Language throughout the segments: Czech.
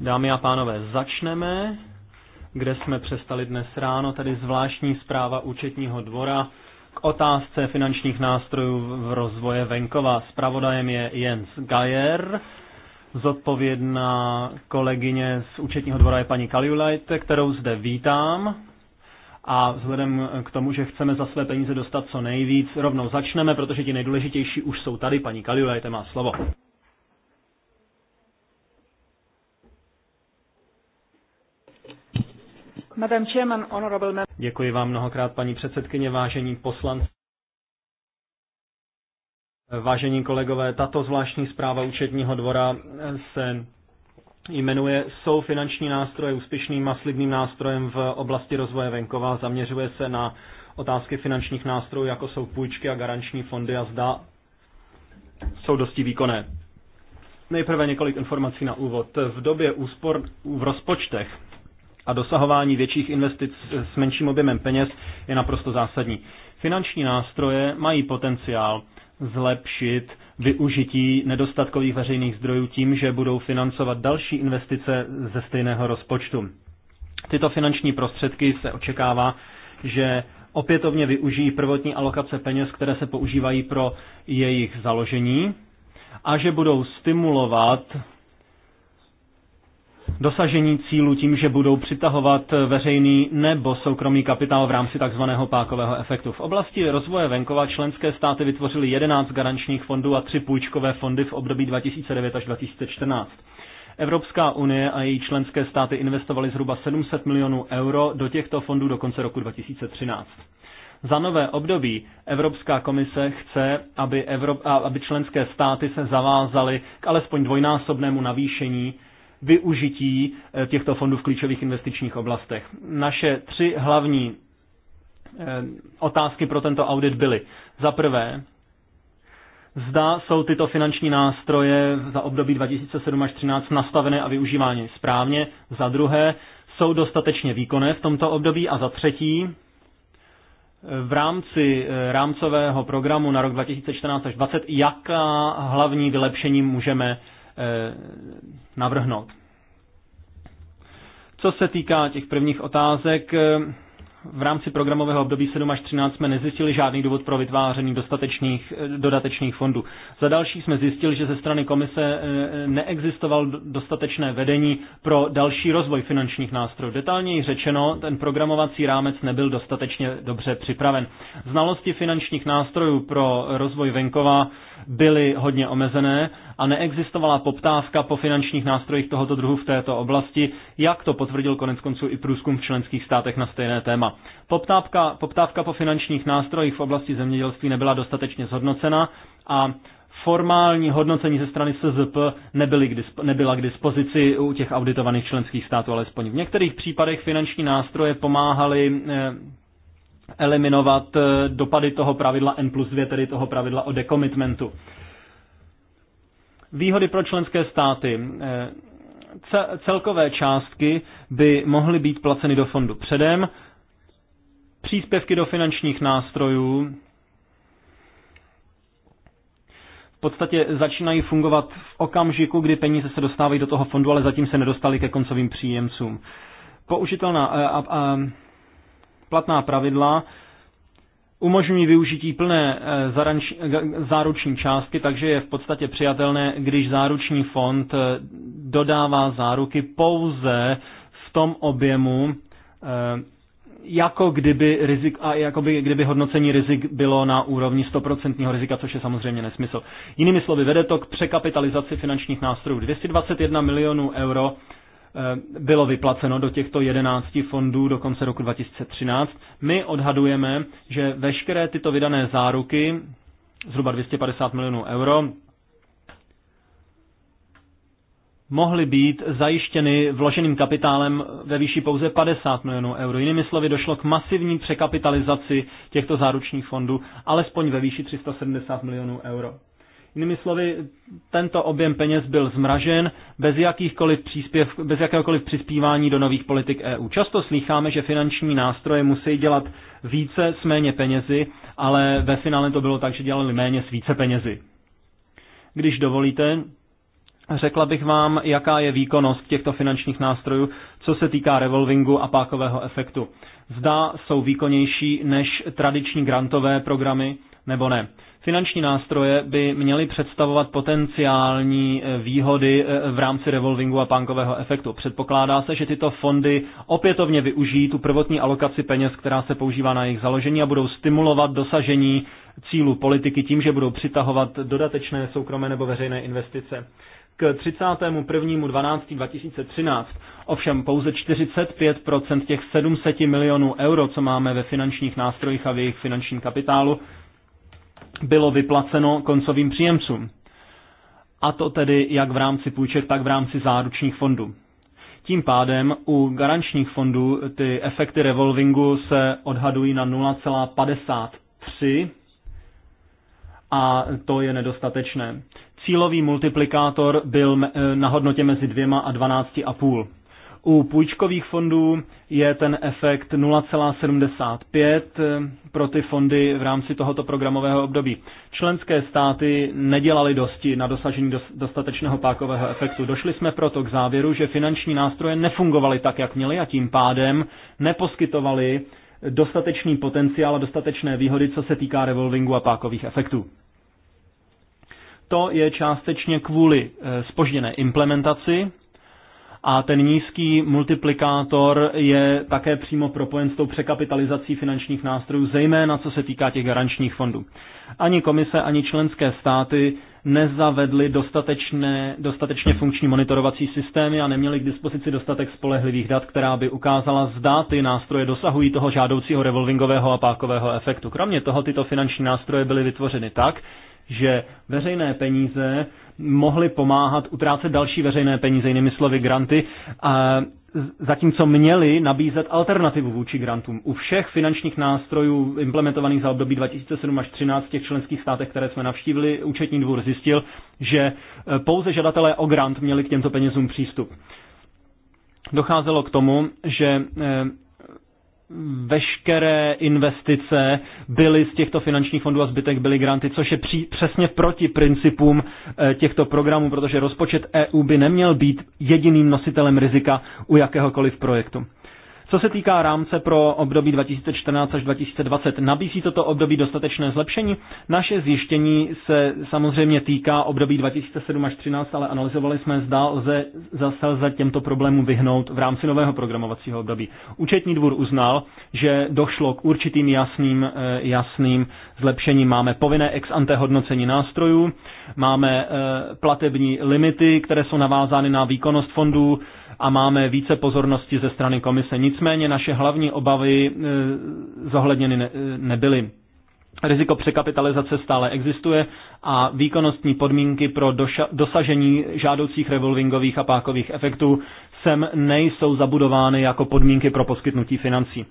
Dámy a pánové, začneme, kde jsme přestali dnes ráno, tedy zvláštní zpráva účetního dvora k otázce finančních nástrojů v rozvoje venkova. Spravodajem je Jens Gajer, zodpovědná kolegyně z účetního dvora je paní Kaliulajte, kterou zde vítám a vzhledem k tomu, že chceme za své peníze dostat co nejvíc, rovnou začneme, protože ti nejdůležitější už jsou tady. Paní Kaliulajte má slovo. Děkuji vám mnohokrát, paní předsedkyně, vážení poslanci. Vážení kolegové, tato zvláštní zpráva účetního dvora se jmenuje Jsou finanční nástroje úspěšným a slibným nástrojem v oblasti rozvoje venkova, zaměřuje se na otázky finančních nástrojů, jako jsou půjčky a garanční fondy a zda jsou dosti výkonné. Nejprve několik informací na úvod. V době úspor v rozpočtech a dosahování větších investic s menším objemem peněz je naprosto zásadní. Finanční nástroje mají potenciál zlepšit využití nedostatkových veřejných zdrojů tím, že budou financovat další investice ze stejného rozpočtu. Tyto finanční prostředky se očekává, že opětovně využijí prvotní alokace peněz, které se používají pro jejich založení a že budou stimulovat dosažení cílu tím, že budou přitahovat veřejný nebo soukromý kapitál v rámci tzv. pákového efektu. V oblasti rozvoje venkova členské státy vytvořily 11 garančních fondů a 3 půjčkové fondy v období 2009 až 2014. Evropská unie a její členské státy investovaly zhruba 700 milionů euro do těchto fondů do konce roku 2013. Za nové období Evropská komise chce, aby, Evrop, aby členské státy se zavázaly k alespoň dvojnásobnému navýšení využití eh, těchto fondů v klíčových investičních oblastech. Naše tři hlavní eh, otázky pro tento audit byly. Za prvé, zda jsou tyto finanční nástroje za období 2007 až 2013 nastavené a využívány správně. Za druhé, jsou dostatečně výkonné v tomto období. A za třetí, v rámci eh, rámcového programu na rok 2014 až 2020, jaká hlavní vylepšení můžeme Eh, navrhnout. Co se týká těch prvních otázek, eh, v rámci programového období 7 až 13 jsme nezjistili žádný důvod pro vytváření dostatečných, eh, dodatečných fondů. Za další jsme zjistili, že ze strany komise neexistoval dostatečné vedení pro další rozvoj finančních nástrojů. Detailněji řečeno, ten programovací rámec nebyl dostatečně dobře připraven. Znalosti finančních nástrojů pro rozvoj venkova byly hodně omezené a neexistovala poptávka po finančních nástrojích tohoto druhu v této oblasti, jak to potvrdil konec konců i průzkum v členských státech na stejné téma. Poptávka, poptávka po finančních nástrojích v oblasti zemědělství nebyla dostatečně zhodnocena a formální hodnocení ze strany SZP nebyly k dispo, nebyla k dispozici u těch auditovaných členských států, alespoň v některých případech finanční nástroje pomáhaly eh, eliminovat eh, dopady toho pravidla N plus 2, tedy toho pravidla o dekomitmentu. Výhody pro členské státy. Eh, celkové částky by mohly být placeny do fondu předem. Příspěvky do finančních nástrojů v podstatě začínají fungovat v okamžiku, kdy peníze se dostávají do toho fondu, ale zatím se nedostaly ke koncovým příjemcům. Použitelná a, eh, a, a platná pravidla umožňují využití plné eh, zaranč, záruční částky, takže je v podstatě přijatelné, když záruční fond eh, dodává záruky pouze v tom objemu, eh, jako kdyby, rizik, a jako by, kdyby hodnocení rizik bylo na úrovni 100% rizika, což je samozřejmě nesmysl. Jinými slovy, vede to k překapitalizaci finančních nástrojů. 221 milionů euro Eh, bylo vyplaceno do těchto 11 fondů do konce roku 2013. My odhadujeme, že veškeré tyto vydané záruky, zhruba 250 milionů euro, mohly být zajištěny vloženým kapitálem ve výši pouze 50 milionů euro. Jinými slovy, došlo k masivní překapitalizaci těchto záručních fondů, alespoň ve výši 370 milionů euro. Jinými slovy, tento objem peněz byl zmražen bez, jakýchkoliv příspěv, bez jakéhokoliv přispívání do nových politik EU. Často slýcháme, že finanční nástroje musí dělat více s méně penězi, ale ve finále to bylo tak, že dělali méně s více penězi. Když dovolíte, řekla bych vám, jaká je výkonnost těchto finančních nástrojů, co se týká revolvingu a pákového efektu. Zda jsou výkonnější než tradiční grantové programy, nebo ne. Finanční nástroje by měly představovat potenciální eh, výhody eh, v rámci revolvingu a pankového efektu. Předpokládá se, že tyto fondy opětovně využijí tu prvotní alokaci peněz, která se používá na jejich založení a budou stimulovat dosažení cílů politiky tím, že budou přitahovat dodatečné soukromé nebo veřejné investice k 31.12.2013. Ovšem pouze 45% těch 700 milionů euro, co máme ve finančních nástrojích a v jejich finančním kapitálu, bylo vyplaceno koncovým příjemcům. A to tedy jak v rámci půjček, tak v rámci záručních fondů. Tím pádem u garančních fondů ty efekty revolvingu se odhadují na 0,53 a to je nedostatečné. Cílový multiplikátor byl eh, na hodnotě mezi dvěma a 12,5. U půjčkových fondů je ten efekt 0,75 pro ty fondy v rámci tohoto programového období. Členské státy nedělaly dosti na dosažení dostatečného pákového efektu. Došli jsme proto k závěru, že finanční nástroje nefungovaly tak, jak měly a tím pádem neposkytovaly dostatečný potenciál a dostatečné výhody, co se týká revolvingu a pákových efektů. To je částečně kvůli spožděné eh, implementaci a ten nízký multiplikátor je také přímo propojen s tou překapitalizací finančních nástrojů, zejména co se týká těch garančních fondů. Ani komise, ani členské státy nezavedly dostatečné, dostatečně funkční monitorovací systémy a neměly k dispozici dostatek spolehlivých dat, která by ukázala, zda ty nástroje dosahují toho žádoucího revolvingového a pákového efektu. Kromě toho tyto finanční nástroje byly vytvořeny tak, že veřejné peníze mohly pomáhat utrácet další veřejné peníze, jinými slovy granty, a zatímco měli nabízet alternativu vůči grantům. U všech finančních nástrojů implementovaných za období 2007 až 2013 v těch členských státech, které jsme navštívili, účetní dvůr zjistil, že e, pouze žadatelé o grant měli k těmto penězům přístup. Docházelo k tomu, že e, veškeré investice byly z těchto finančních fondů a zbytek byly granty, což je při, přesně proti principům eh, těchto programů, protože rozpočet EU by neměl být jediným nositelem rizika u jakéhokoliv projektu. Co se týká rámce pro období 2014 až 2020, nabízí toto období dostatečné zlepšení? Naše zjištění se samozřejmě týká období 2007 až 2013, ale analyzovali jsme, zda lze zase lze těmto problémům vyhnout v rámci nového programovacího období. Účetní dvůr uznal, že došlo k určitým jasným, eh, jasným zlepšením. Máme povinné ex ante hodnocení nástrojů, máme eh, platební limity, které jsou navázány na výkonnost fondů, a máme více pozornosti ze strany komise. Nicméně naše hlavní obavy e, zohledněny e, nebyly. Riziko překapitalizace stále existuje a výkonnostní podmínky pro dosažení žádoucích revolvingových a pákových efektů sem nejsou zabudovány jako podmínky pro poskytnutí financí.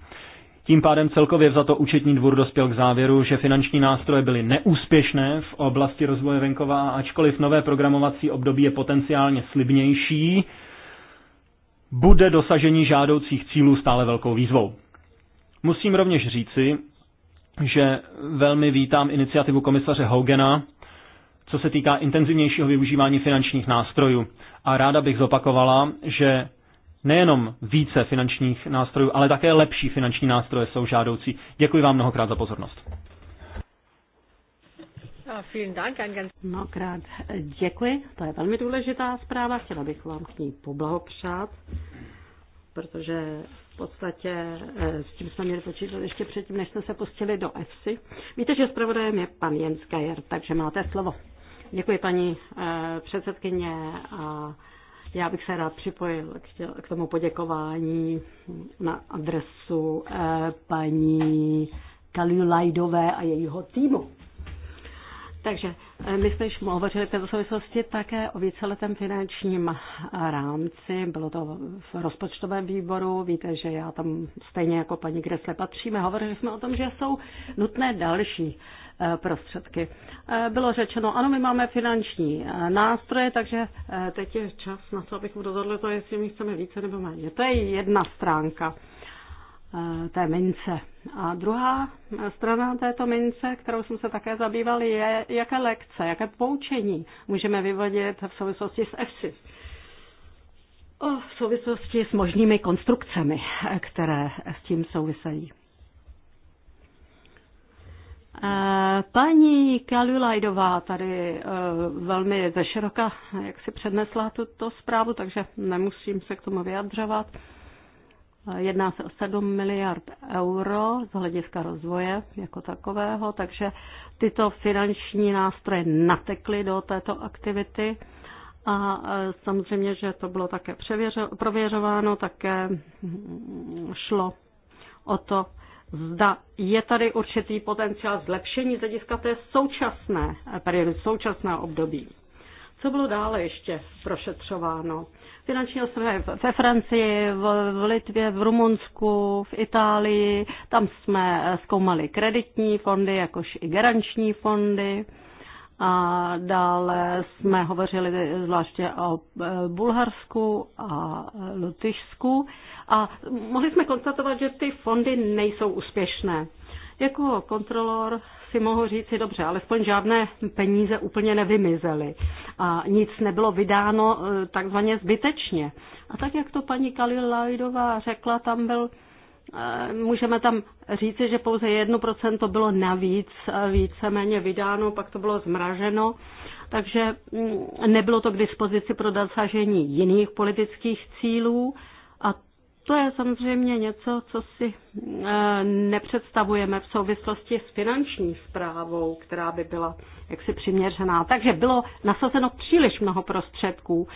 Tím pádem celkově za to účetní dvůr dospěl k závěru, že finanční nástroje byly neúspěšné v oblasti rozvoje venkova, ačkoliv nové programovací období je potenciálně slibnější, bude dosažení žádoucích cílů stále velkou výzvou. Musím rovněž říci, že velmi vítám iniciativu komisaře Hogena, co se týká intenzivnějšího využívání finančních nástrojů. A ráda bych zopakovala, že nejenom více finančních nástrojů, ale také lepší finanční nástroje jsou žádoucí. Děkuji vám mnohokrát za pozornost. Mnohokrát děkuji, to je velmi důležitá zpráva, chtěla bych vám k ní poblahopřát, protože v podstatě eh, s tím jsme měli počítat ještě předtím, než jsme se pustili do EFSI. Víte, že zpravodajem je pan Jens Kajer, takže máte slovo. Děkuji, paní eh, předsedkyně. A já bych se rád připojil k tomu poděkování na adresu eh, paní Kalilajdové a jejího týmu. Takže eh, my jsme již hovořili v této souvislosti také o víceletém finančním eh, rámci. Bylo to v rozpočtovém výboru. Víte, že já tam stejně jako paní Gresle patříme. Hovořili jsme o tom, že jsou nutné další eh, prostředky. Bylo řečeno, ano, my máme finanční nástroje, takže teď je čas na to, abychom rozhodli to, jestli my chceme více nebo méně. To je jedna stránka. Eh, té mince. A druhá strana této mince, kterou jsme se také zabývali, je, jaké lekce, jaké poučení můžeme vyvodit v souvislosti s EFSIS. O, v souvislosti s možnými konstrukcemi, které s tím souvisejí. Eh, paní Kalulajdová tady eh, velmi zeširoka, jak si přednesla tuto zprávu, takže nemusím se k tomu vyjadřovat. Jedná se o 7 miliard euro z hlediska rozvoje jako takového, takže tyto finanční nástroje natekly do této aktivity a e, samozřejmě, že to bylo také prověřováno, také mm, šlo o to, zda je tady určitý potenciál zlepšení z hlediska té současné eh, periody, současného období. Co bylo dále ještě prošetřováno? finančního trhu ve Francii, v, v Litvě, v Rumunsku, v Itálii. Tam jsme eh, zkoumali kreditní fondy, jakož i garanční fondy. A dále jsme hovořili zvláště o eh, Bulharsku a Lotyšsku a mohli jsme konstatovat, že ty fondy nejsou úspěšné. Jako kontrolor si mohl říct, si dobře, alespoň žádné peníze úplně nevymizely a nic nebylo vydáno eh, takzvaně zbytečně. A tak, jak to paní Kalilajdová řekla, tam byl eh, můžeme tam říci, že pouze 1% procento bylo navíc, eh, víceméně vydáno, pak to bylo zmraženo, takže mm, nebylo to k dispozici pro dosažení jiných politických cílů. To je samozřejmě něco, co si e, nepředstavujeme v souvislosti s finanční zprávou, která by byla jaksi přiměřená. Takže bylo nasazeno příliš mnoho prostředků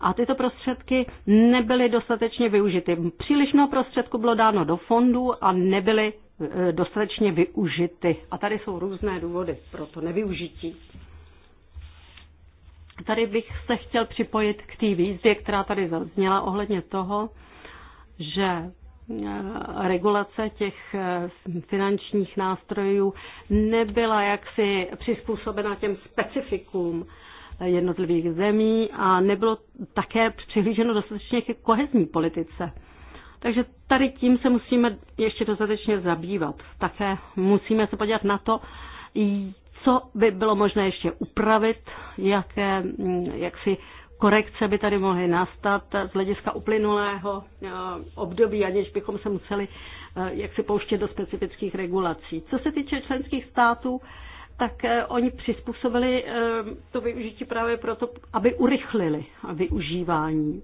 a tyto prostředky nebyly dostatečně využity. Příliš mnoho prostředků bylo dáno do fondů a nebyly e, dostatečně využity. A tady jsou různé důvody pro to nevyužití. Tady bych se chtěl připojit k té výzvě, která tady zazněla ohledně toho, že eh, regulace těch eh, finančních nástrojů nebyla jaksi přizpůsobena těm specifikům jednotlivých zemí a nebylo také přihlíženo dostatečně ke kohezní politice. Takže tady tím se musíme ještě dostatečně zabývat. Také musíme se podívat na to, co by bylo možné ještě upravit, jaké, mm, jak si korekce by tady mohly nastat z hlediska uplynulého eh, období, aniž bychom se museli eh, jak si pouštět do specifických regulací. Co se týče členských států, tak eh, oni přizpůsobili to využití právě proto, aby urychlili využívání.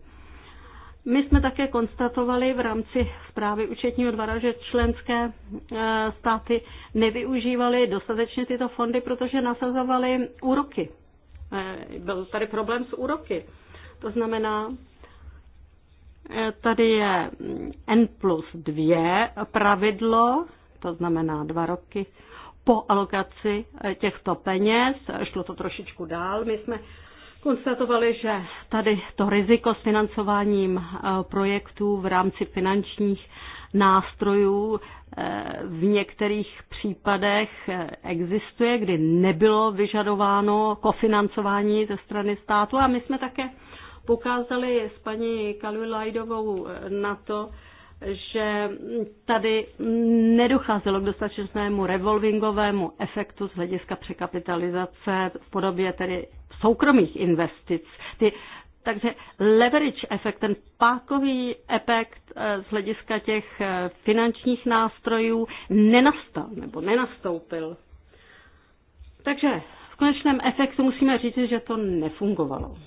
My jsme také konstatovali v rámci zprávy účetního dvora, že členské státy nevyužívaly dostatečně tyto fondy, protože nasazovaly úroky Eh, byl tady problém s úroky. To znamená, eh, tady je N plus 2 pravidlo, to znamená dva roky po alokaci eh, těchto peněz. Šlo to trošičku dál. My jsme konstatovali, že tady to riziko s financováním projektů v rámci finančních nástrojů v některých případech existuje, kdy nebylo vyžadováno kofinancování ze strany státu a my jsme také poukázali s paní Kalulajdovou na to, že tady nedocházelo k dostatečnému revolvingovému efektu z hlediska překapitalizace v podobě tedy soukromých investic. Ty takže leverage efekt, ten pákový efekt eh, z hlediska těch eh, finančních nástrojů nenastal nebo nenastoupil. Takže v konečném efektu musíme říct, že to nefungovalo.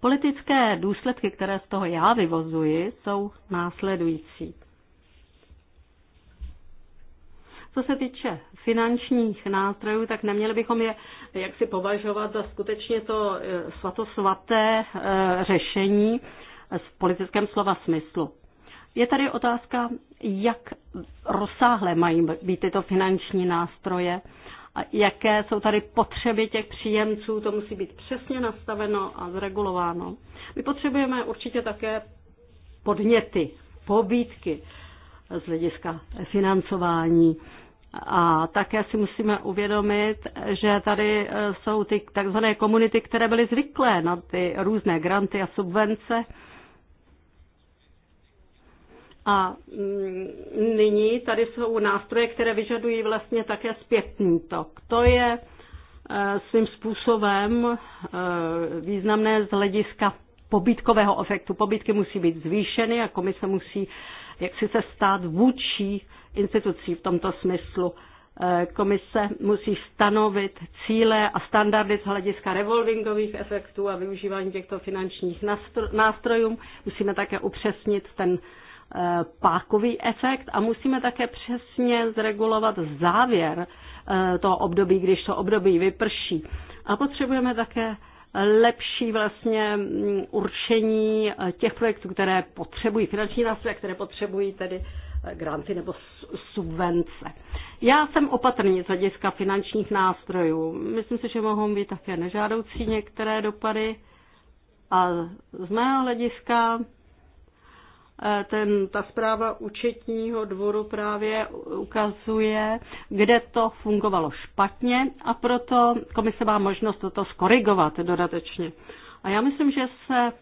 Politické důsledky, které z toho já vyvozuji, jsou následující. Co se týče finančních nástrojů, tak neměli bychom je jak si považovat za skutečně to eh, svatosvaté eh, řešení v politickém slova smyslu. Je tady otázka, jak rozsáhlé mají být tyto finanční nástroje a jaké jsou tady potřeby těch příjemců, to musí být přesně nastaveno a zregulováno. My potřebujeme určitě také podněty, pobídky z hlediska financování a také si musíme uvědomit, že tady e, jsou ty takzvané komunity, které byly zvyklé na ty různé granty a subvence. A mm, nyní tady jsou nástroje, které vyžadují vlastně také zpětný tok. To je e, svým způsobem e, významné z hlediska pobytkového efektu. Pobytky musí být zvýšeny a komise musí jak si se stát vůči institucí v tomto smyslu. Eh, komise musí stanovit cíle a standardy z hlediska revolvingových efektů a využívání těchto finančních nástrojů. Musíme také upřesnit ten eh, pákový efekt a musíme také přesně zregulovat závěr eh, toho období, když to období vyprší. A potřebujeme také lepší vlastně mm, určení eh, těch projektů, které potřebují finanční nástroje, které potřebují tedy eh, granty nebo subvence. Já jsem opatrný z hlediska finančních nástrojů. Myslím si, že mohou být také nežádoucí některé dopady. A z mého hlediska Eh, ten, ta zpráva účetního dvoru právě ukazuje, kde to fungovalo špatně a proto komise má možnost toto skorigovat dodatečně. A já myslím, že se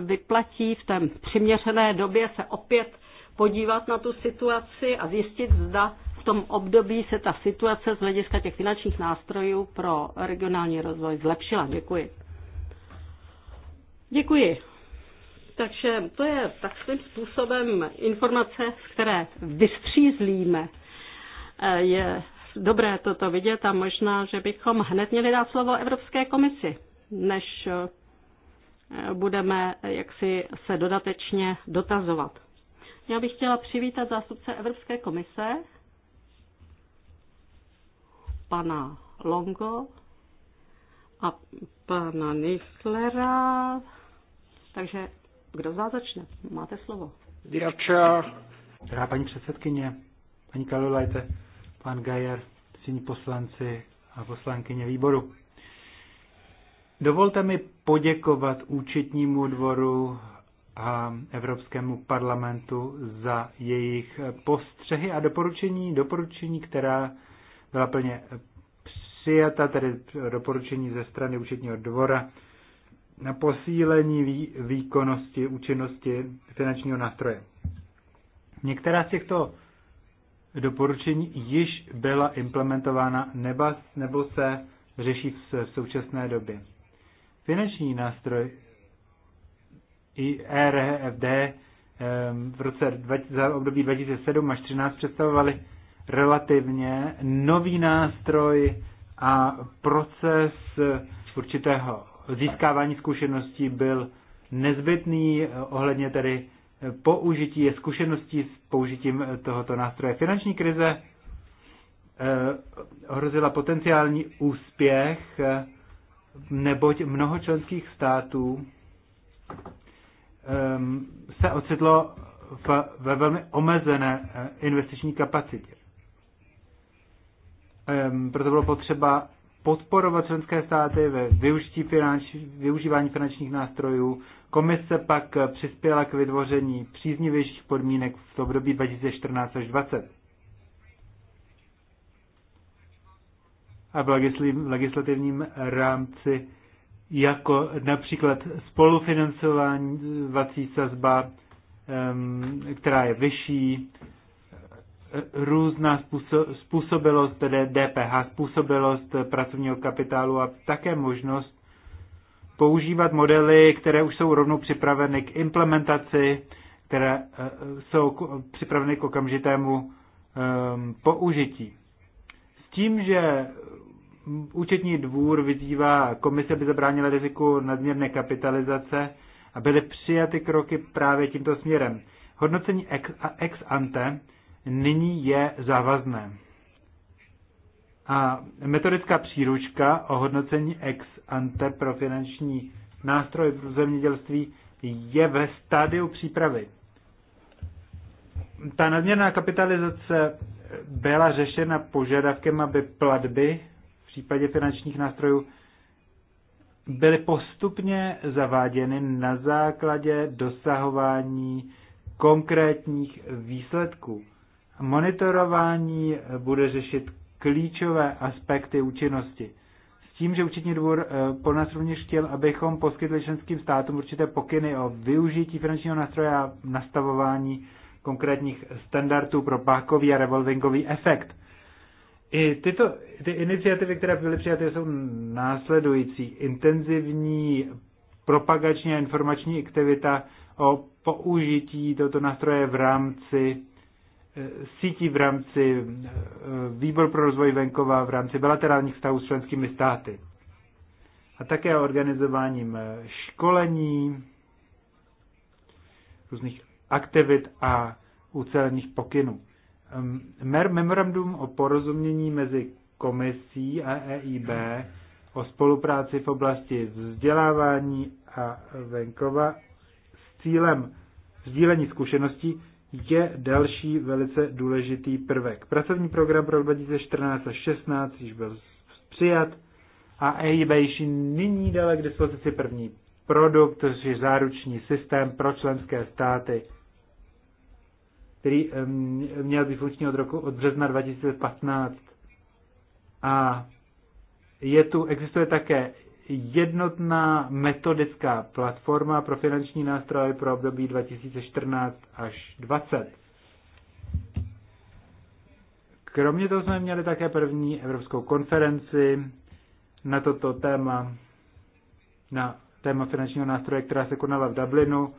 vyplatí v té přiměřené době se opět podívat na tu situaci a zjistit, zda v tom období se ta situace z hlediska těch finančních nástrojů pro regionální rozvoj zlepšila. Děkuji. Děkuji takže to je takovým způsobem informace, které vystřízlíme. Eh, je dobré toto vidět a možná, že bychom hned měli dát slovo Evropské komisi, než eh, budeme jaksi se dodatečně dotazovat. Já bych chtěla přivítat zástupce Evropské komise, pana Longo a pana Nislera. Takže kdo z vás začne? Máte slovo. Drahá paní předsedkyně, paní Kalulajte, pan Gajer, síní poslanci a poslankyně výboru. Dovolte mi poděkovat účetnímu dvoru a Evropskému parlamentu za jejich postřehy a doporučení, doporučení, která byla plně přijata, tedy doporučení ze strany účetního dvora na posílení výkonnosti, účinnosti finančního nástroje. Některá z těchto doporučení již byla implementována nebo, nebo se řeší v současné době. Finanční nástroj IRFD e v roce za období 2007 až 2013 představovali relativně nový nástroj a proces určitého získávání zkušeností byl nezbytný eh, ohledně tedy eh, použití zkušeností s použitím eh, tohoto nástroje. Finanční krize hrozila potenciální úspěch, neboť mnoho členských států se ocitlo ve velmi omezené investiční kapacitě. Proto bylo potřeba podporovat členské státy ve využití finanč, využívání finančních nástrojů. Komise pak přispěla k vytvoření příznivějších podmínek v období 2014 až 2020. A v legislativním rámci jako například spolufinancovací eh, sazba, ehm, která je vyšší, různá způsobilost DPH, způsobilost pracovního kapitálu a také možnost používat modely, které už jsou rovnou připraveny k implementaci, které eh, jsou připraveny k okamžitému ehm, použití. S tím, že účetní dvůr vyzývá komise, aby zabránila riziku nadměrné kapitalizace a byly přijaty kroky právě tímto směrem. Hodnocení ex, ex ante nyní je závazné. A metodická příručka o hodnocení ex ante pro finanční nástroj v zemědělství je ve stádiu přípravy. Ta nadměrná kapitalizace byla řešena požadavkem, aby platby v případě finančních nástrojů byly postupně zaváděny na základě dosahování konkrétních výsledků. Monitorování bude řešit klíčové aspekty účinnosti. S tím, že účetní dvůr eh, po nás rovněž chtěl, abychom poskytli členským státům určité pokyny o využití finančního nástroje a nastavování konkrétních standardů pro pákový a revolvingový efekt. I tyto, ty iniciativy, které byly přijaty, jsou následující. Intenzivní propagační a informační aktivita o použití tohoto nástroje v rámci sítí v rámci eh, Výbor pro rozvoj venkova v rámci bilaterálních vztahů s členskými státy. A také organizováním eh, školení, různých aktivit a ucelených pokynů. Memorandum o porozumění mezi komisí a EIB o spolupráci v oblasti vzdělávání a venkova s cílem sdílení zkušeností je další velice důležitý prvek. Pracovní program pro 2014 a 2016 již byl přijat a EIB již nyní dala k dispozici první produkt, což je záruční systém pro členské státy, který měl být funkční od roku od března 2015. A je tu, existuje také jednotná metodická platforma pro finanční nástroje pro období 2014 až 2020. Kromě toho jsme měli také první evropskou konferenci na toto téma, na téma finančního nástroje, která se konala v Dublinu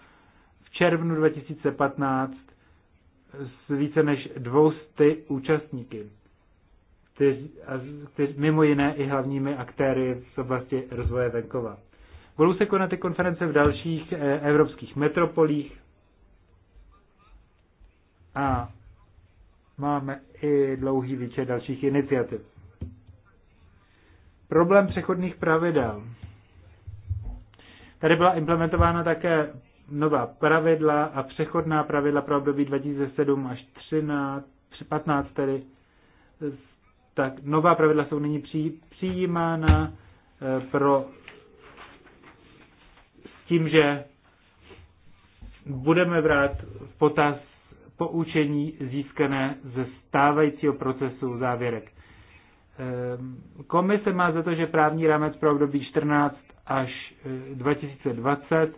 v červnu 2015 s více než 200 účastníky kteří, kteří, mimo jiné i hlavními aktéry v oblasti rozvoje venkova. Budou se konat ty konference v dalších eh, evropských metropolích a máme i dlouhý výčet dalších iniciativ. Problém přechodných pravidel. Tady byla implementována také nová pravidla a přechodná pravidla pro období 2007 až 13, 15 tedy tak nová pravidla jsou nyní přijímána eh, pro s tím, že budeme brát v potaz poučení získané ze stávajícího procesu závěrek. Eh, komise má za to, že právní rámec pro období 14 až 2020 eh,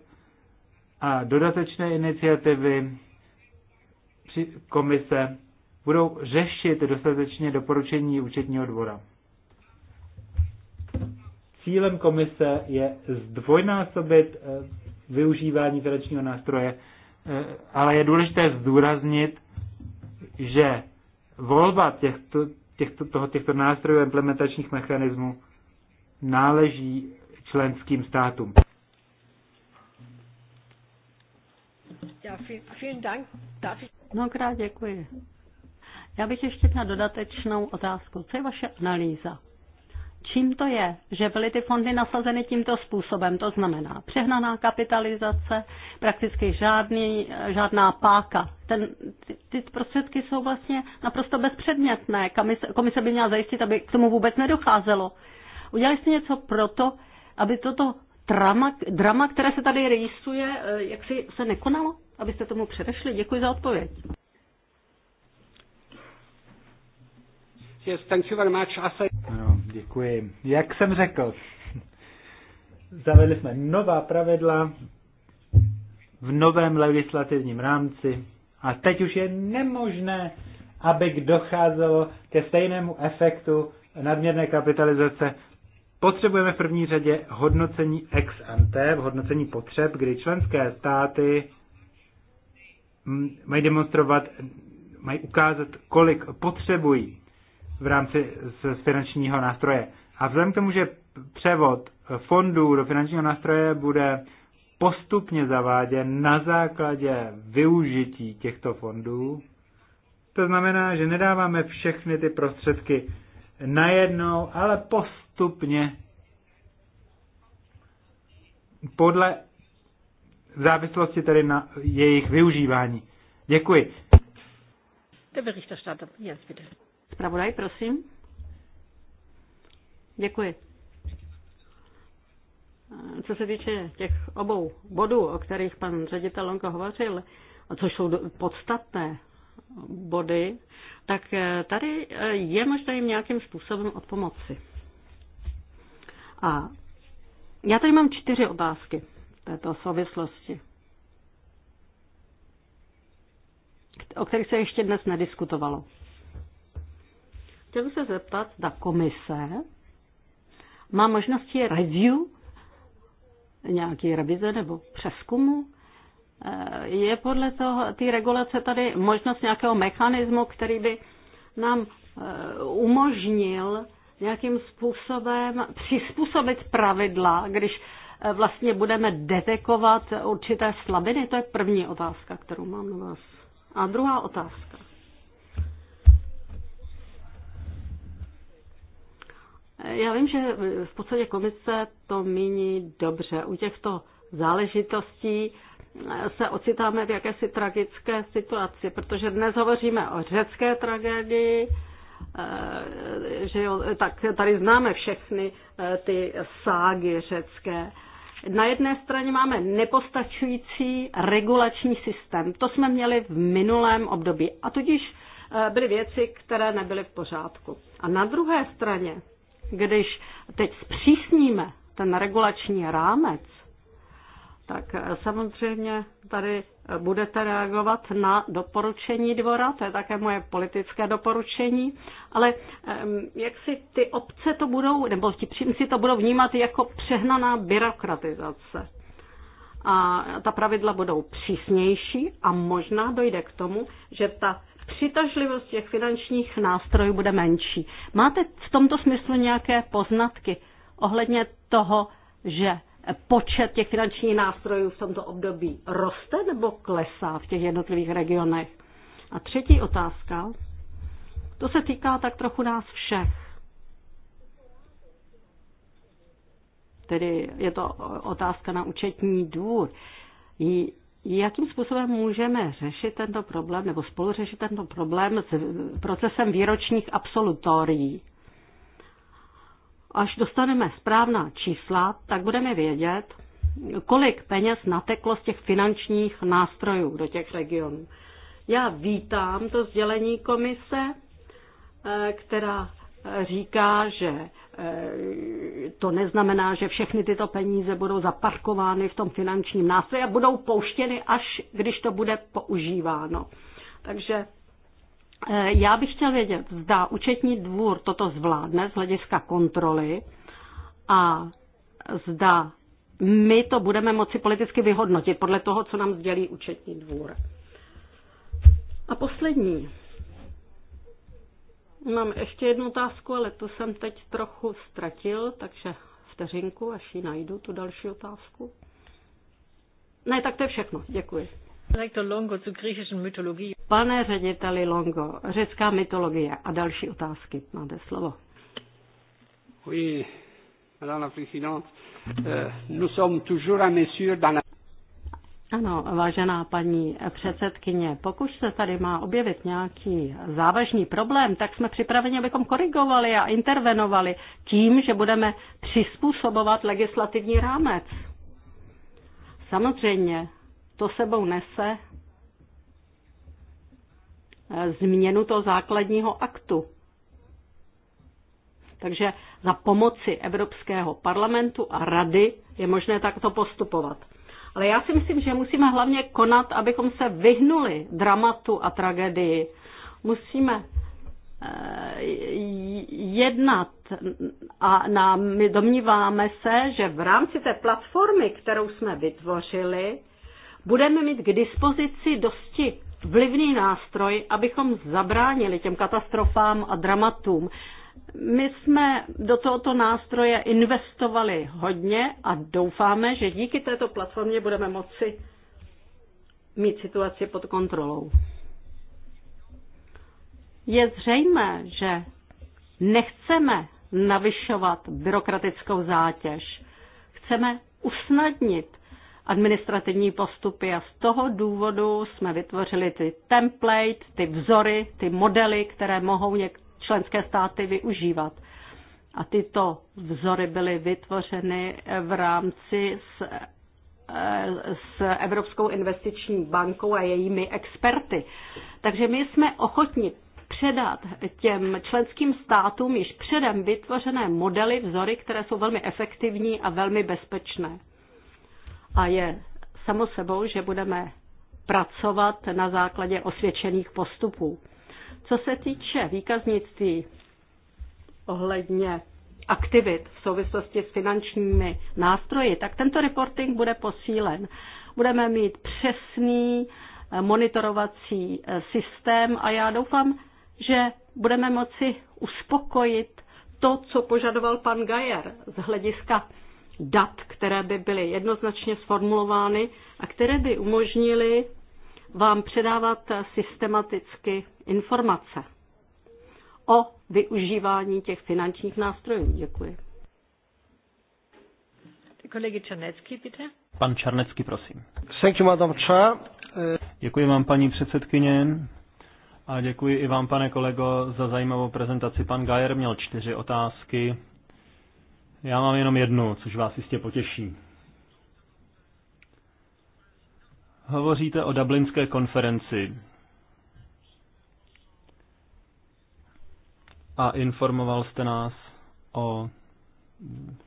a dodatečné iniciativy komise budou řešit dostatečně doporučení účetního dvora. Cílem komise je zdvojnásobit eh, využívání finančního nástroje, eh, ale je důležité zdůraznit, že volba těchto, těchto, toho, těchto nástrojů implementačních mechanismů náleží členským státům. No, Mnohokrát děkuji. Já bych ještě měla dodatečnou otázku. Co je vaše analýza? Čím to je, že byly ty fondy nasazeny tímto způsobem? To znamená přehnaná kapitalizace, prakticky žádný, žádná páka. Ten, ty, ty prostředky jsou vlastně naprosto bezpředmětné. Komise, komise by měla zajistit, aby k tomu vůbec nedocházelo. Udělali jste něco proto, aby toto drama, drama které se tady rejistuje, eh, jak si se nekonalo? Abyste tomu předešli? Děkuji za odpověď. Yes, thank you very much. I... no, děkuji. Jak jsem řekl, zavedli jsme nová pravidla v novém legislativním rámci a teď už je nemožné, aby docházelo ke stejnému efektu nadměrné kapitalizace. Potřebujeme v první řadě hodnocení ex ante, hodnocení potřeb, kdy členské státy mají demonstrovat, mají ukázat, kolik potřebují v rámci z finančního nástroje. A vzhledem k tomu, že převod fondů do finančního nástroje bude postupně zaváděn na základě využití těchto fondů, to znamená, že nedáváme všechny ty prostředky najednou, ale postupně podle v závislosti tedy na jejich využívání. Děkuji. Der Berichterstatter, yes, bitte. Spravodaj, prosím. Děkuji. Co se týče těch obou bodů, o kterých pan ředitel Lonko hovořil, což jsou podstatné body, tak eh, tady eh, je možné jim nějakým způsobem od pomoci. A já tady mám čtyři otázky v této souvislosti, o kterých se ještě dnes nediskutovalo. Chtěl bych se zeptat, zda komise má možnosti review, nějaký revize nebo přeskumu. Eh, je podle toho, ty regulace tady možnost nějakého mechanismu, který by nám eh, umožnil nějakým způsobem přizpůsobit pravidla, když eh, vlastně budeme detekovat určité slabiny? To je první otázka, kterou mám na vás. A druhá otázka. Já vím, že v podstatě komise to míní dobře. U těchto záležitostí eh, se ocitáme v jakési tragické situaci, protože dnes hovoříme o řecké tragédii, eh, že jo, tak tady známe všechny eh, ty ságy řecké. Na jedné straně máme nepostačující regulační systém. To jsme měli v minulém období a tudíž byly věci, které nebyly v pořádku. A na druhé straně když teď zpřísníme ten regulační rámec, tak eh, samozřejmě tady eh, budete reagovat na doporučení dvora, to je také moje politické doporučení, ale jak si ty obce to budou, nebo ti příjemci to budou vnímat jako přehnaná byrokratizace. A ta pravidla budou přísnější a možná dojde k tomu, že ta přitažlivost těch finančních nástrojů bude menší. Máte v tomto smyslu nějaké poznatky ohledně toho, že počet těch finančních nástrojů v tomto období roste nebo klesá v těch jednotlivých regionech? A třetí otázka, to se týká tak trochu nás všech. Tedy je to otázka na účetní dvůr Jakým způsobem můžeme řešit tento problém nebo spoluřešit tento problém s procesem výročních absolutorií? Až dostaneme správná čísla, tak budeme vědět, kolik peněz nateklo z těch finančních nástrojů do těch regionů. Já vítám to sdělení komise, eh, která říká, že Eh, to neznamená, že všechny tyto peníze budou zaparkovány v tom finančním nástroji a budou pouštěny, až když to bude používáno. Takže eh, já bych chtěl vědět, zda účetní dvůr toto zvládne z hlediska kontroly a zda my to budeme moci politicky vyhodnotit podle toho, co nám sdělí účetní dvůr. A poslední Mám ještě jednu otázku, ale tu jsem teď trochu ztratil, takže vteřinku, až ji najdu, tu další otázku. Ne, tak to je všechno. Děkuji. Rektor Longo zu mytologii. Pane řediteli Longo, řecká mytologie a další otázky. Máte slovo. Oui, madame la présidente, euh, nous sommes toujours à mesure dans la... Ano, vážená paní předsedkyně, pokud se tady má objevit nějaký závažný problém, tak jsme připraveni, abychom korigovali a intervenovali tím, že budeme přizpůsobovat legislativní rámec. Samozřejmě to sebou nese eh, změnu toho základního aktu. Takže za pomoci Evropského parlamentu a rady je možné takto postupovat. Ale já si myslím, že musíme hlavně konat, abychom se vyhnuli dramatu a tragédii. Musíme eh, jednat a na, my domníváme se, že v rámci té platformy, kterou jsme vytvořili, budeme mít k dispozici dosti vlivný nástroj, abychom zabránili těm katastrofám a dramatům. My jsme do tohoto nástroje investovali hodně a doufáme, že díky této platformě budeme moci mít situaci pod kontrolou. Je zřejmé, že nechceme navyšovat byrokratickou zátěž. Chceme usnadnit administrativní postupy a z toho důvodu jsme vytvořili ty template, ty vzory, ty modely, které mohou někdo členské státy využívat. A tyto vzory byly vytvořeny v rámci s, eh, s Evropskou investiční bankou a jejími experty. Takže my jsme ochotni předat těm členským státům již předem vytvořené modely, vzory, které jsou velmi efektivní a velmi bezpečné. A je samo sebou, že budeme pracovat na základě osvědčených postupů. Co se týče výkaznictví ohledně aktivit v souvislosti s finančními nástroji, tak tento reporting bude posílen. Budeme mít přesný eh, monitorovací eh, systém a já doufám, že budeme moci uspokojit to, co požadoval pan Gajer z hlediska dat, které by byly jednoznačně sformulovány a které by umožnily vám předávat systematicky informace o využívání těch finančních nástrojů. Děkuji. Kolegy Černecký, bitte. Pan Černecký, prosím. Thank you, Madam Chair. Děkuji vám, paní předsedkyně. A děkuji i vám, pane kolego, za zajímavou prezentaci. Pan Gajer měl čtyři otázky. Já mám jenom jednu, což vás jistě potěší. Hovoříte o Dublinské konferenci. A informoval jste nás o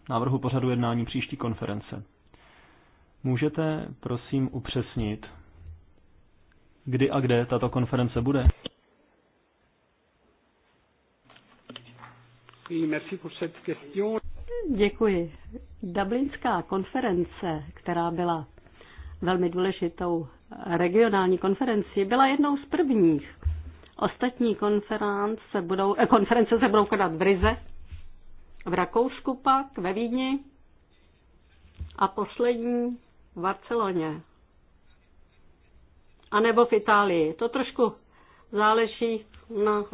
návrhu pořadu jednání příští konference. Můžete prosím upřesnit, kdy a kde tato konference bude? Děkuji. Dublinská konference, která byla velmi důležitou regionální konferenci, byla jednou z prvních. Ostatní konference, budou, eh, konference se budou konat v Rize, v Rakousku pak, ve Vídni a poslední v Barceloně. A nebo v Itálii. To trošku záleží na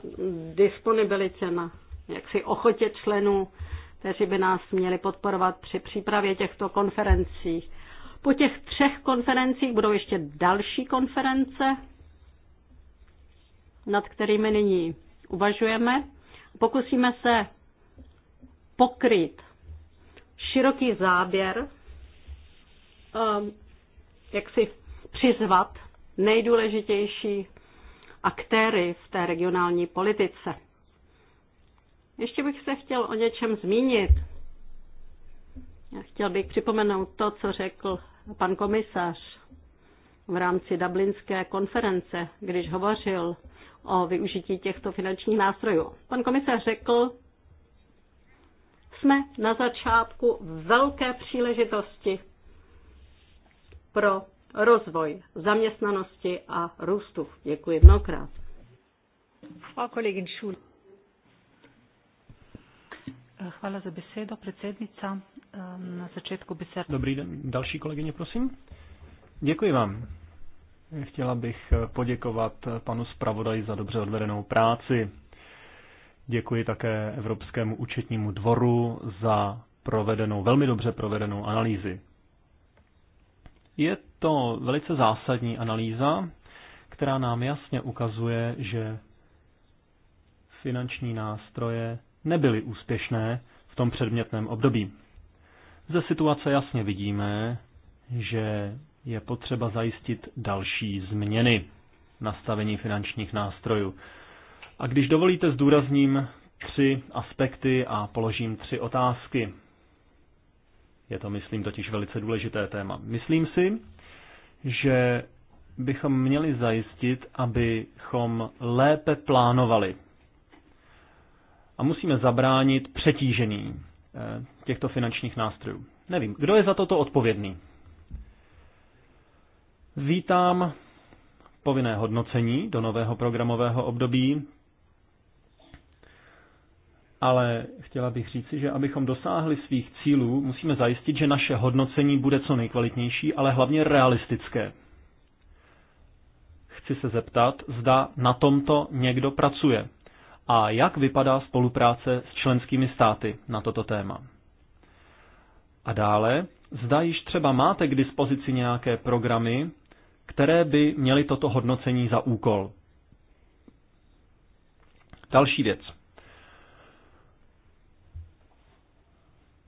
disponibilitě, na jaksi ochotě členů, kteří by nás měli podporovat při přípravě těchto konferencí. Po těch třech konferencích budou ještě další konference, nad kterými nyní uvažujeme. Pokusíme se pokryt široký záběr, ehm, jak si přizvat nejdůležitější aktéry v té regionální politice. Ještě bych se chtěl o něčem zmínit, Chtěl bych připomenout to, co řekl pan komisař v rámci Dublinské konference, když hovořil o využití těchto finančních nástrojů. Pan komisař řekl, jsme na začátku velké příležitosti pro rozvoj zaměstnanosti a růstu. Děkuji mnohokrát. Schul. Hvala za besedo, predsednica. Ehm, na začátku by se... Dobrý den. Další kolegyně, prosím. Děkuji vám. Chtěla bych poděkovat panu zpravodaji za dobře odvedenou práci. Děkuji také Evropskému účetnímu dvoru za provedenou, velmi dobře provedenou analýzy. Je to velice zásadní analýza, která nám jasně ukazuje, že finanční nástroje nebyly úspěšné v tom předmětném období. Ze situace jasně vidíme, že je potřeba zajistit další změny nastavení finančních nástrojů. A když dovolíte, zdůrazním tři aspekty a položím tři otázky. Je to, myslím, totiž velice důležité téma. Myslím si, že bychom měli zajistit, abychom lépe plánovali. A musíme zabránit přetížení Eh, těchto finančních nástrojů. Nevím, kdo je za toto odpovědný. Vítám povinné hodnocení do nového programového období, ale chtěla bych říci, že abychom dosáhli svých cílů, musíme zajistit, že naše hodnocení bude co nejkvalitnější, ale hlavně realistické. Chci se zeptat, zda na tomto někdo pracuje a jak vypadá spolupráce s členskými státy na toto téma. A dále, zda již třeba máte k dispozici nějaké programy, které by měly toto hodnocení za úkol. Další věc.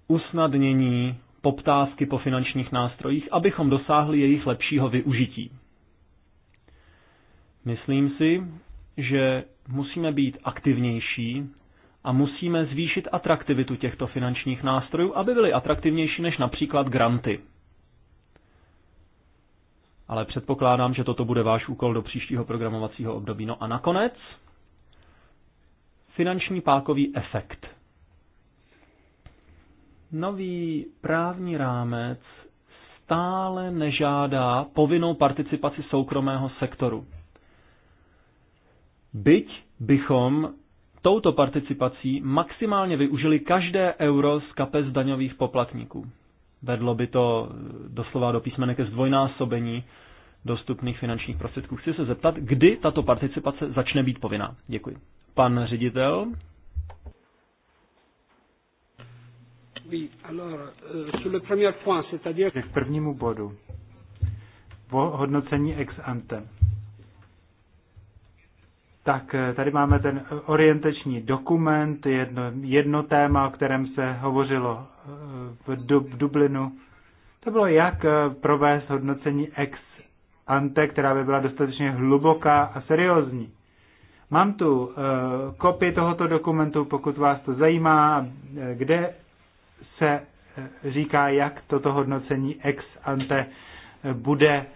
Usnadnění poptávky po finančních nástrojích, abychom dosáhli jejich lepšího využití. Myslím si, že musíme být aktivnější a musíme zvýšit atraktivitu těchto finančních nástrojů, aby byly atraktivnější než například granty. Ale předpokládám, že toto bude váš úkol do příštího programovacího období. No a nakonec finanční pákový efekt. Nový právní rámec stále nežádá povinnou participaci soukromého sektoru byť bychom touto participací maximálně využili každé euro z kapes daňových poplatníků. Vedlo by to eh, doslova do písmene ke zdvojnásobení dostupných finančních prostředků. Chci se zeptat, kdy tato participace začne být povinná. Děkuji. Pan ředitel. Euh, K prvnímu bodu. Po hodnocení ex ante. Tak eh, tady máme ten orientační dokument, jedno, jedno téma, o kterém se hovořilo eh, v, Dub, v Dublinu. To bylo, jak eh, provést hodnocení ex ante, která by byla dostatečně hluboká a seriózní. Mám tu uh, kopii tohoto dokumentu, pokud vás to zajímá, kde se říká, jak toto hodnocení ex ante bude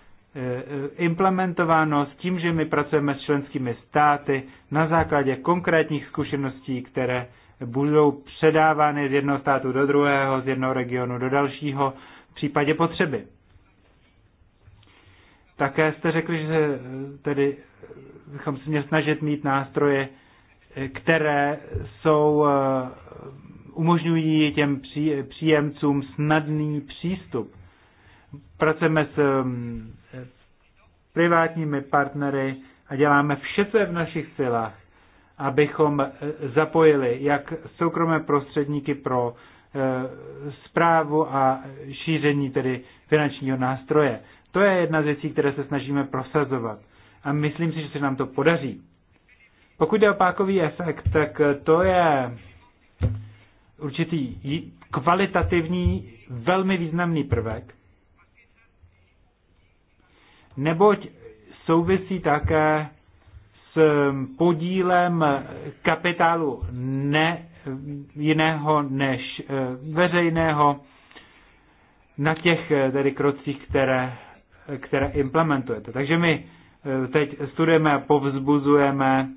implementováno s tím, že my pracujeme s členskými státy na základě konkrétních zkušeností, které budou předávány z jednoho státu do druhého, z jednoho regionu do dalšího v případě potřeby. Také jste řekli, že tedy bychom se měli snažit mít nástroje, které jsou, eh, umožňují těm příjemcům snadný přístup. Pracujeme s mm, privátními partnery a děláme vše, co je v našich silách, abychom eh, zapojili jak soukromé prostředníky pro zprávu eh, a šíření tedy finančního nástroje. To je jedna z věcí, které se snažíme prosazovat. A myslím si, že se nám to podaří. Pokud jde o pákový efekt, tak eh, to je určitý kvalitativní, velmi významný prvek, neboť souvisí také s podílem kapitálu ne, jiného než eh, veřejného na těch eh, tedy krocích, které, které implementujete. Takže my eh, teď studujeme a povzbuzujeme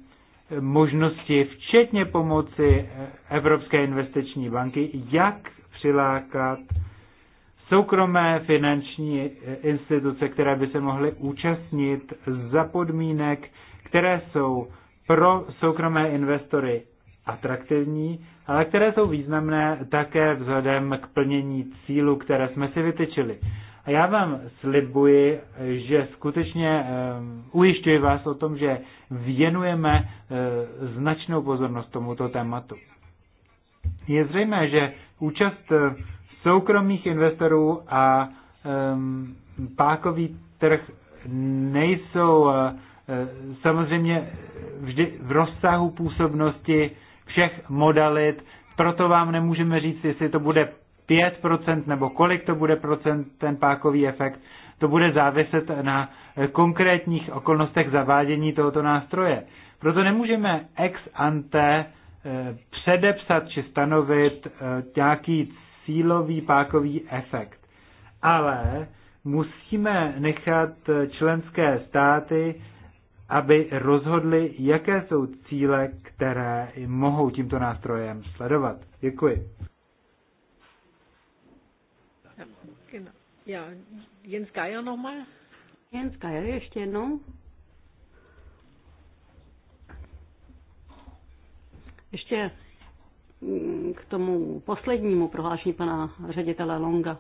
možnosti, včetně pomoci Evropské investiční banky, jak přilákat soukromé finanční eh, instituce, které by se mohly účastnit za podmínek, které jsou pro soukromé investory atraktivní, ale které jsou významné také vzhledem k plnění cílu, které jsme si vytyčili. A já vám slibuji, že skutečně um, ujišťuji vás o tom, že věnujeme uh, značnou pozornost tomuto tématu. Je zřejmé, že účast uh, soukromých investorů a um, pákový trh nejsou uh, samozřejmě vždy v rozsahu působnosti všech modalit, proto vám nemůžeme říct, jestli to bude 5% nebo kolik to bude procent ten pákový efekt. To bude záviset na konkrétních okolnostech zavádění tohoto nástroje. Proto nemůžeme ex ante e, předepsat či stanovit nějaký sílový pákový efekt. Ale musíme nechat členské státy, aby rozhodli, jaké jsou cíle, které mohou tímto nástrojem sledovat. Děkuji. Ja, Jens Geier nochmal. Jens Geier ještě jednou. Ještě Mm, k tomu poslednímu prohlášení pana ředitele Longa.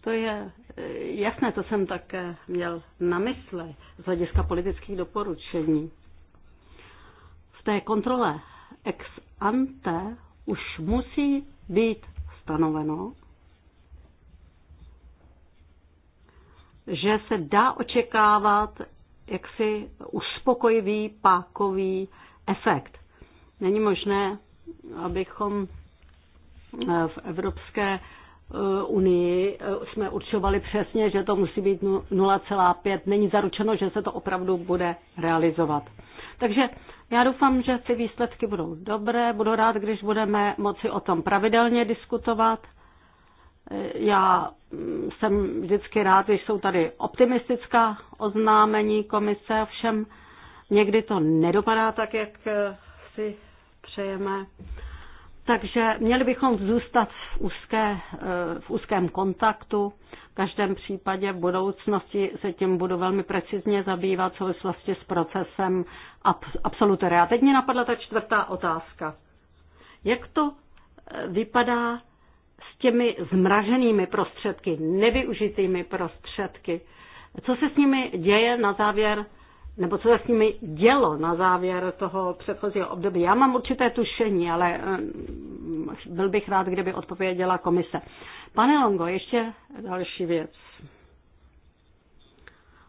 To je eh, jasné, to jsem také měl na mysli z hlediska politických doporučení. V té kontrole ex ante už musí být stanoveno, že se dá očekávat jaksi uspokojivý pákový efekt. Není možné abychom eh, v Evropské eh, unii eh, jsme určovali přesně, že to musí být 0,5. Není zaručeno, že se to opravdu bude realizovat. Takže já doufám, že ty výsledky budou dobré. Budu rád, když budeme moci o tom pravidelně diskutovat. Já mm, jsem vždycky rád, když jsou tady optimistická oznámení komise, všem někdy to nedopadá tak, jak si přejeme. Takže měli bychom zůstat v, úzké, eh, v úzkém kontaktu. V každém případě v budoucnosti se tím budu velmi precizně zabývat v souvislosti s procesem absolutoria. Teď mě napadla ta čtvrtá otázka. Jak to eh, vypadá s těmi zmraženými prostředky, nevyužitými prostředky? Co se s nimi děje na závěr nebo co se s nimi dělo na závěr toho předchozího období. Já mám určité tušení, ale eh, byl bych rád, kdyby odpověděla komise. Pane Longo, ještě další věc.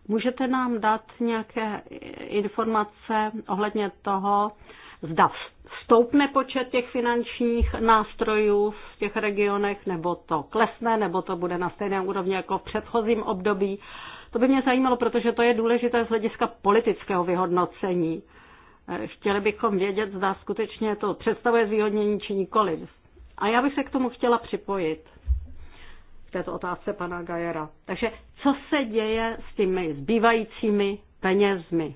Můžete nám dát nějaké informace ohledně toho, zda stoupne počet těch finančních nástrojů v těch regionech, nebo to klesne, nebo to bude na stejné úrovni jako v předchozím období. To by mě zajímalo, protože to je důležité z hlediska politického vyhodnocení. Eh, chtěli bychom vědět, zda skutečně to představuje zvýhodnění či nikoli. A já bych se k tomu chtěla připojit v této otázce pana Gajera. Takže co se děje s těmi zbývajícími penězmi?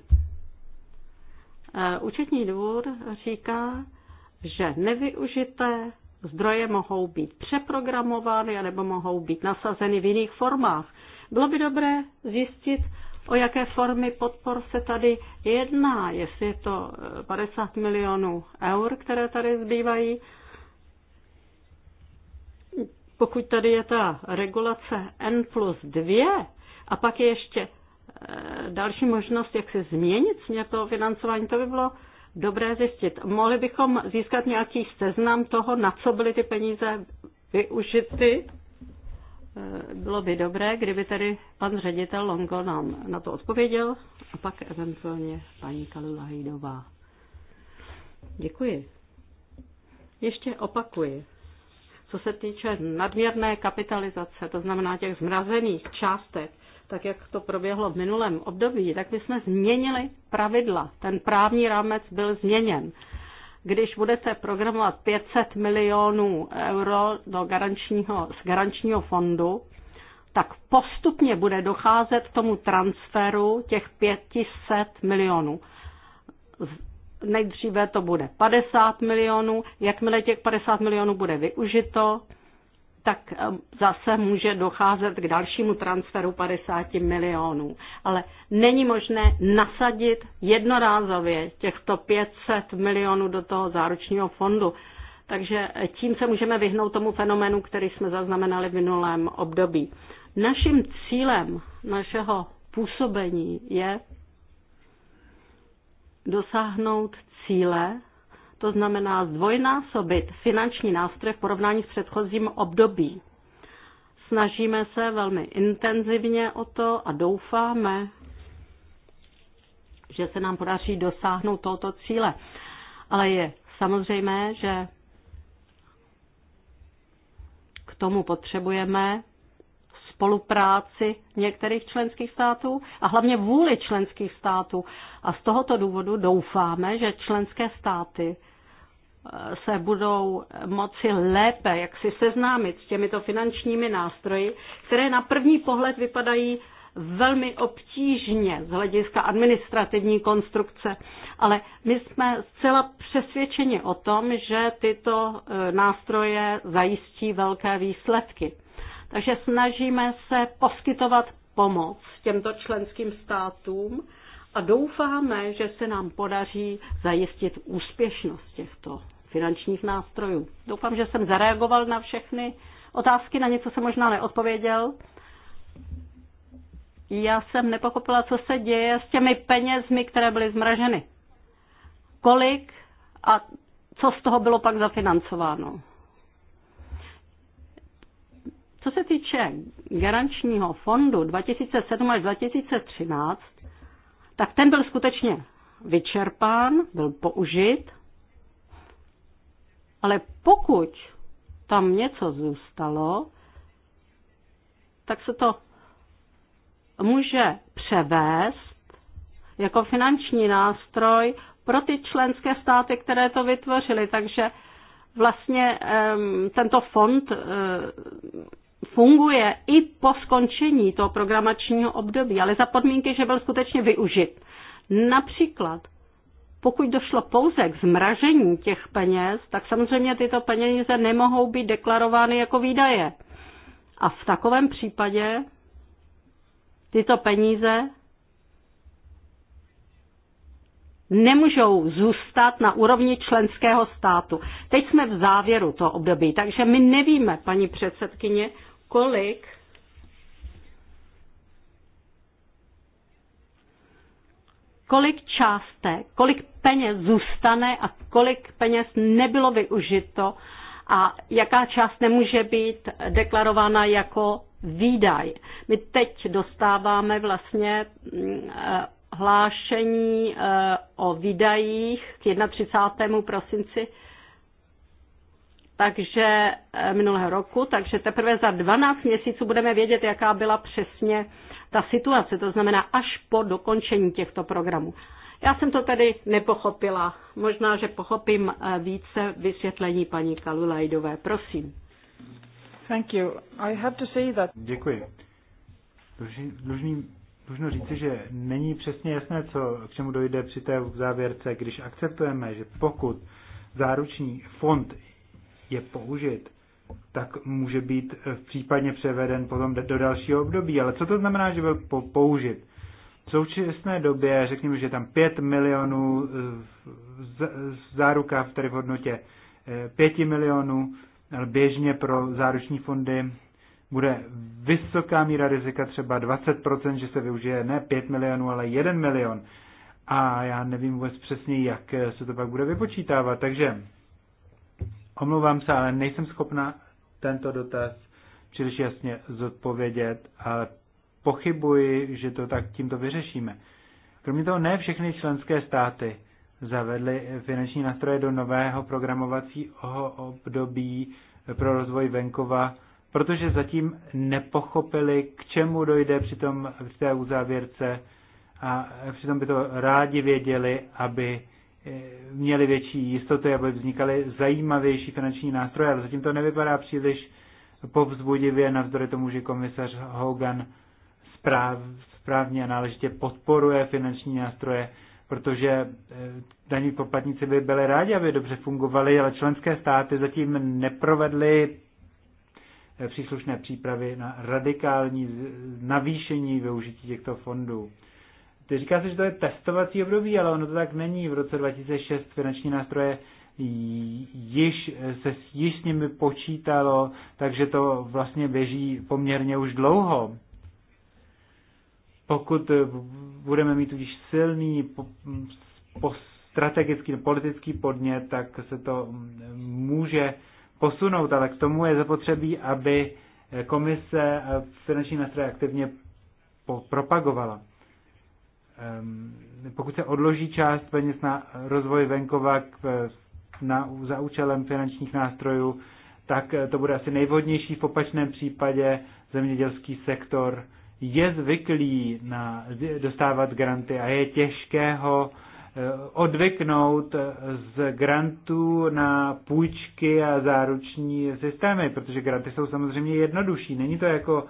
Eh, účetní dvůr říká, že nevyužité zdroje mohou být přeprogramovány nebo mohou být nasazeny v jiných formách. Bylo by dobré zjistit, o jaké formy podpor se tady jedná, jestli je to 50 eh, milionů eur, které tady zbývají. Pokud tady je ta regulace N plus 2 a pak je ještě eh, další možnost, jak se změnit směr toho financování, to by bylo dobré zjistit. Mohli bychom získat nějaký seznam toho, na co byly ty peníze využity Eh, bylo by dobré, kdyby tady pan ředitel Longo nám na to odpověděl a pak eventuálně paní Hejdová. Děkuji. Ještě opakuji. Co se týče nadměrné kapitalizace, to znamená těch zmrazených částek, tak jak to proběhlo v minulém období, tak my jsme změnili pravidla. Ten právní rámec byl změněn když budete programovat 500 milionů euro do garančního, z garančního fondu, tak postupně bude docházet k tomu transferu těch 500 milionů. Nejdříve to bude 50 milionů, jakmile těch 50 milionů bude využito, tak ehm, zase může docházet k dalšímu transferu 50 milionů. Ale není možné nasadit jednorázově těchto 500 milionů do toho záručního fondu. Takže eh, tím se můžeme vyhnout tomu fenoménu, který jsme zaznamenali v minulém období. Naším cílem našeho působení je dosáhnout cíle to znamená zdvojnásobit finanční nástroj v porovnání s předchozím období. Snažíme se velmi intenzivně o to a doufáme, že se nám podaří dosáhnout tohoto cíle. Ale je samozřejmé, že k tomu potřebujeme spolupráci některých členských států a hlavně vůli členských států. A z tohoto důvodu doufáme, že členské státy se budou moci lépe jak si seznámit s těmito finančními nástroji, které na první pohled vypadají velmi obtížně z hlediska administrativní konstrukce, ale my jsme zcela přesvědčeni o tom, že tyto e, nástroje zajistí velké výsledky. Takže snažíme se poskytovat pomoc těmto členským státům a doufáme, že se nám podaří zajistit úspěšnost těchto finančních nástrojů. Doufám, že jsem zareagoval na všechny otázky, na něco jsem možná neodpověděl. Já jsem nepochopila, co se děje s těmi penězmi, které byly zmraženy. Kolik a co z toho bylo pak zafinancováno? Co se týče garančního fondu 2007 až 2013, tak ten byl skutečně vyčerpán, byl použit ale pokud tam něco zůstalo, tak se to může převést jako finanční nástroj pro ty členské státy, které to vytvořily. Takže vlastně tento fond eh, funguje i po skončení toho programačního období, ale za podmínky, že byl skutečně využit. Například pokud došlo pouze k zmražení těch peněz, tak samozřejmě tyto peníze nemohou být deklarovány jako výdaje. A v takovém případě tyto peníze nemůžou zůstat na úrovni členského státu. Teď jsme v závěru toho období, takže my nevíme, paní předsedkyně, kolik kolik částek, kolik peněz zůstane a kolik peněz nebylo využito a jaká část nemůže být deklarována jako výdaj. My teď dostáváme vlastně mm, eh, hlášení eh, o výdajích k 31. prosinci takže eh, minulého roku, takže teprve za 12 měsíců budeme vědět, jaká byla přesně ta situace, to znamená až po dokončení těchto programů. Já jsem to tedy nepochopila. Možná, že pochopím eh, více vysvětlení paní Kalulajdové. Prosím. Thank you. I have to say that... Děkuji. Dlužný, dlužno říci, že není přesně jasné, co, k čemu dojde při té závěrce, když akceptujeme, že pokud záruční fond je použit, tak může být případně převeden potom do dalšího období. Ale co to znamená, že byl použit? V současné době, řekněme, že je tam 5 milionů eh, záruka v tady v hodnotě 5 eh, milionů, ale běžně pro záruční fondy bude vysoká míra rizika, třeba 20%, že se využije ne 5 milionů, ale 1 milion. A já nevím vůbec přesně, jak se to pak bude vypočítávat. Takže Omlouvám se, ale nejsem schopna tento dotaz příliš jasně zodpovědět, ale pochybuji, že to tak tímto vyřešíme. Kromě toho ne všechny členské státy zavedly finanční nástroje do nového programovacího období pro rozvoj venkova, protože zatím nepochopili, k čemu dojde při, tom, při té uzávěrce a přitom by to rádi věděli, aby Eh, měli větší jistoty, aby vznikaly zajímavější finanční nástroje, ale zatím to nevypadá příliš povzbudivě, navzdory tomu, že komisař Hogan správ, správně a náležitě podporuje finanční nástroje, protože eh, daní poplatníci by byli rádi, aby dobře fungovali, ale členské státy zatím neprovedly eh, příslušné přípravy na radikální navýšení využití těchto fondů. Ty říká se, že to je testovací období, ale ono to tak není. V roce 2006 finanční nástroje již se již s nimi počítalo, takže to vlastně běží poměrně už dlouho. Pokud budeme mít tudíž silný po, po strategický politický podnět, tak se to může posunout, ale k tomu je zapotřebí, aby komise finanční nástroje aktivně propagovala. Ehm, pokud se odloží část peněz na rozvoj venkova k, eh, na, za účelem finančních nástrojů, tak eh, to bude asi nejvhodnější. V opačném případě zemědělský sektor je zvyklý na dostávat granty a je těžké ho eh, odvyknout z grantů na půjčky a záruční systémy, protože granty jsou samozřejmě jednodušší. Není to jako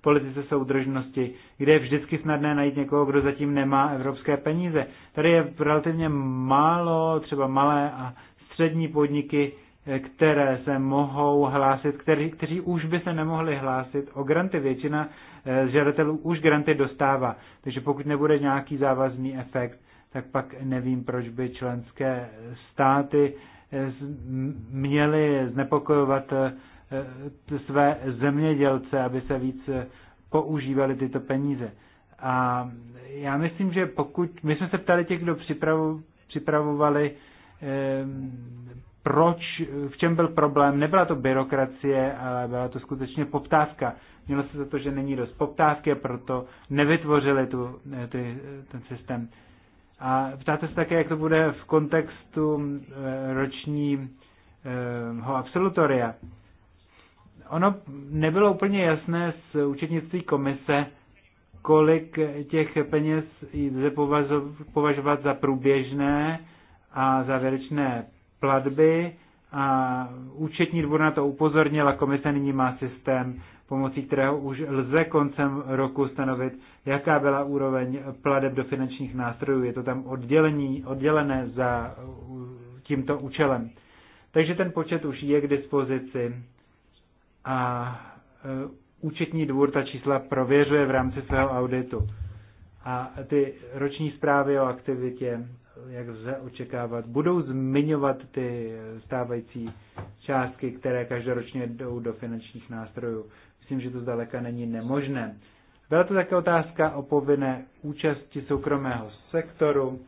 politice soudržnosti, kde je vždycky snadné najít někoho, kdo zatím nemá evropské peníze. Tady je relativně málo, třeba malé a střední podniky, eh, které se mohou hlásit, kteří, kteří už by se nemohli hlásit o granty. Většina eh, žadatelů už granty dostává. Takže pokud nebude nějaký závazný efekt, tak pak nevím, proč by členské státy eh, měly znepokojovat Eh, své zemědělce, aby se víc eh, používaly tyto peníze. A já myslím, že pokud, my jsme se ptali těch, kdo připravo, připravovali, ehm, proč, v čem byl problém, nebyla to byrokracie, ale byla to skutečně poptávka. Mělo se za to, že není dost poptávky, proto nevytvořili tu, eh, ty, ten systém. A ptáte se také, jak to bude v kontextu ročního absolutoria. Ono nebylo úplně jasné z účetnictví komise, kolik těch peněz jde považovat za průběžné a závěrečné platby. A účetní dvůr na to upozornila, komise nyní má systém, pomocí kterého už lze koncem roku stanovit, jaká byla úroveň pladeb do finančních nástrojů. Je to tam oddělení, oddělené za tímto účelem. Takže ten počet už je k dispozici a e, účetní dvůr ta čísla prověřuje v rámci svého auditu. A ty roční zprávy o aktivitě, jak lze očekávat, budou zmiňovat ty stávající částky, které každoročně jdou do finančních nástrojů. Myslím, že to zdaleka není nemožné. Byla to také otázka o povinné účasti soukromého sektoru,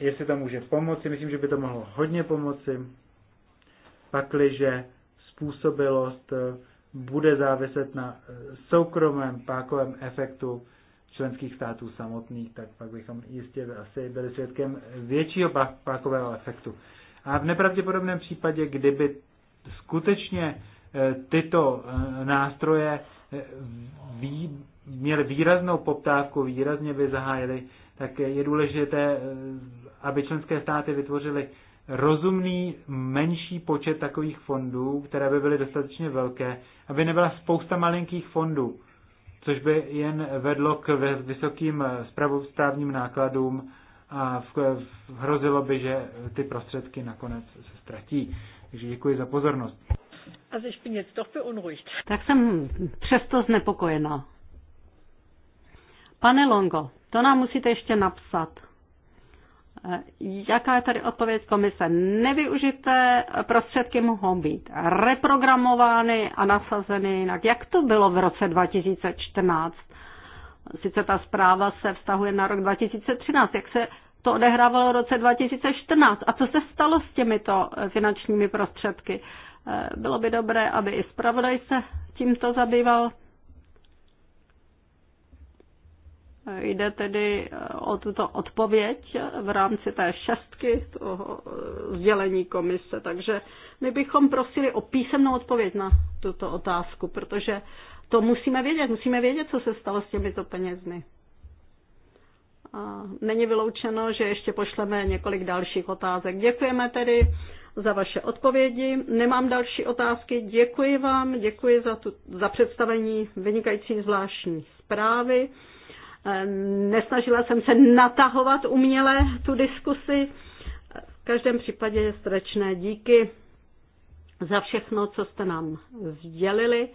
jestli to může pomoci. Myslím, že by to mohlo hodně pomoci, pakliže způsobilost eh, bude záviset na eh, soukromém pákovém efektu členských států samotných, tak pak bychom jistě asi byli svědkem většího pákového efektu. A v nepravděpodobném případě, kdyby skutečně eh, tyto nástroje vý, měly výraznou poptávku, výrazně by zahájily, tak je důležité, aby členské státy vytvořily rozumný menší počet takových fondů, které by byly dostatečně velké, aby nebyla spousta malinkých fondů, což by jen vedlo k vysokým správním nákladům a hrozilo by, že ty prostředky nakonec se ztratí. Takže děkuji za pozornost. Also ich bin jetzt doch beunruhigt. Tak jsem přesto znepokojená. Pane Longo, to nám musíte ještě napsat. Jaká je tady odpověď komise? Nevyužité prostředky mohou být reprogramovány a nasazeny jinak. Jak to bylo v roce 2014? Sice ta zpráva se vztahuje na rok 2013. Jak se to odehrávalo v roce 2014? A co se stalo s těmito finančními prostředky? Eh, bylo by dobré, aby i zpravodaj se tímto zabýval. Jde tedy eh, o tuto odpověď v rámci té šestky toho eh, sdělení komise. Takže my bychom prosili o písemnou odpověď na tuto otázku, protože to musíme vědět. Musíme vědět, co se stalo s těmito penězmi. A není vyloučeno, že ještě pošleme několik dalších otázek. Děkujeme tedy za vaše odpovědi. Nemám další otázky. Děkuji vám, děkuji za, tu, za představení vynikající zvláštní zprávy. Ehm, nesnažila jsem se natahovat uměle tu diskusi. V každém případě je stračné díky za všechno, co jste nám sdělili.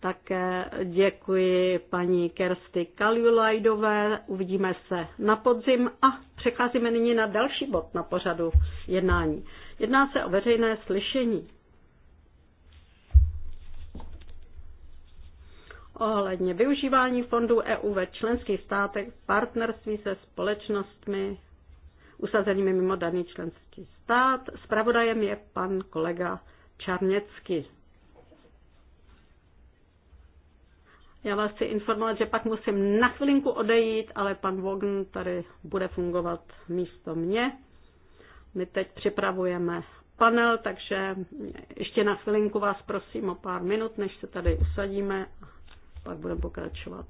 Také děkuji paní Kersty Kaliulajdové. Uvidíme se na podzim a přecházíme nyní na další bod na pořadu jednání. Jedná se o veřejné slyšení. ohledně využívání fondů EU ve členských státech v partnerství se společnostmi usazenými mimo daný členský stát. Spravodajem je pan kolega Čarněcký. Já vás chci informovat, že pak musím na chvilinku odejít, ale pan Vogn tady bude fungovat místo mě. My teď připravujeme panel, takže ještě na chvilinku vás prosím o pár minut, než se tady usadíme a pak budeme pokračovat.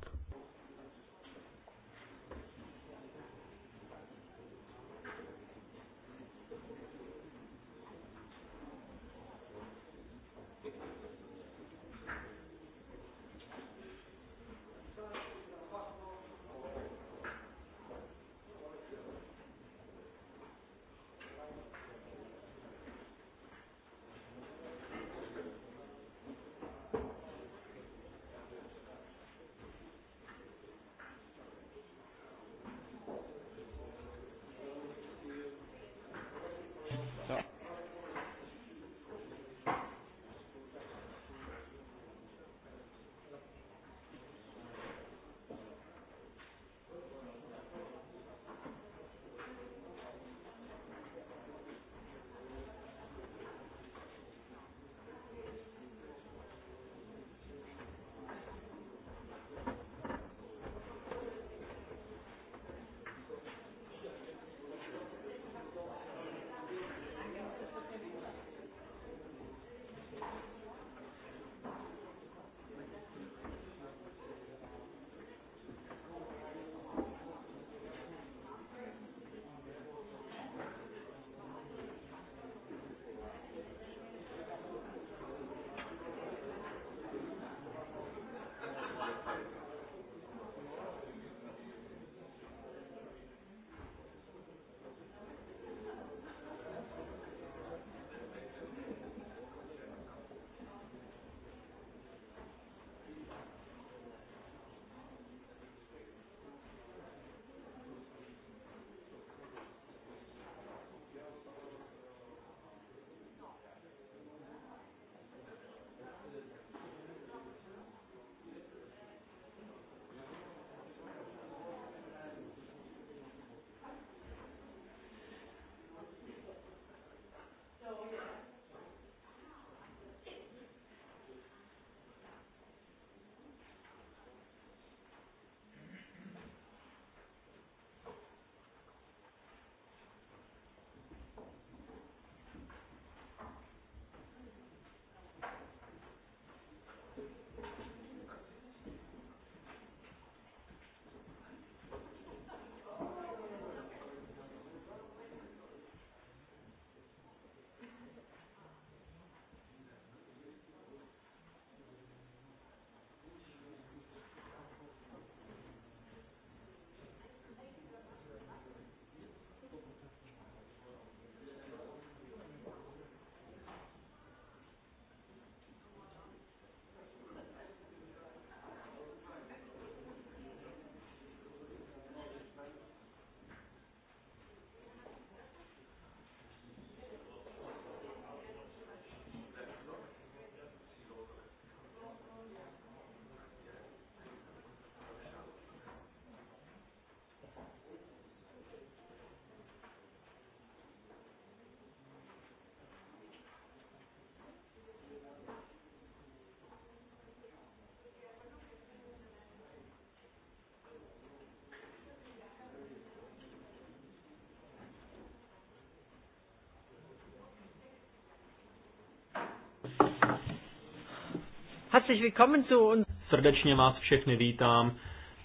Herzlich willkommen zu uns. Srdečně vás všechny vítám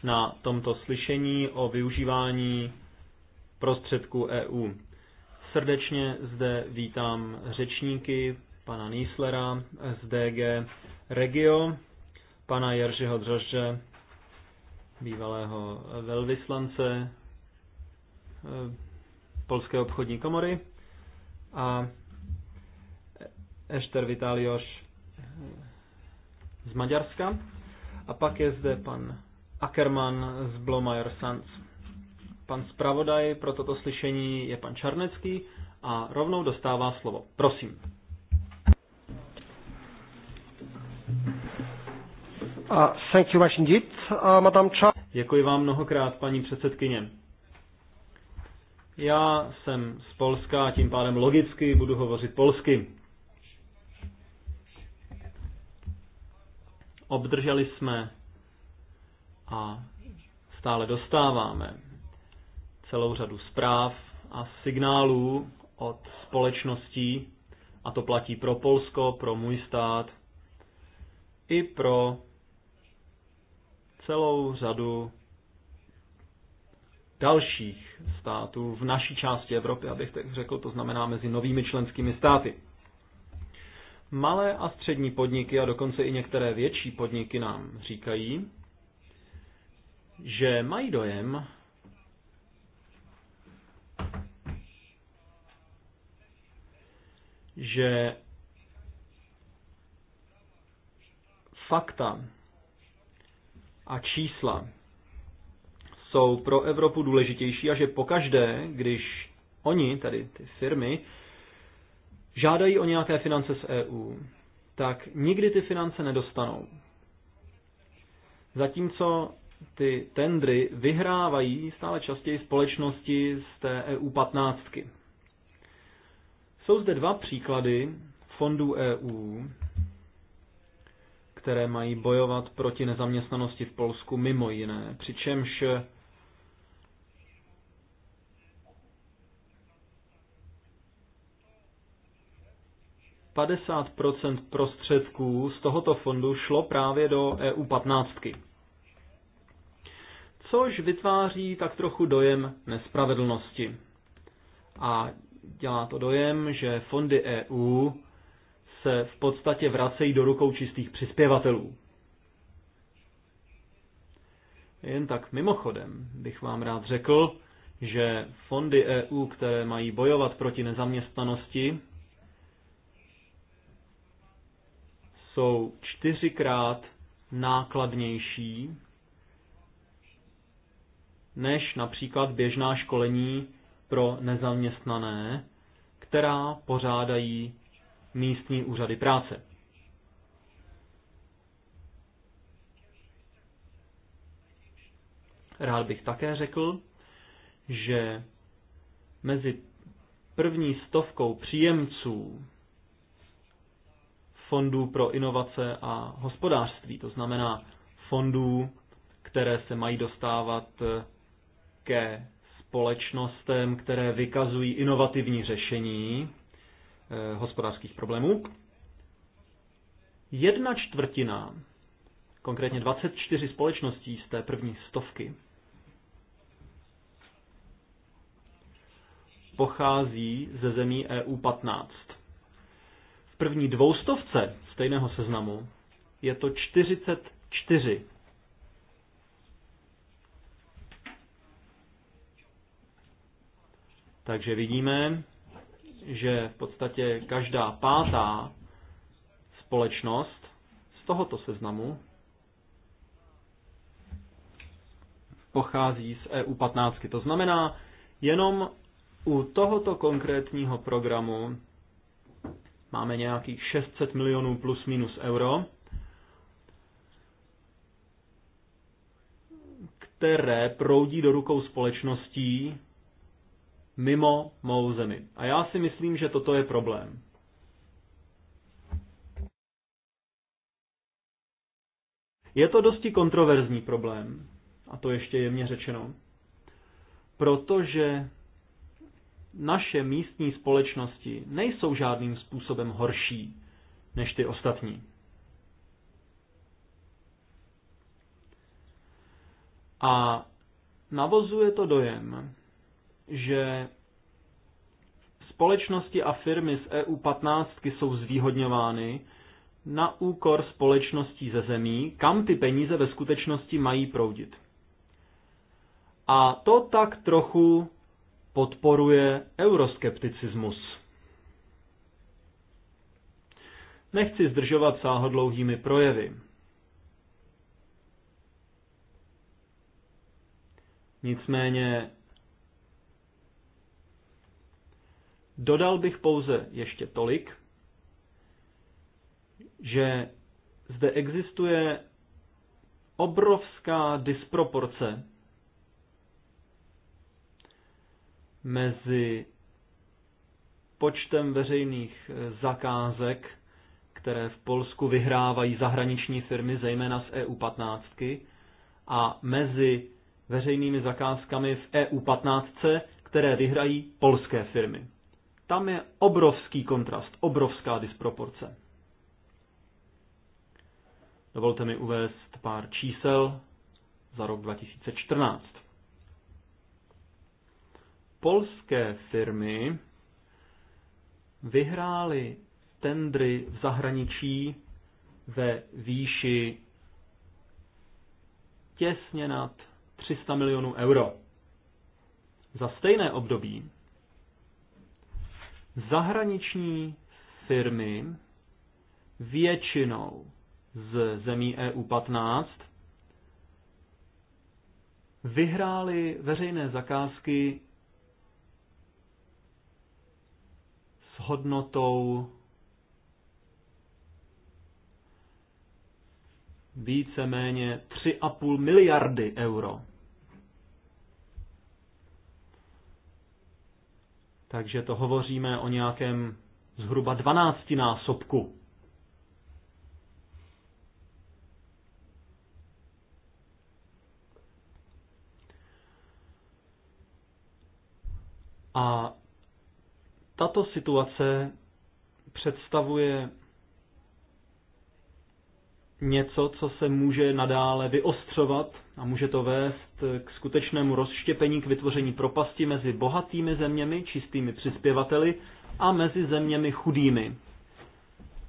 na tomto slyšení o využívání prostředků EU. Srdečně zde vítám řečníky pana Nýslera z DG Regio, pana Jeržiho Drožže, bývalého velvyslance eh, Polské obchodní komory a Ešter Vitalioš z Maďarska. A pak je zde pan Ackerman z Blomayer Sands. Pan zpravodaj pro toto slyšení je pan Čarnecký a rovnou dostává slovo. Prosím. Uh, thank you much indeed, uh, Madam Děkuji vám mnohokrát, paní předsedkyně. Já jsem z Polska a tím pádem logicky budu hovořit polsky. Obdrželi jsme a stále dostáváme celou řadu zpráv a signálů od společností, a to platí pro Polsko, pro můj stát, i pro celou řadu dalších států v naší části Evropy, abych tak řekl, to znamená mezi novými členskými státy. Malé a střední podniky a dokonce i některé větší podniky nám říkají, že mají dojem, že fakta a čísla jsou pro Evropu důležitější a že pokaždé, když oni, tady ty firmy, žádají o nějaké finance z EU, tak nikdy ty finance nedostanou. Zatímco ty tendry vyhrávají stále častěji společnosti z té EU 15. Jsou zde dva příklady fondů EU, které mají bojovat proti nezaměstnanosti v Polsku mimo jiné, přičemž 50 prostředků z tohoto fondu šlo právě do EU 15. Což vytváří tak trochu dojem nespravedlnosti. A dělá to dojem, že fondy EU se v podstatě vracejí do rukou čistých přispěvatelů. Jen tak mimochodem bych vám rád řekl, že fondy EU, které mají bojovat proti nezaměstnanosti, jsou čtyřikrát nákladnější než například běžná školení pro nezaměstnané, která pořádají místní úřady práce. Rád bych také řekl, že mezi první stovkou příjemců fondů pro inovace a hospodářství, to znamená fondů, které se mají dostávat eh, ke společnostem, které vykazují inovativní řešení eh, hospodářských problémů. Jedna čtvrtina, konkrétně 24 společností z té první stovky, pochází ze zemí EU 15 první dvoustovce stejného seznamu je to 44. Takže vidíme, že v podstatě každá pátá společnost z tohoto seznamu pochází z EU 15. To znamená, jenom u tohoto konkrétního programu Máme nějakých 600 milionů plus minus euro, které proudí do rukou společností mimo mou zemi. A já si myslím, že toto je problém. Je to dosti kontroverzní problém, a to ještě jemně řečeno, protože naše místní společnosti nejsou žádným způsobem horší než ty ostatní. A navozuje to dojem, že společnosti a firmy z EU 15 jsou zvýhodňovány na úkor společností ze zemí, kam ty peníze ve skutečnosti mají proudit. A to tak trochu podporuje euroskepticismus. Nechci zdržovat sáhodlouhými projevy. Nicméně dodal bych pouze ještě tolik, že zde existuje obrovská disproporce mezi počtem veřejných eh, zakázek, které v Polsku vyhrávají zahraniční firmy, zejména z EU15, a mezi veřejnými zakázkami v EU15, které vyhrají polské firmy. Tam je obrovský kontrast, obrovská disproporce. Dovolte mi uvést pár čísel za rok 2014 polské firmy vyhrály tendry v zahraničí ve výši těsně nad 300 milionů euro. Za stejné období zahraniční firmy většinou z zemí EU 15 vyhrály veřejné zakázky hodnotou víceméně 3,5 miliardy euro. Takže to hovoříme o nějakém zhruba 12 násobku. A tato situace představuje něco, co se může nadále vyostřovat a může to vést k skutečnému rozštěpení, k vytvoření propasti mezi bohatými zeměmi, čistými přispěvateli, a mezi zeměmi chudými,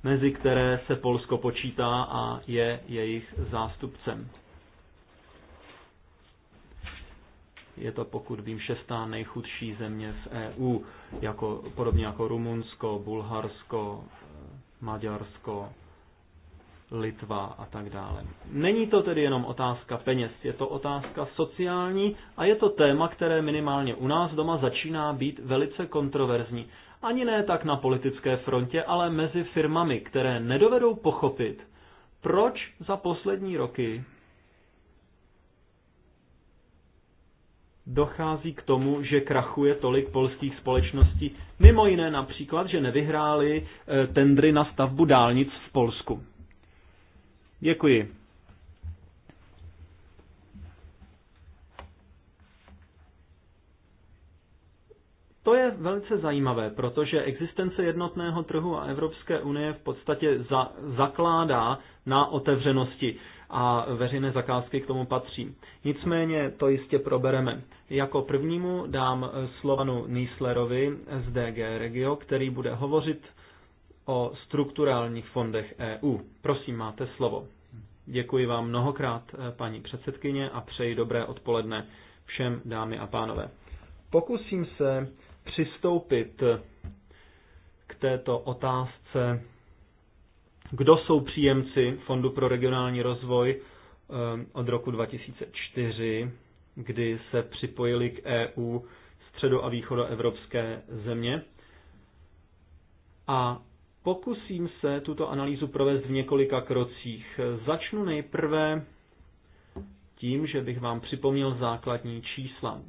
mezi které se Polsko počítá a je jejich zástupcem. je to, pokud vím, šestá nejchudší země v EU, jako, podobně jako Rumunsko, Bulharsko, eh, Maďarsko, Litva a tak dále. Není to tedy jenom otázka peněz, je to otázka sociální a je to téma, které minimálně u nás doma začíná být velice kontroverzní. Ani ne tak na politické frontě, ale mezi firmami, které nedovedou pochopit, proč za poslední roky dochází k tomu, že krachuje tolik polských společností, mimo jiné například, že nevyhráli e, tendry na stavbu dálnic v Polsku. Děkuji. To je velice zajímavé, protože existence jednotného trhu a Evropské unie v podstatě za, zakládá na otevřenosti a veřejné zakázky k tomu patří. Nicméně to jistě probereme. Jako prvnímu dám Slovanu Nýslerovi z DG Regio, který bude hovořit o strukturálních fondech EU. Prosím, máte slovo. Děkuji vám mnohokrát, paní předsedkyně, a přeji dobré odpoledne všem dámy a pánové. Pokusím se přistoupit k této otázce kdo jsou příjemci Fondu pro regionální rozvoj eh, od roku 2004, kdy se připojili k EU středo- a východoevropské země. A pokusím se tuto analýzu provést v několika krocích. Začnu nejprve tím, že bych vám připomněl základní čísla.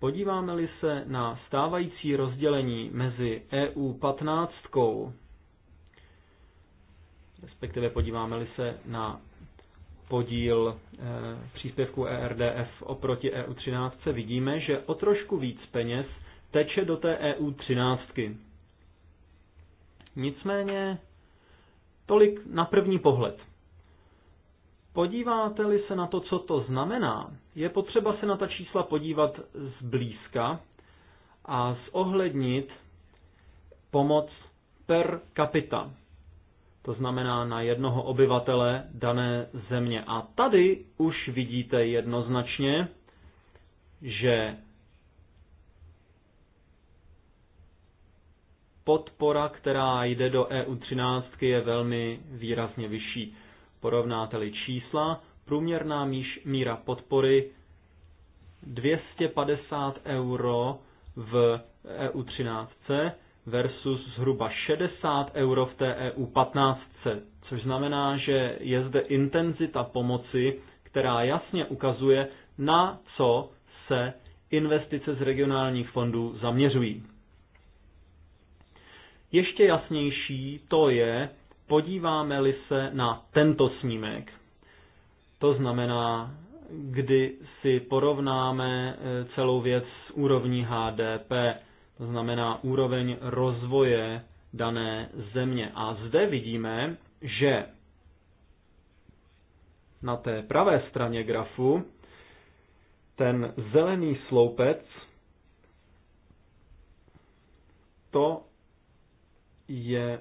Podíváme-li se na stávající rozdělení mezi EU 15 respektive podíváme-li se na podíl eh, příspěvku ERDF oproti EU13, vidíme, že o trošku víc peněz teče do té EU13. Nicméně tolik na první pohled. Podíváte-li se na to, co to znamená, je potřeba se na ta čísla podívat zblízka a zohlednit pomoc per capita to znamená na jednoho obyvatele dané země. A tady už vidíte jednoznačně, že podpora, která jde do EU13, je velmi výrazně vyšší. Porovnáte-li čísla, průměrná míš míra podpory 250 euro v EU13 versus zhruba 60 euro v té EU 15, což znamená, že je zde intenzita pomoci, která jasně ukazuje, na co se investice z regionálních fondů zaměřují. Ještě jasnější to je, podíváme-li se na tento snímek. To znamená, kdy si porovnáme eh, celou věc s úrovní HDP to znamená úroveň rozvoje dané země. A zde vidíme, že na té pravé straně grafu ten zelený sloupec to je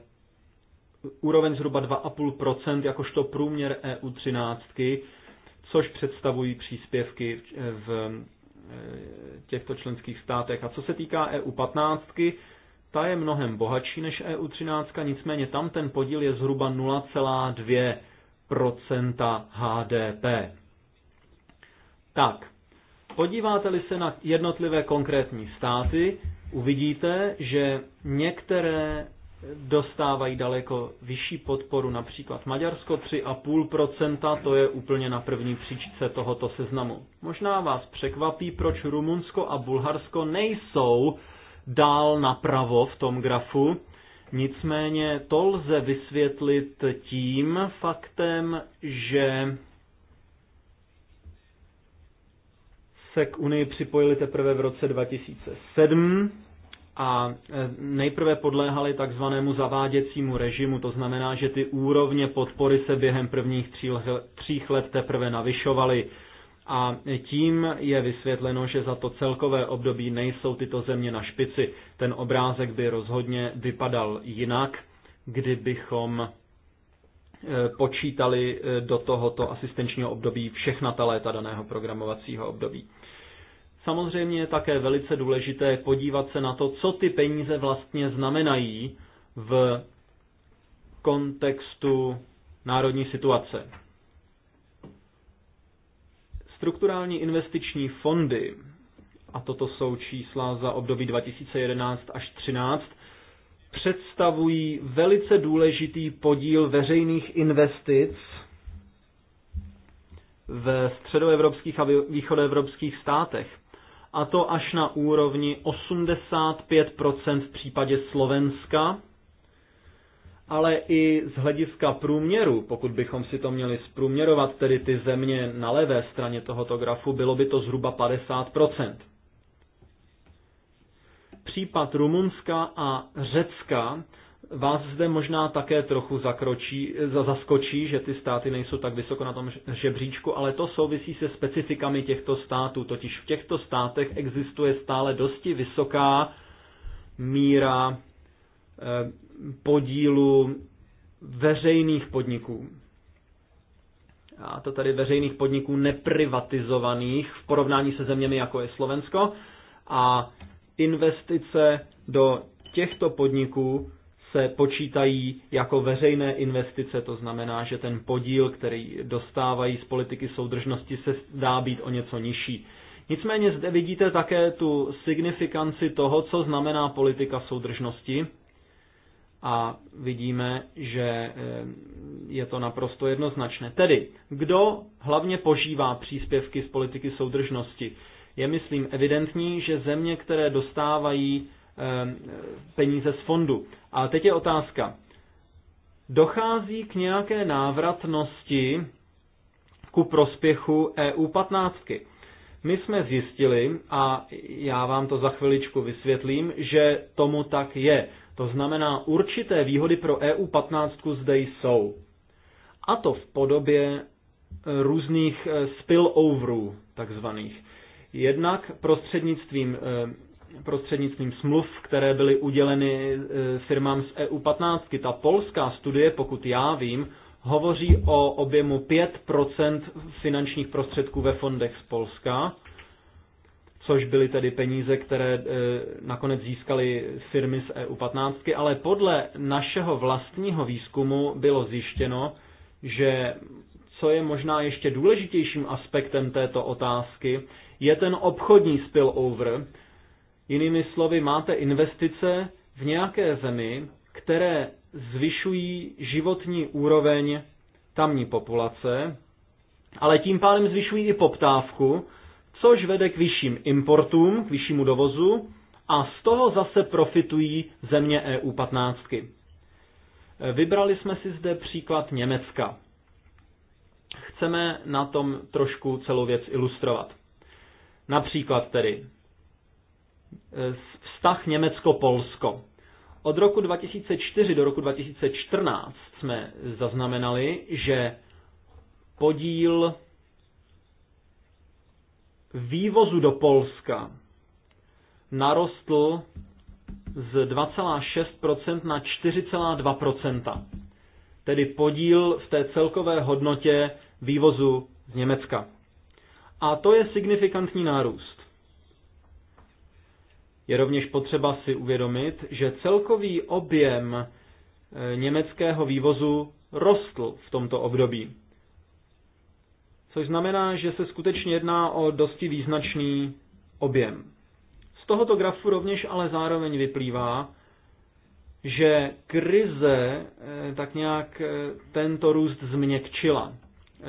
úroveň zhruba 2,5% jakožto průměr EU13, což představují příspěvky v Eh, těchto členských státech. A co se týká EU 15, ta je mnohem bohatší než EU 13, nicméně tam ten podíl je zhruba 0,2 HDP. Tak, podíváte-li se na jednotlivé konkrétní státy, uvidíte, že některé dostávají daleko vyšší podporu, například Maďarsko 3,5%, to je úplně na první příčce tohoto seznamu. Možná vás překvapí, proč Rumunsko a Bulharsko nejsou dál napravo v tom grafu, nicméně to lze vysvětlit tím faktem, že se k Unii připojili teprve v roce 2007, a e, nejprve podléhaly takzvanému zaváděcímu režimu, to znamená, že ty úrovně podpory se během prvních tří let teprve navyšovaly. A tím je vysvětleno, že za to celkové období nejsou tyto země na špici. Ten obrázek by rozhodně vypadal jinak, kdybychom e, počítali e, do tohoto asistenčního období všechna ta léta daného programovacího období. Samozřejmě je také velice důležité podívat se na to, co ty peníze vlastně znamenají v kontextu národní situace. Strukturální investiční fondy, a toto jsou čísla za období 2011 až 2013, představují velice důležitý podíl veřejných investic ve středoevropských a východoevropských státech a to až na úrovni 85% v případě Slovenska, ale i z hlediska průměru, pokud bychom si to měli zprůměrovat, tedy ty země na levé straně tohoto grafu, bylo by to zhruba 50%. Případ Rumunska a Řecka vás zde možná také trochu zakročí, zaskočí, že ty státy nejsou tak vysoko na tom žebříčku, ale to souvisí se specifikami těchto států. Totiž v těchto státech existuje stále dosti vysoká míra eh, podílu veřejných podniků. A to tady veřejných podniků neprivatizovaných v porovnání se zeměmi, jako je Slovensko. A investice do těchto podniků se počítají jako veřejné investice, to znamená, že ten podíl, který dostávají z politiky soudržnosti, se dá být o něco nižší. Nicméně zde vidíte také tu signifikanci toho, co znamená politika soudržnosti. A vidíme, že eh, je to naprosto jednoznačné. Tedy, kdo hlavně požívá příspěvky z politiky soudržnosti? Je, myslím, evidentní, že země, které dostávají Ehm, peníze z fondu. A teď je otázka. Dochází k nějaké návratnosti ku prospěchu EU 15. My jsme zjistili, a já vám to za chviličku vysvětlím, že tomu tak je. To znamená, určité výhody pro EU 15 zde jsou. A to v podobě eh, různých eh, spilloverů, takzvaných. Jednak prostřednictvím eh, prostřednictvím smluv, které byly uděleny e, firmám z EU15. Ta polská studie, pokud já vím, hovoří o objemu 5% finančních prostředků ve fondech z Polska, což byly tedy peníze, které e, nakonec získaly firmy z EU15, ale podle našeho vlastního výzkumu bylo zjištěno, že co je možná ještě důležitějším aspektem této otázky, je ten obchodní spillover, Jinými slovy, máte investice v nějaké zemi, které zvyšují životní úroveň tamní populace, ale tím pádem zvyšují i poptávku, což vede k vyšším importům, k vyššímu dovozu a z toho zase profitují země EU 15. Vybrali jsme si zde příklad Německa. Chceme na tom trošku celou věc ilustrovat. Například tedy E, vztah Německo-Polsko. Od roku 2004 do roku 2014 jsme zaznamenali, že podíl vývozu do Polska narostl z 2,6% na 4,2%, tedy podíl v té celkové hodnotě vývozu z Německa. A to je signifikantní nárůst. Je rovněž potřeba si uvědomit, že celkový objem e, německého vývozu rostl v tomto období. Což znamená, že se skutečně jedná o dosti význačný objem. Z tohoto grafu rovněž ale zároveň vyplývá, že krize e, tak nějak e, tento růst změkčila.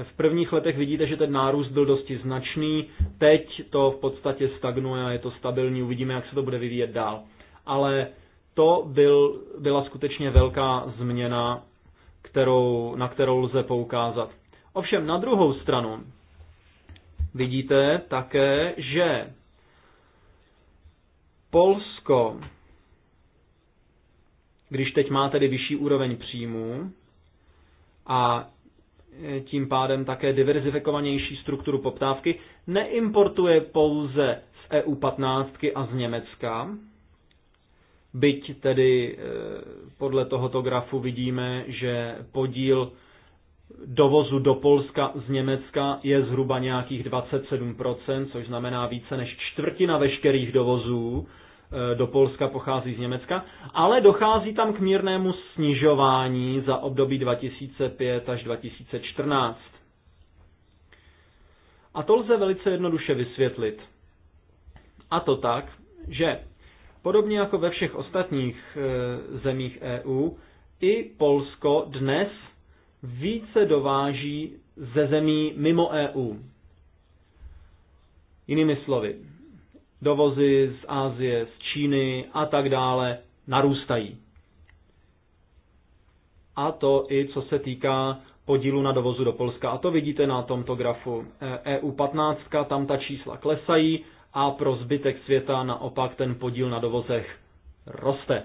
V prvních letech vidíte, že ten nárůst byl dosti značný, teď to v podstatě stagnuje a je to stabilní, uvidíme, jak se to bude vyvíjet dál. Ale to byl, byla skutečně velká změna, kterou, na kterou lze poukázat. Ovšem na druhou stranu vidíte také, že Polsko, když teď má tedy vyšší úroveň příjmů a tím pádem také diverzifikovanější strukturu poptávky, neimportuje pouze z EU 15 a z Německa, byť tedy e, podle tohoto grafu vidíme, že podíl dovozu do Polska z Německa je zhruba nějakých 27%, což znamená více než čtvrtina veškerých dovozů Eh, do Polska pochází z Německa, ale dochází tam k mírnému snižování za období 2005 až 2014. A to lze velice jednoduše vysvětlit. A to tak, že podobně jako ve všech ostatních eh, zemích EU, i Polsko dnes více dováží ze zemí mimo EU. Jinými slovy, dovozy z Asie, z Číny a tak dále narůstají. A to i co se týká podílu na dovozu do Polska. A to vidíte na tomto grafu. EU e 15, tam ta čísla klesají a pro zbytek světa naopak ten podíl na dovozech roste.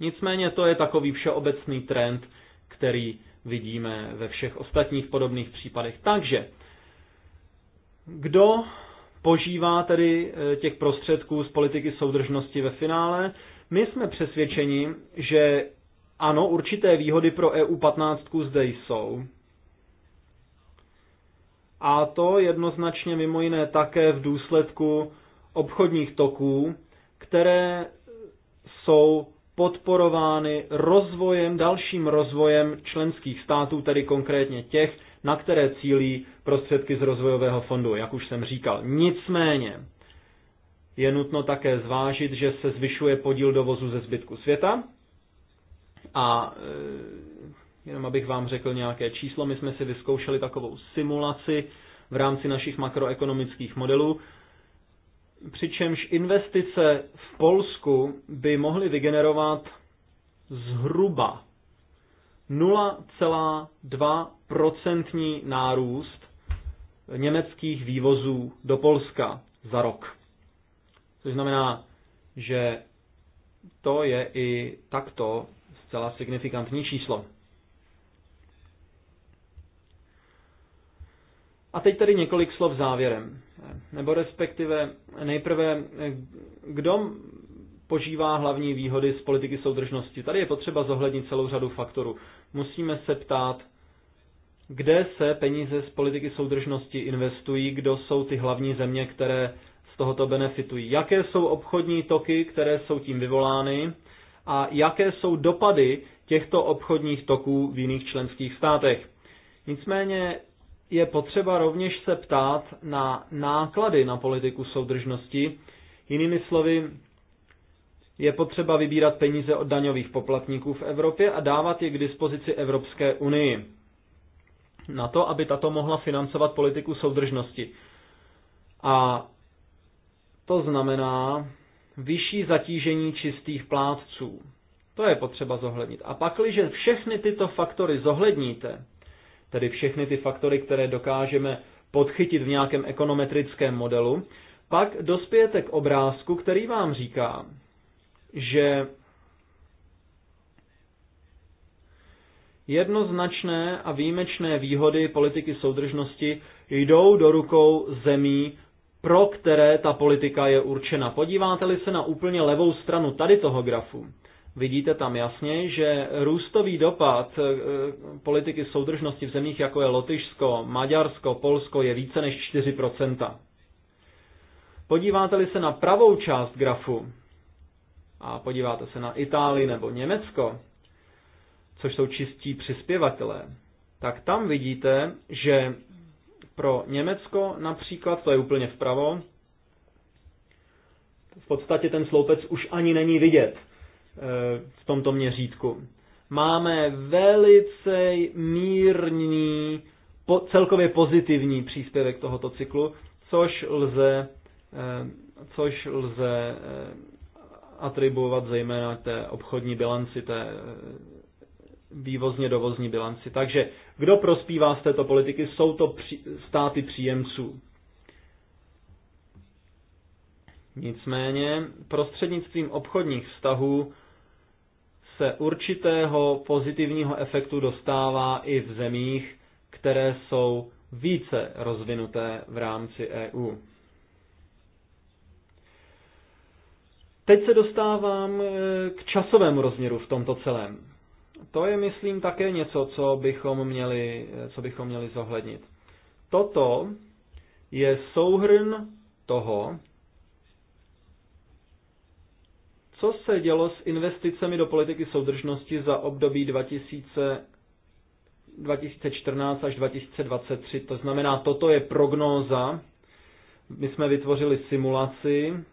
Nicméně to je takový všeobecný trend, který vidíme ve všech ostatních podobných případech. Takže, kdo požívá tedy e, těch prostředků z politiky soudržnosti ve finále. My jsme přesvědčeni, že ano, určité výhody pro EU 15 zde jsou. A to jednoznačně mimo jiné také v důsledku obchodních toků, které jsou podporovány rozvojem, dalším rozvojem členských států, tedy konkrétně těch, na které cílí prostředky z rozvojového fondu, jak už jsem říkal. Nicméně je nutno také zvážit, že se zvyšuje podíl dovozu ze zbytku světa a e, jenom abych vám řekl nějaké číslo, my jsme si vyzkoušeli takovou simulaci v rámci našich makroekonomických modelů, přičemž investice v Polsku by mohly vygenerovat zhruba 0,2% nárůst německých vývozů do Polska za rok. Což znamená, že to je i takto zcela signifikantní číslo. A teď tedy několik slov závěrem. Nebo respektive nejprve, kdo požívá hlavní výhody z politiky soudržnosti. Tady je potřeba zohlednit celou řadu faktorů musíme se ptát, kde se peníze z politiky soudržnosti investují, kdo jsou ty hlavní země, které z tohoto benefitují, jaké jsou obchodní toky, které jsou tím vyvolány a jaké jsou dopady těchto obchodních toků v jiných členských státech. Nicméně je potřeba rovněž se ptát na náklady na politiku soudržnosti, jinými slovy, je potřeba vybírat peníze od daňových poplatníků v Evropě a dávat je k dispozici Evropské unii. Na to, aby tato mohla financovat politiku soudržnosti. A to znamená vyšší zatížení čistých plátců. To je potřeba zohlednit. A pakliže všechny tyto faktory zohledníte, tedy všechny ty faktory, které dokážeme podchytit v nějakém ekonometrickém modelu, pak dospějete k obrázku, který vám říká, že jednoznačné a výjimečné výhody politiky soudržnosti jdou do rukou zemí, pro které ta politika je určena. Podíváte-li se na úplně levou stranu tady toho grafu, vidíte tam jasně, že růstový dopad eh, politiky soudržnosti v zemích jako je Lotyšsko, Maďarsko, Polsko je více než 4%. Podíváte-li se na pravou část grafu, a podíváte se na Itálii nebo Německo, což jsou čistí přispěvatelé, tak tam vidíte, že pro Německo například, to je úplně vpravo, v podstatě ten sloupec už ani není vidět e, v tomto měřítku. Máme velice mírný, celkově pozitivní příspěvek tohoto cyklu, což lze, e, což lze e, atribuovat zejména té obchodní bilanci, té eh, vývozně-dovozní bilanci. Takže kdo prospívá z této politiky, jsou to při, státy příjemců. Nicméně prostřednictvím obchodních vztahů se určitého pozitivního efektu dostává i v zemích, které jsou více rozvinuté v rámci EU. Teď se dostávám eh, k časovému rozměru v tomto celém. To je, myslím, také něco, co bychom měli, eh, co bychom měli zohlednit. Toto je souhrn toho, co se dělo s investicemi do politiky soudržnosti za období 2000, 2014 až 2023. To znamená, toto je prognóza. My jsme vytvořili simulaci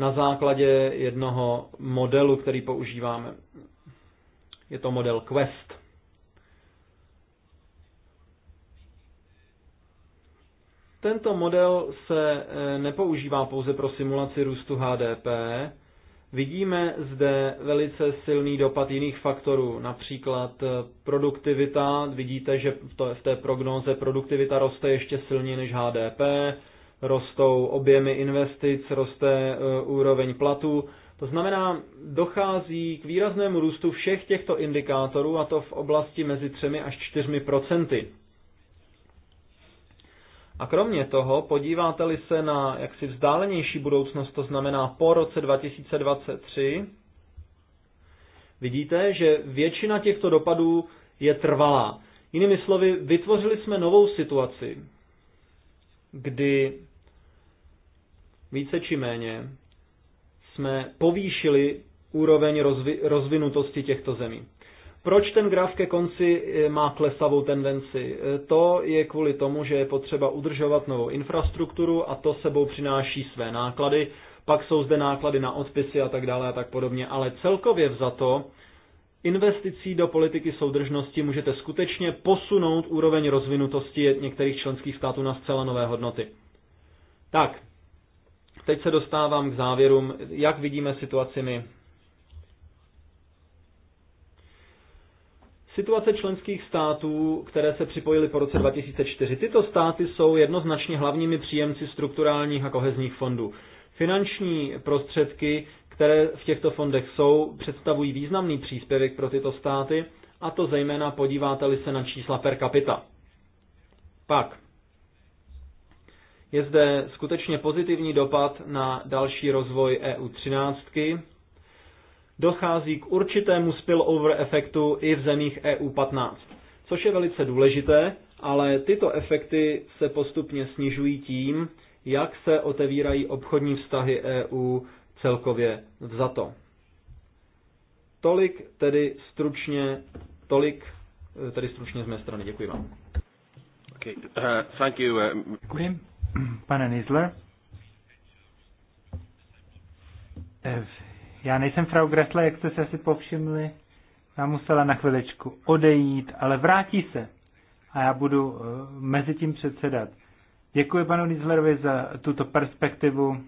na základě jednoho modelu, který používáme. Je to model Quest. Tento model se eh, nepoužívá pouze pro simulaci růstu HDP. Vidíme zde velice silný dopad jiných faktorů, například eh, produktivita. Vidíte, že v té prognóze produktivita roste ještě silněji než HDP, rostou objemy investic, roste e, úroveň platů. To znamená, dochází k výraznému růstu všech těchto indikátorů, a to v oblasti mezi 3 až 4 procenty. A kromě toho, podíváte-li se na jaksi vzdálenější budoucnost, to znamená po roce 2023, vidíte, že většina těchto dopadů je trvalá. Jinými slovy, vytvořili jsme novou situaci, kdy více či méně jsme povýšili úroveň rozvi- rozvinutosti těchto zemí. Proč ten graf ke konci eh, má klesavou tendenci? Eh, to je kvůli tomu, že je potřeba udržovat novou infrastrukturu a to sebou přináší své náklady, pak jsou zde náklady na odpisy a tak dále a tak podobně, ale celkově vzato investicí do politiky soudržnosti můžete skutečně posunout úroveň rozvinutosti některých členských států na zcela nové hodnoty. Tak, Teď se dostávám k závěrům, jak vidíme situaci my. Situace členských států, které se připojily po roce 2004, tyto státy jsou jednoznačně hlavními příjemci strukturálních a kohezních fondů. Finanční prostředky, které v těchto fondech jsou, představují významný příspěvek pro tyto státy, a to zejména podíváte-li se na čísla per capita. Pak, je zde skutečně pozitivní dopad na další rozvoj EU13. Dochází k určitému spillover efektu i v zemích EU15, což je velice důležité, ale tyto efekty se postupně snižují tím, jak se otevírají obchodní vztahy EU celkově vzato. Tolik tedy stručně, tolik eh, tedy stručně z mé strany. Děkuji vám. Okay. Uh, thank you, uh... Pane Nizler? Eh, já nejsem Frau Gressler, jak jste se asi povšimli. Já musela na chviličku odejít, ale vrátí se. A já budu eh, mezi tím předsedat. Děkuji panu Nizlerovi za tuto perspektivu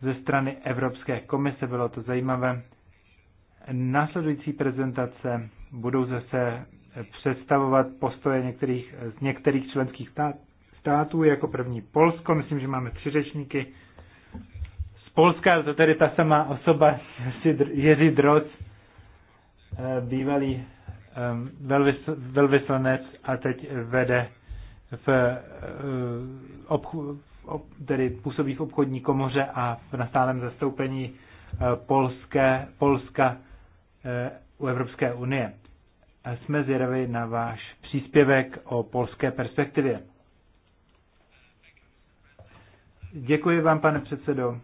ze strany Evropské komise. Bylo to zajímavé. Následující prezentace budou zase představovat postoje některých, z některých členských států států, jako první Polsko, myslím, že máme tři řečníky z Polska, to tedy ta samá osoba, Jiří Droc, eh, bývalý velvyslanec a teď vede v, eh, tedy působí v obchodní komoře a na stálem zastoupení eh, Polské, Polska u Evropské unie. Jsme zvědaví na váš příspěvek o polské perspektivě. Děkuji vám, pane předsedo.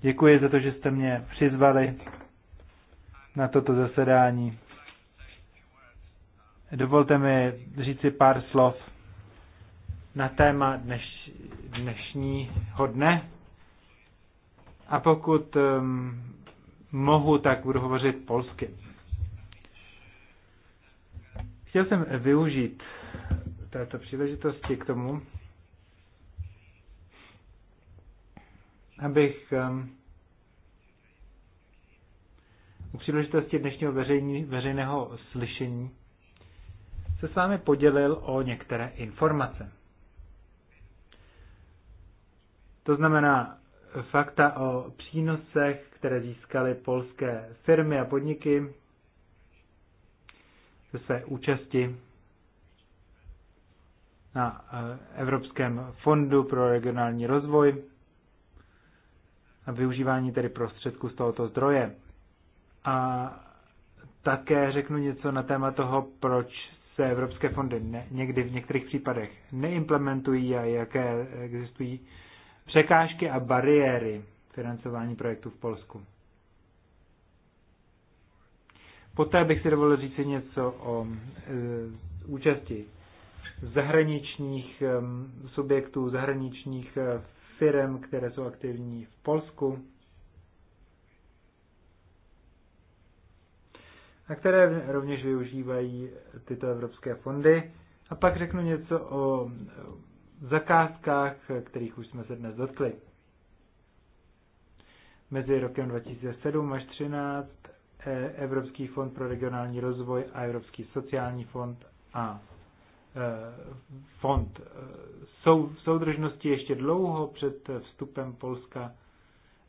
Děkuji za to, že jste mě přizvali na toto zasedání. Dovolte mi říci pár slov na téma dneš, dnešního dne. A pokud um, mohu, tak budu hovořit polsky. Chtěl jsem využít této příležitosti k tomu, abych u příležitosti dnešního veřejní, veřejného slyšení se s vámi podělil o některé informace. To znamená fakta o přínosech, které získaly polské firmy a podniky ze své účasti na eh, Evropském fondu pro regionální rozvoj využívání tedy prostředků z tohoto zdroje. A také řeknu něco na téma toho, proč se evropské fondy ne, někdy v některých případech neimplementují a jaké existují překážky a bariéry financování projektů v Polsku. Poté bych si dovolil říct něco o e, účasti zahraničních e, subjektů, zahraničních e, firm, které jsou aktivní v Polsku a které rovněž využívají tyto evropské fondy. A pak řeknu něco o zakázkách, kterých už jsme se dnes dotkli. Mezi rokem 2007 až 2013 e- Evropský fond pro regionální rozvoj a Evropský sociální fond a Eh, fond eh, soudržnosti ještě dlouho před vstupem Polska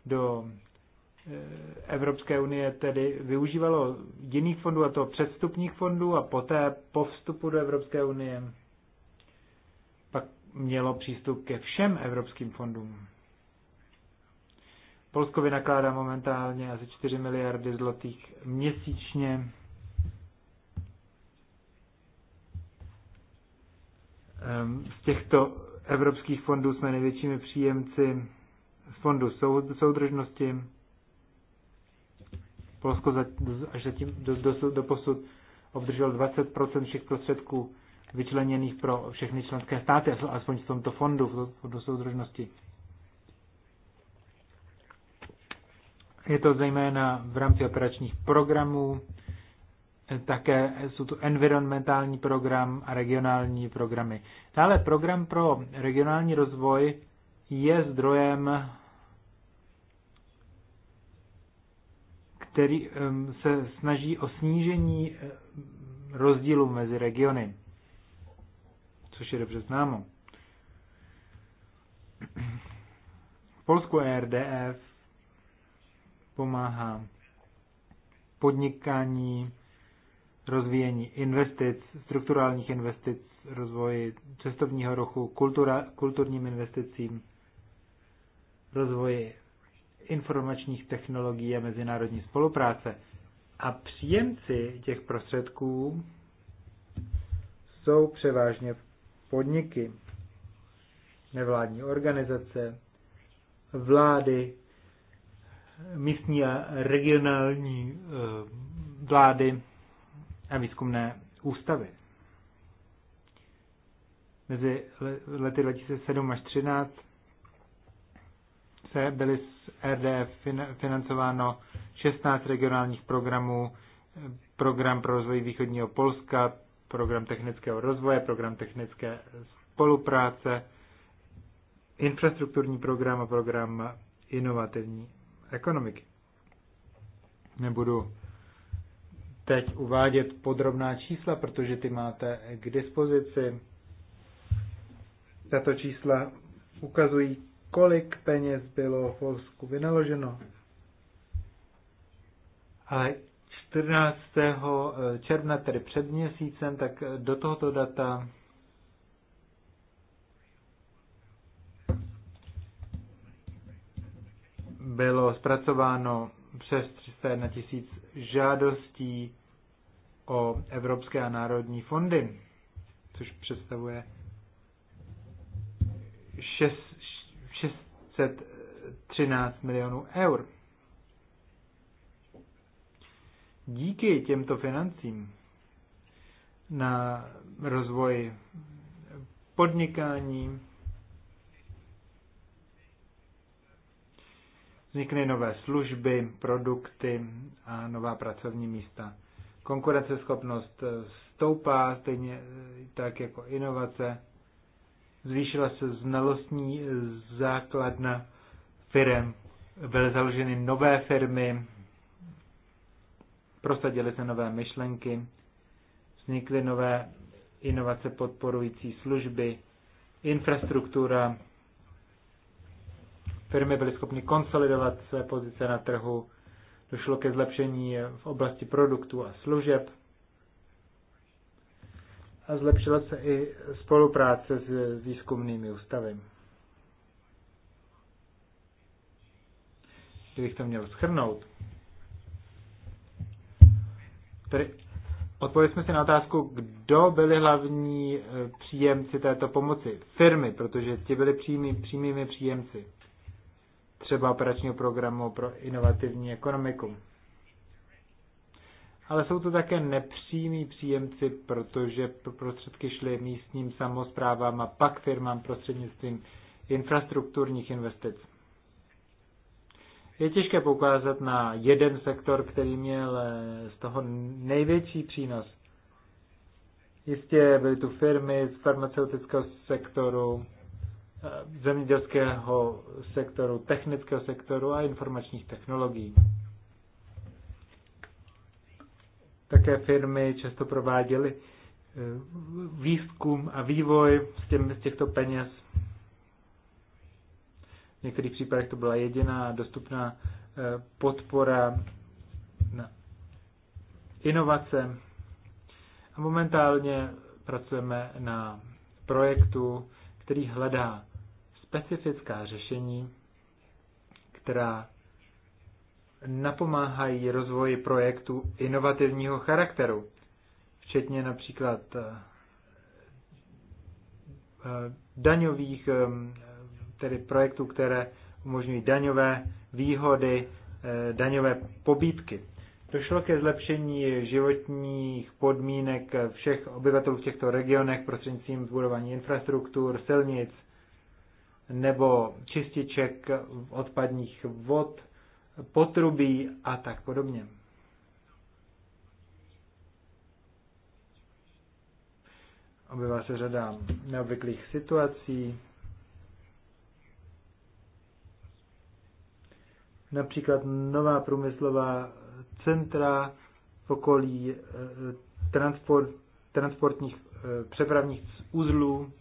do eh, Evropské unie tedy využívalo jiných fondů, a to předstupních fondů, a poté po vstupu do Evropské unie pak mělo přístup ke všem evropským fondům. Polsko vynakládá momentálně asi 4 miliardy zlotých měsíčně Ehm, z těchto evropských fondů jsme největšími příjemci z fondu soudržnosti. Polsko až zatím do, do, do posud obdržel 20 všech prostředků vyčleněných pro všechny členské státy, aspoň v tomto fondu, v fondu soudržnosti. Je to zejména v rámci operačních programů, Eh, také jsou tu environmentální program a regionální programy. Dále program pro regionální rozvoj je zdrojem, který se snaží o snížení eh, rozdílu mezi regiony, což je dobře známo. V Polsku e RDF pomáhá podnikání rozvíjení investic, strukturálních investic, rozvoji cestovního ruchu, kultura, kulturním investicím, rozvoji informačních technologií a mezinárodní spolupráce. A příjemci těch prostředků jsou převážně podniky, nevládní organizace, vlády, místní a regionální eh, vlády, a výzkumné ústavy. Mezi lety 2007 až 2013 se byly z RDF financováno 16 regionálních programů, program pro rozvoj východního Polska, program technického rozvoje, program technické spolupráce, infrastrukturní program a program inovativní ekonomiky. Nebudu teď uvádět podrobná čísla, protože ty máte k dispozici. Tato čísla ukazují, kolik peněz bylo v Polsku vynaloženo. Ale eh, 14. června, tedy před měsícem, tak eh, do tohoto data bylo zpracováno přes 301 tisíc žádostí o evropské a národní fondy, což představuje 613 milionů eur. Díky těmto financím na rozvoji podnikání, vznikly nové služby, produkty a nová pracovní místa. Konkurenceschopnost eh, stoupá, stejně eh, tak jako inovace. Zvýšila se znalostní eh, základna firm, byly založeny nové firmy, prosadily se nové myšlenky, vznikly nové inovace podporující služby, infrastruktura firmy byly schopny konsolidovat své pozice na trhu, došlo ke zlepšení v oblasti produktů a služeb a zlepšila se i spolupráce s výzkumnými ústavy. Kdybych to měl schrnout, tedy odpověď jsme si na otázku, kdo byli hlavní eh, příjemci této pomoci. Firmy, protože ti byli přímý, přímými příjemci třeba operačního programu pro inovativní ekonomiku. Ale jsou to také nepřímí příjemci, protože prostředky šly místním samozprávám a pak firmám prostřednictvím infrastrukturních investic. Je těžké poukázat na jeden sektor, který měl eh, z toho největší přínos. Jistě byly tu firmy z farmaceutického sektoru, zemědělského sektoru, technického sektoru a informačních technologií. Také firmy často prováděly eh, výzkum a vývoj z, těm, z těchto peněz. V některých případech to byla jediná dostupná eh, podpora na inovace. A momentálně pracujeme na projektu, který hledá specifická řešení, která napomáhají rozvoji projektu inovativního charakteru, včetně například eh, eh, daňových eh, tedy projektů, které umožňují daňové výhody, daňové pobídky. Došlo ke zlepšení životních podmínek všech obyvatelů v těchto regionech prostřednictvím zbudování infrastruktur, silnic, nebo čističek odpadních vod, potrubí a tak podobně. Obyvá se řada neobvyklých situací. Například nová průmyslová centra v okolí eh, transport, transportních eh, přepravních uzlů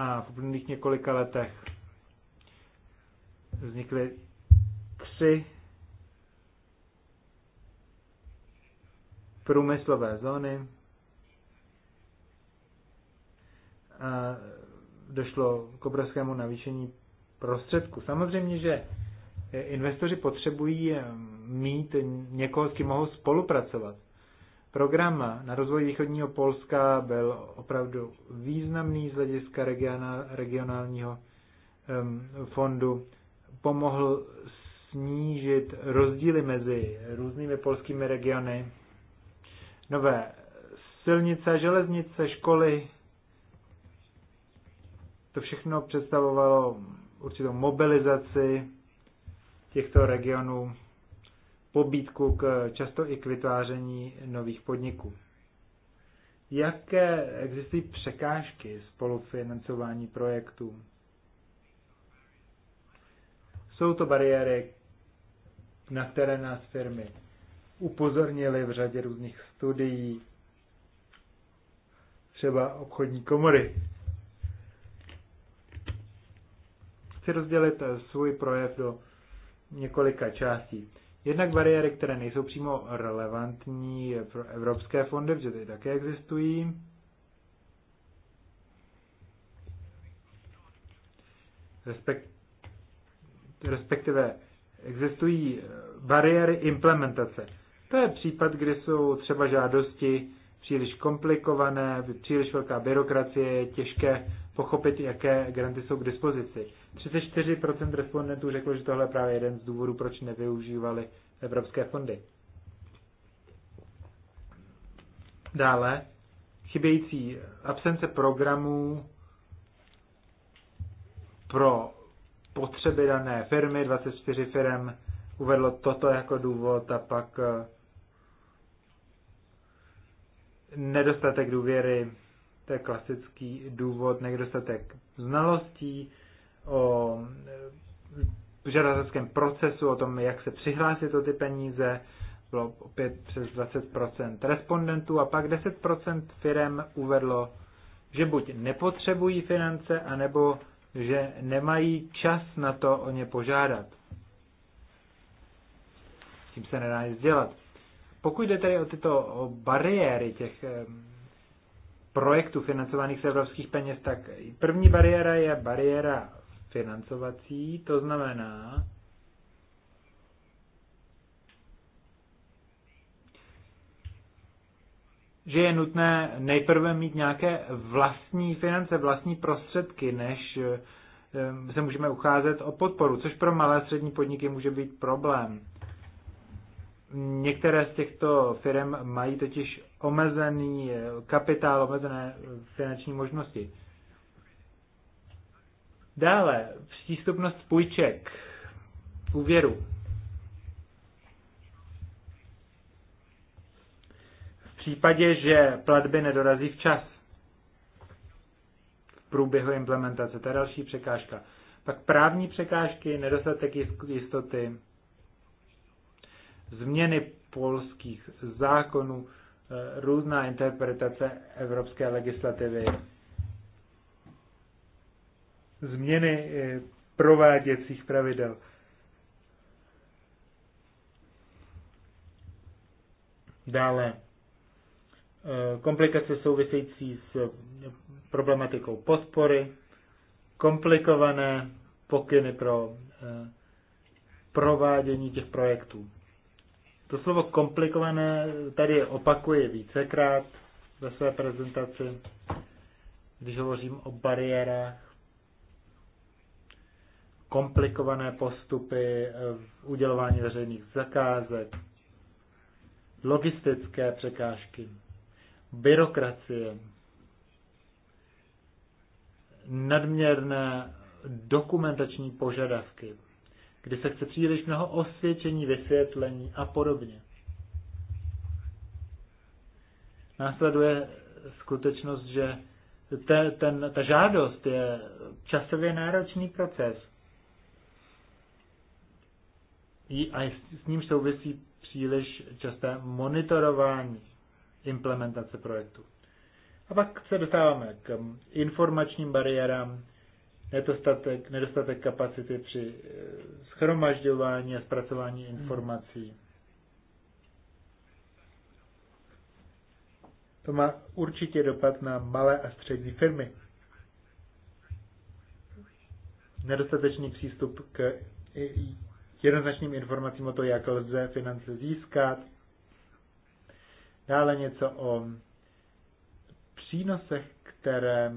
a v uplynulých několika letech vznikly tři průmyslové zóny. A došlo k obrovskému navýšení prostředku Samozřejmě, že investoři potřebují eh, mít někoho, s kým mohou spolupracovat. Program na rozvoj východního Polska byl opravdu významný z hlediska regionálního fondu. Pomohl snížit rozdíly mezi různými polskými regiony. Nové silnice, železnice, školy, to všechno představovalo určitou mobilizaci těchto regionů pobídku k, často i k vytváření nových podniků. Jaké existují překážky spolufinancování projektů? Jsou to bariéry, na které nás firmy upozornili v řadě různých studií, třeba obchodní komory. Chci rozdělit eh, svůj projev do několika částí. Jednak bariéry, které nejsou přímo relevantní pro evropské fondy, protože ty také existují. Respekt, respektive existují eh, bariéry implementace. To je případ, kdy jsou třeba žádosti příliš komplikované, příliš velká byrokracie, je těžké pochopit, jaké granty jsou k dispozici. 34% respondentů řeklo, že tohle je právě jeden z důvodů, proč nevyužívali evropské fondy. Dále, chybějící absence programů pro potřeby dané firmy, 24 firm uvedlo toto jako důvod a pak eh, nedostatek důvěry to je klasický důvod, nedostatek znalostí o e, žadatelském procesu, o tom, jak se přihlásit o ty peníze, bylo opět přes 20% respondentů a pak 10% firm uvedlo, že buď nepotřebují finance, anebo že nemají čas na to o ně požádat. S tím se nedá nic dělat. Pokud jde tedy o tyto o bariéry těch projektů financovaných z evropských peněz, tak první bariéra je bariéra financovací, to znamená, že je nutné nejprve mít nějaké vlastní finance, vlastní prostředky, než eh, se můžeme ucházet o podporu, což pro malé a střední podniky může být problém. Některé z těchto firm mají totiž omezený kapitál, omezené finanční možnosti. Dále, přístupnost půjček, úvěru. V případě, že platby nedorazí včas v průběhu implementace, to je další překážka. Pak právní překážky, nedostatek jistoty, změny polských zákonů, eh, různá interpretace evropské legislativy, změny eh, prováděcích pravidel. Dále eh, komplikace související s problematikou podpory, komplikované pokyny pro provádění těch projektů. To slovo komplikované tady opakuje vícekrát ve své prezentaci, když hovořím o bariérách, komplikované postupy v udělování veřejných zakázek, logistické překážky, byrokracie, nadměrné dokumentační požadavky, kdy se chce příliš mnoho osvědčení, vysvětlení a podobně. Následuje skutečnost, že te, ten, ta žádost je časově náročný proces a s ním souvisí příliš časté monitorování implementace projektu. A pak se dostáváme k informačním bariérám, nedostatek, nedostatek kapacity při eh, schromažďování a zpracování hmm. informací. To má určitě dopad na malé a střední firmy. Nedostatečný přístup k jednoznačným informacím o to, jak lze finance získat. Dále něco o přínosech, které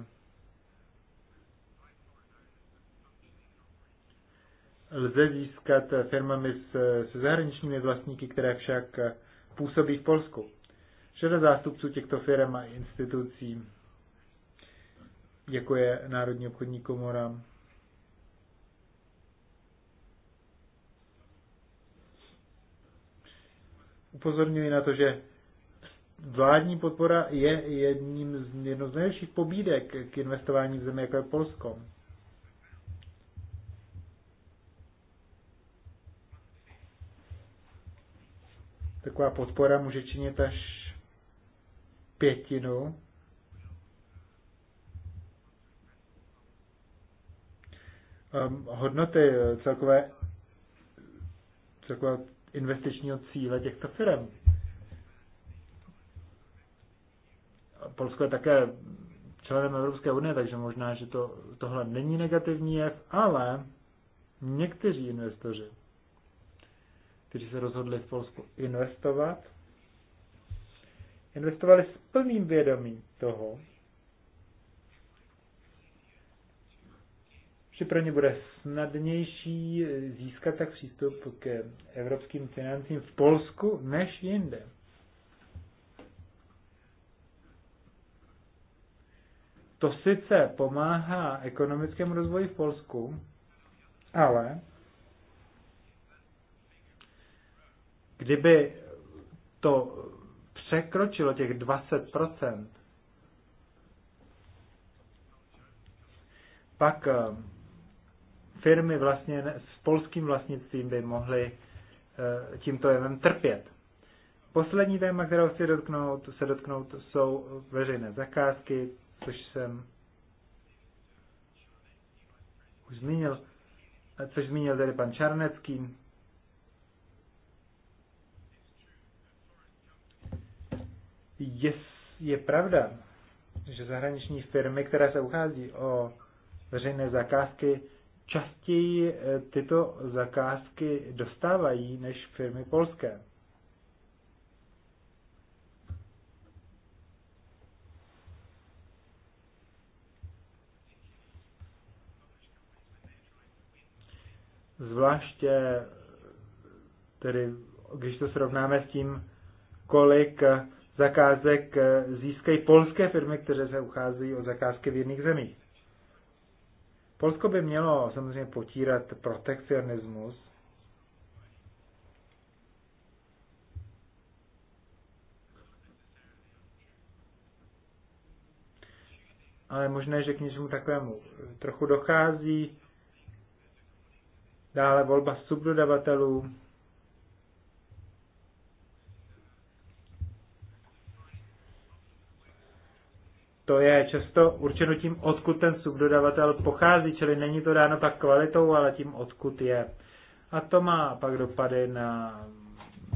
lze získat firmami se zahraničními vlastníky, které však působí v Polsku. Řada zástupců těchto firm a institucí, jako je Národní obchodní komora, upozorňuji na to, že vládní podpora je jedním z, jednou z nejlepších pobídek k investování v zemi, jako je Polsko. taková podpora může činit až pětinu. Ehm, hodnoty eh, celkové, celkové investičního cíle těchto firm. Polsko je také členem Evropské unie, takže možná, že to, tohle není negativní jev, ale někteří investoři kteří se rozhodli v Polsku investovat, investovali s plným vědomím toho, že pro ně bude snadnější získat tak přístup k evropským financím v Polsku než jinde. To sice pomáhá ekonomickému rozvoji v Polsku, ale Kdyby to překročilo těch 20%, pak eh, firmy vlastně s polským vlastnictvím by mohly eh, tímto jenom trpět. Poslední téma, kterého chci dotknout, se dotknout, jsou veřejné zakázky, což jsem už zmínil, což zmínil tady pan Čarnecký. je, je pravda, že zahraniční firmy, které se uchází o veřejné zakázky, častěji e, tyto zakázky dostávají než firmy polské. Zvláště tedy, když to srovnáme s tím, kolik zakázek eh, získají polské firmy, které se ucházejí o zakázky v jiných zemích. Polsko by mělo samozřejmě potírat protekcionismus, ale možné, že k něčemu takovému trochu dochází. Dále volba subdodavatelů. to je často určeno tím, odkud ten subdodavatel pochází, čili není to dáno tak kvalitou, ale tím, odkud je. A to má pak dopady na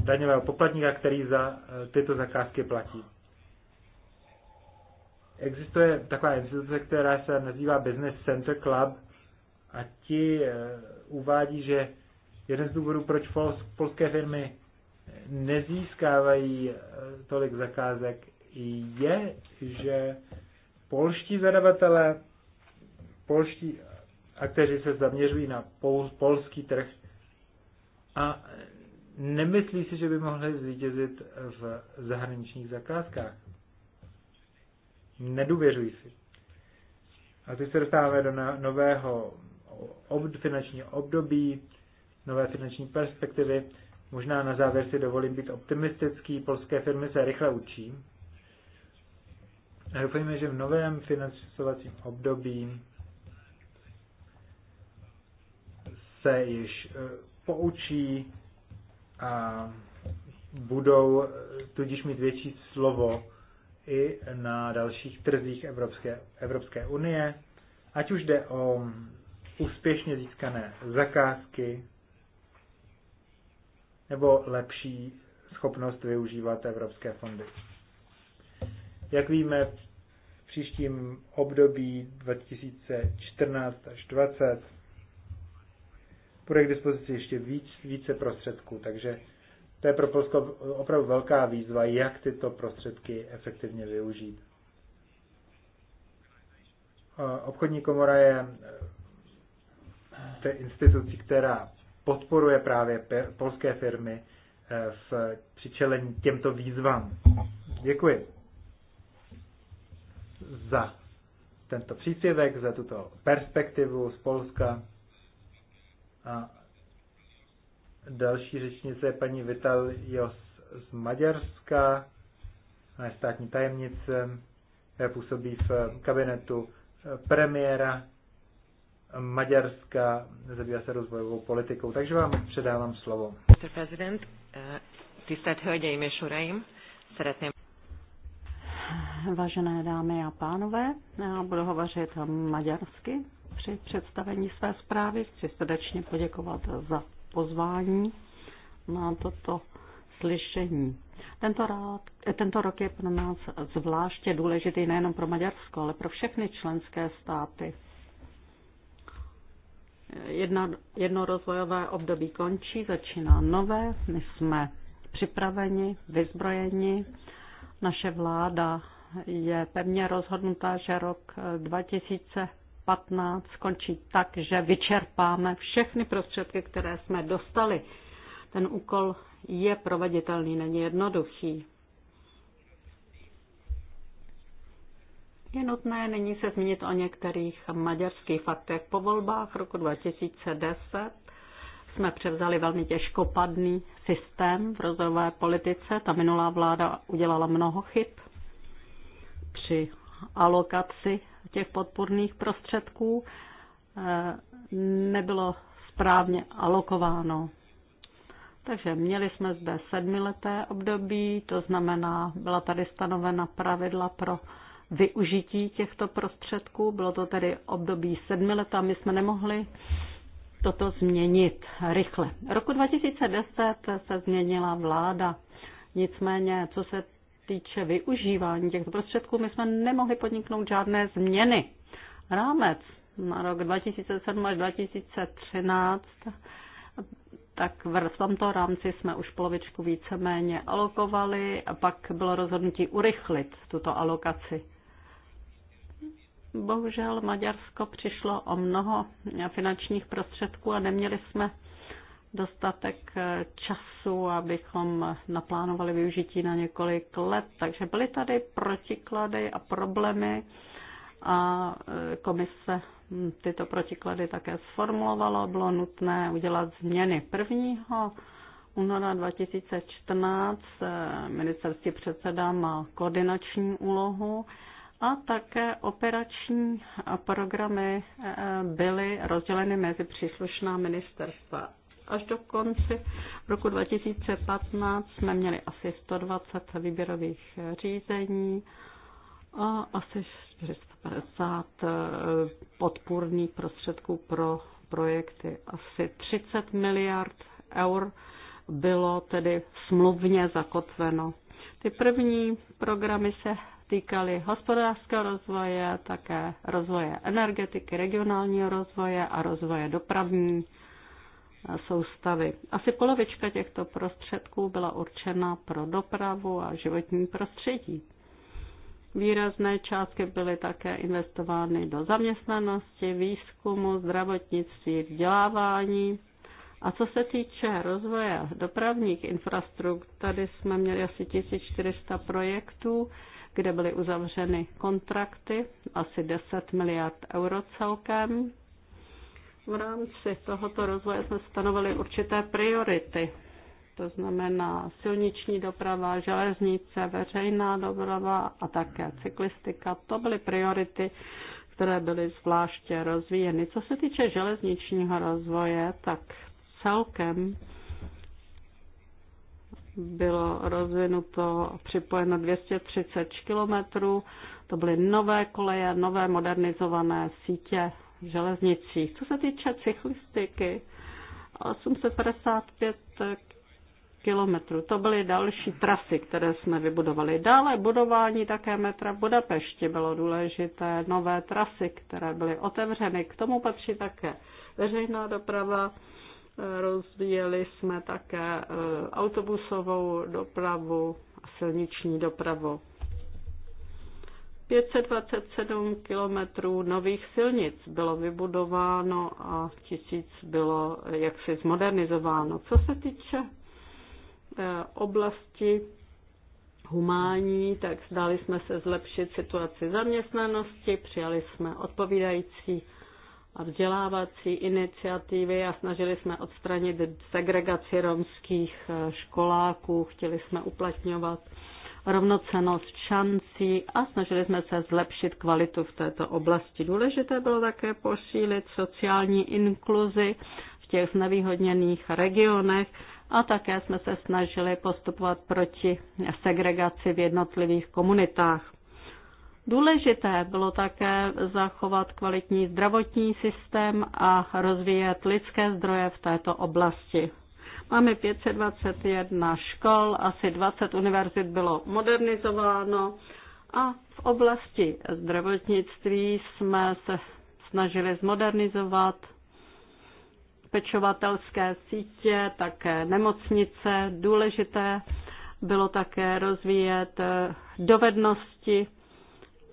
daňového poplatníka, který za eh, tyto zakázky platí. Existuje taková instituce, která se nazývá Business Center Club a ti eh, uvádí, že jeden z důvodů, proč polské firmy nezískávají eh, tolik zakázek, je, že polští zadavatele, polští kteří se zaměřují na pol, polský trh a nemyslí si, že by mohli zvítězit v zahraničních zakázkách. Nedůvěřují si. A teď se dostáváme do nového ob, finančního období, nové finanční perspektivy. Možná na závěr si dovolím být optimistický. Polské firmy se rychle učí, a doufejme, že v novém financovacím období se již eh, poučí a budou eh, tudíž mít větší slovo i na dalších trzích Evropské, Evropské unie, ať už jde o úspěšně získané zakázky nebo lepší schopnost využívat evropské fondy. Jak víme, v příštím období 2014 až 2020 bude k dispozici ještě víc, více prostředků, takže to je pro Polsko opravdu velká výzva, jak tyto prostředky efektivně využít. Obchodní komora je té institucí, která podporuje právě polské firmy eh, v přičelení těmto výzvám. Děkuji za tento příspěvek, za tuto perspektivu z Polska. A další řečnice je paní Vital Jos z Maďarska, a je státní tajemnice, působí v kabinetu premiéra Maďarska, zabývá se rozvojovou politikou. Takže vám předávám slovo. Mr. President, eh, tisztelt hölgyeim és uraim, szeretném vážené dámy a pánové. Já budu hovořit maďarsky při představení své zprávy. Chci srdečně poděkovat za pozvání na toto slyšení. Tento, rád, tento rok je pro nás zvláště důležitý nejenom pro Maďarsko, ale pro všechny členské státy. Jedno, jedno rozvojové období končí, začíná nové. My jsme připraveni, vyzbrojeni. Naše vláda je pevně rozhodnutá, že rok 2015 eh, skončí tak, že vyčerpáme všechny prostředky, které jsme dostali. Ten úkol je proveditelný, není jednoduchý. Je nutné nyní se zmínit o některých maďarských faktech. Po volbách roku 2010 jsme převzali velmi těžkopadný systém v rozvojové politice. Ta minulá vláda udělala mnoho chyb při alokaci těch podpůrných prostředků eh, nebylo správně alokováno. Takže měli jsme zde sedmileté období, to znamená, byla tady stanovena pravidla pro využití těchto prostředků. Bylo to tedy období sedmi let a my jsme nemohli toto změnit rychle. Roku 2010 se změnila vláda. Nicméně, co se týče využívání těchto prostředků, my jsme nemohli podniknout žádné změny. Rámec na rok 2007 až 2013, tak v tomto rámci jsme už polovičku víceméně alokovali a pak bylo rozhodnutí urychlit tuto alokaci. Bohužel Maďarsko přišlo o mnoho finančních prostředků a neměli jsme dostatek eh, času, abychom naplánovali využití na několik let. Takže byly tady protiklady a problémy a eh, komise hm, tyto protiklady také sformulovala. Bylo nutné udělat změny. 1. února 2014 eh, ministerství předseda má koordinační úlohu a také operační programy byly rozděleny mezi příslušná ministerstva až do konce roku 2015 jsme měli asi 120 výběrových řízení a asi 450 eh, podpůrných prostředků pro projekty. Asi 30 miliard eur bylo tedy smluvně zakotveno. Ty první programy se týkaly hospodářského rozvoje, také rozvoje energetiky, regionálního rozvoje a rozvoje dopravní soustavy. Asi polovička těchto prostředků byla určena pro dopravu a životní prostředí. Výrazné částky byly také investovány do zaměstnanosti, výzkumu, zdravotnictví, vzdělávání. A co se týče rozvoje dopravních infrastruktur, tady jsme měli asi 1400 projektů, kde byly uzavřeny kontrakty, asi 10 miliard euro celkem. V rámci tohoto rozvoje jsme stanovili určité priority. To znamená silniční doprava, železnice, veřejná doprava a také cyklistika. To byly priority, které byly zvláště rozvíjeny. Co se týče železničního rozvoje, tak celkem bylo rozvinuto připojeno 230 kilometrů. To byly nové koleje, nové modernizované sítě železnicích. Co se týče cyklistiky, 855 kilometrů. To byly další trasy, které jsme vybudovali. Dále budování také metra v Budapešti bylo důležité. Nové trasy, které byly otevřeny, k tomu patří také veřejná doprava. Rozvíjeli jsme také eh, autobusovou dopravu a silniční dopravu. 527 kilometrů nových silnic bylo vybudováno a tisíc bylo jaksi zmodernizováno. Co se týče eh, oblasti humání, tak zdali jsme se zlepšit situaci zaměstnanosti, přijali jsme odpovídající a vzdělávací iniciativy a snažili jsme odstranit segregaci romských eh, školáků, chtěli jsme uplatňovat rovnocenost šancí a snažili jsme se zlepšit kvalitu v této oblasti. Důležité bylo také posílit sociální inkluzi v těch znevýhodněných regionech a také jsme se snažili postupovat proti segregaci v jednotlivých komunitách. Důležité bylo také zachovat kvalitní zdravotní systém a rozvíjet lidské zdroje v této oblasti. Máme 521 škol, asi 20 univerzit bylo modernizováno a v oblasti zdravotnictví jsme se snažili zmodernizovat pečovatelské sítě, také nemocnice. Důležité bylo také rozvíjet dovednosti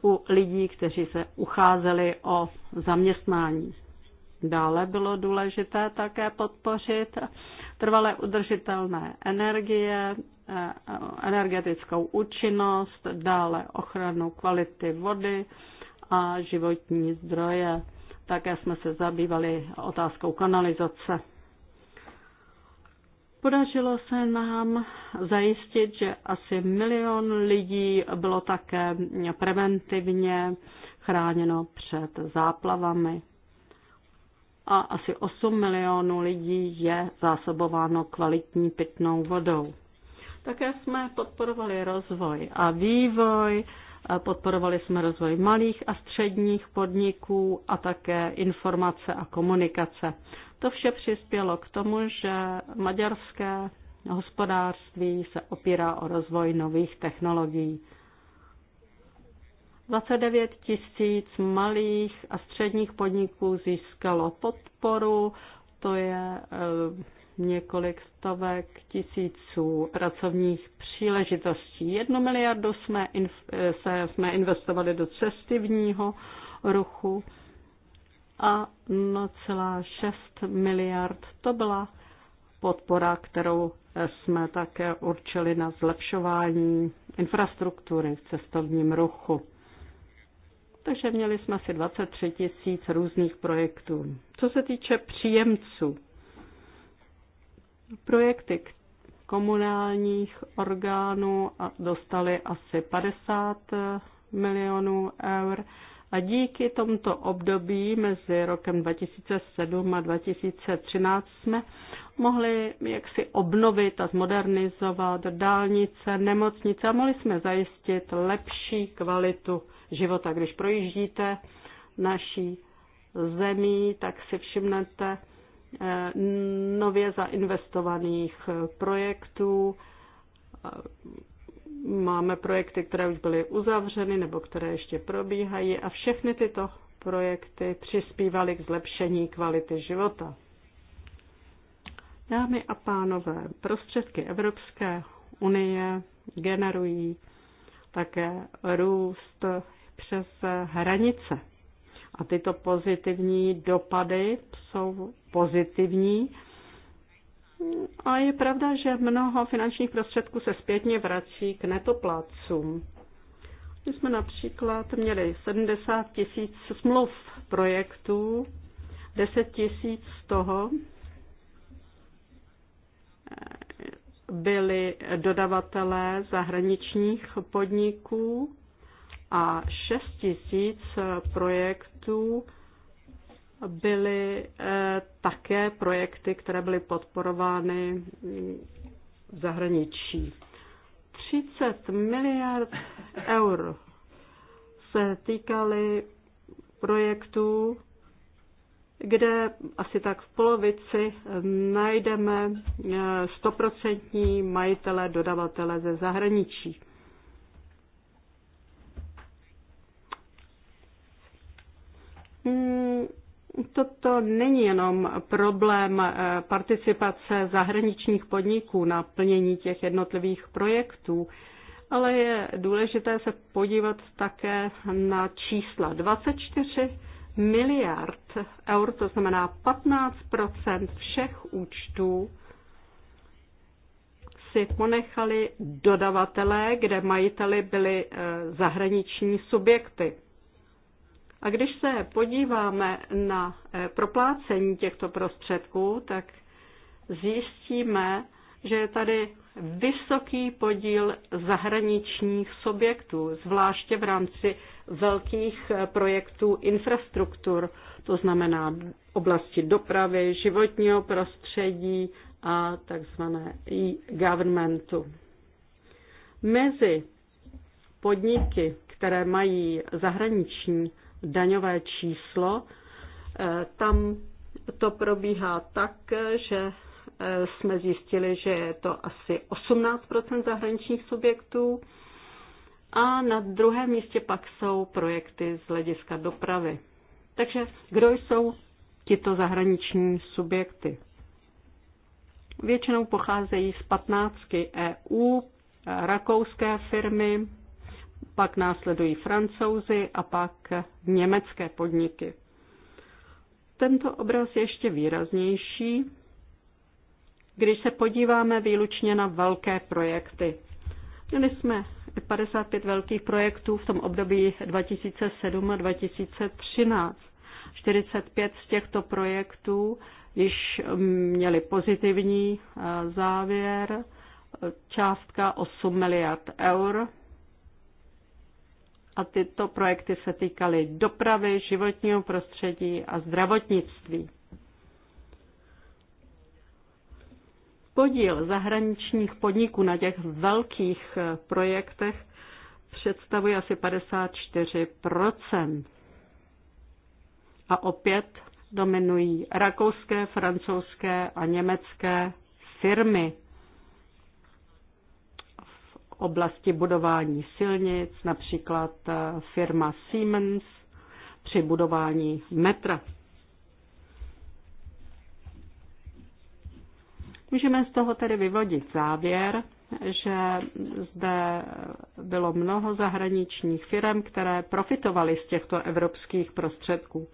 u lidí, kteří se ucházeli o zaměstnání. Dále bylo důležité také podpořit trvale udržitelné energie, eh, eh, energetickou účinnost, dále ochranu kvality vody a životní zdroje. Také jsme se zabývali otázkou kanalizace. Podařilo se nám zajistit, že asi milion lidí bylo také preventivně chráněno před záplavami a asi 8 milionů lidí je zásobováno kvalitní pitnou vodou. Také jsme podporovali rozvoj a vývoj, podporovali jsme rozvoj malých a středních podniků a také informace a komunikace. To vše přispělo k tomu, že maďarské hospodářství se opírá o rozvoj nových technologií. 29 tisíc malých a středních podniků získalo podporu, to je eh, několik stovek tisíců pracovních příležitostí. Jednu miliardu jsme, eh, se, jsme investovali do cestivního ruchu a 0,6 miliard to byla podpora, kterou eh, jsme také určili na zlepšování infrastruktury v cestovním ruchu takže měli jsme asi 23 tisíc různých projektů. Co se týče příjemců, projekty komunálních orgánů dostali asi 50 eh, milionů eur a díky tomto období mezi rokem 2007 a 2013 jsme mohli jaksi obnovit a zmodernizovat dálnice, nemocnice a mohli jsme zajistit lepší kvalitu života. Když projíždíte naší zemí, tak si všimnete eh, nově zainvestovaných projektů. Eh, máme projekty, které už byly uzavřeny nebo které ještě probíhají a všechny tyto projekty přispívaly k zlepšení kvality života. Dámy a pánové, prostředky Evropské unie generují také růst přes hranice. A tyto pozitivní dopady jsou pozitivní. A je pravda, že mnoho finančních prostředků se zpětně vrací k netoplácům. My jsme například měli 70 tisíc smluv projektů, 10 tisíc z toho byli dodavatelé zahraničních podniků a 6 tisíc projektů byly eh, také projekty, které byly podporovány v zahraničí. 30 miliard eur se týkaly projektů kde asi tak v polovici najdeme eh, stoprocentní majitele, dodavatele ze zahraničí. Hmm, toto není jenom problém eh, participace zahraničních podniků na plnění těch jednotlivých projektů, ale je důležité se podívat také na čísla 24 miliard eur, to znamená 15 všech účtů, si ponechali dodavatelé, kde majiteli byly eh, zahraniční subjekty. A když se podíváme na eh, proplácení těchto prostředků, tak zjistíme, že je tady vysoký podíl zahraničních subjektů, zvláště v rámci velkých eh, projektů infrastruktur, to znamená oblasti dopravy, životního prostředí a takzvané e-governmentu. Mezi podniky, které mají zahraniční daňové číslo, eh, tam to probíhá tak, že eh, jsme zjistili, že je to asi 18 zahraničních subjektů a na druhém místě pak jsou projekty z hlediska dopravy. Takže kdo jsou tito zahraniční subjekty? Většinou pocházejí z 15 EU, rakouské firmy, pak následují francouzi a pak německé podniky. Tento obraz je ještě výraznější, když se podíváme výlučně na velké projekty. Měli jsme 55 velkých projektů v tom období 2007 a 2013. 45 z těchto projektů již mm, měli pozitivní e, závěr, e, částka 8 miliard eur. A tyto projekty se týkaly dopravy, životního prostředí a zdravotnictví. podíl zahraničních podniků na těch velkých eh, projektech představuje asi 54 A opět dominují rakouské, francouzské a německé firmy v oblasti budování silnic, například eh, firma Siemens při budování metra. Můžeme z toho tedy vyvodit závěr, že zde bylo mnoho zahraničních firm, které profitovaly z těchto evropských prostředků.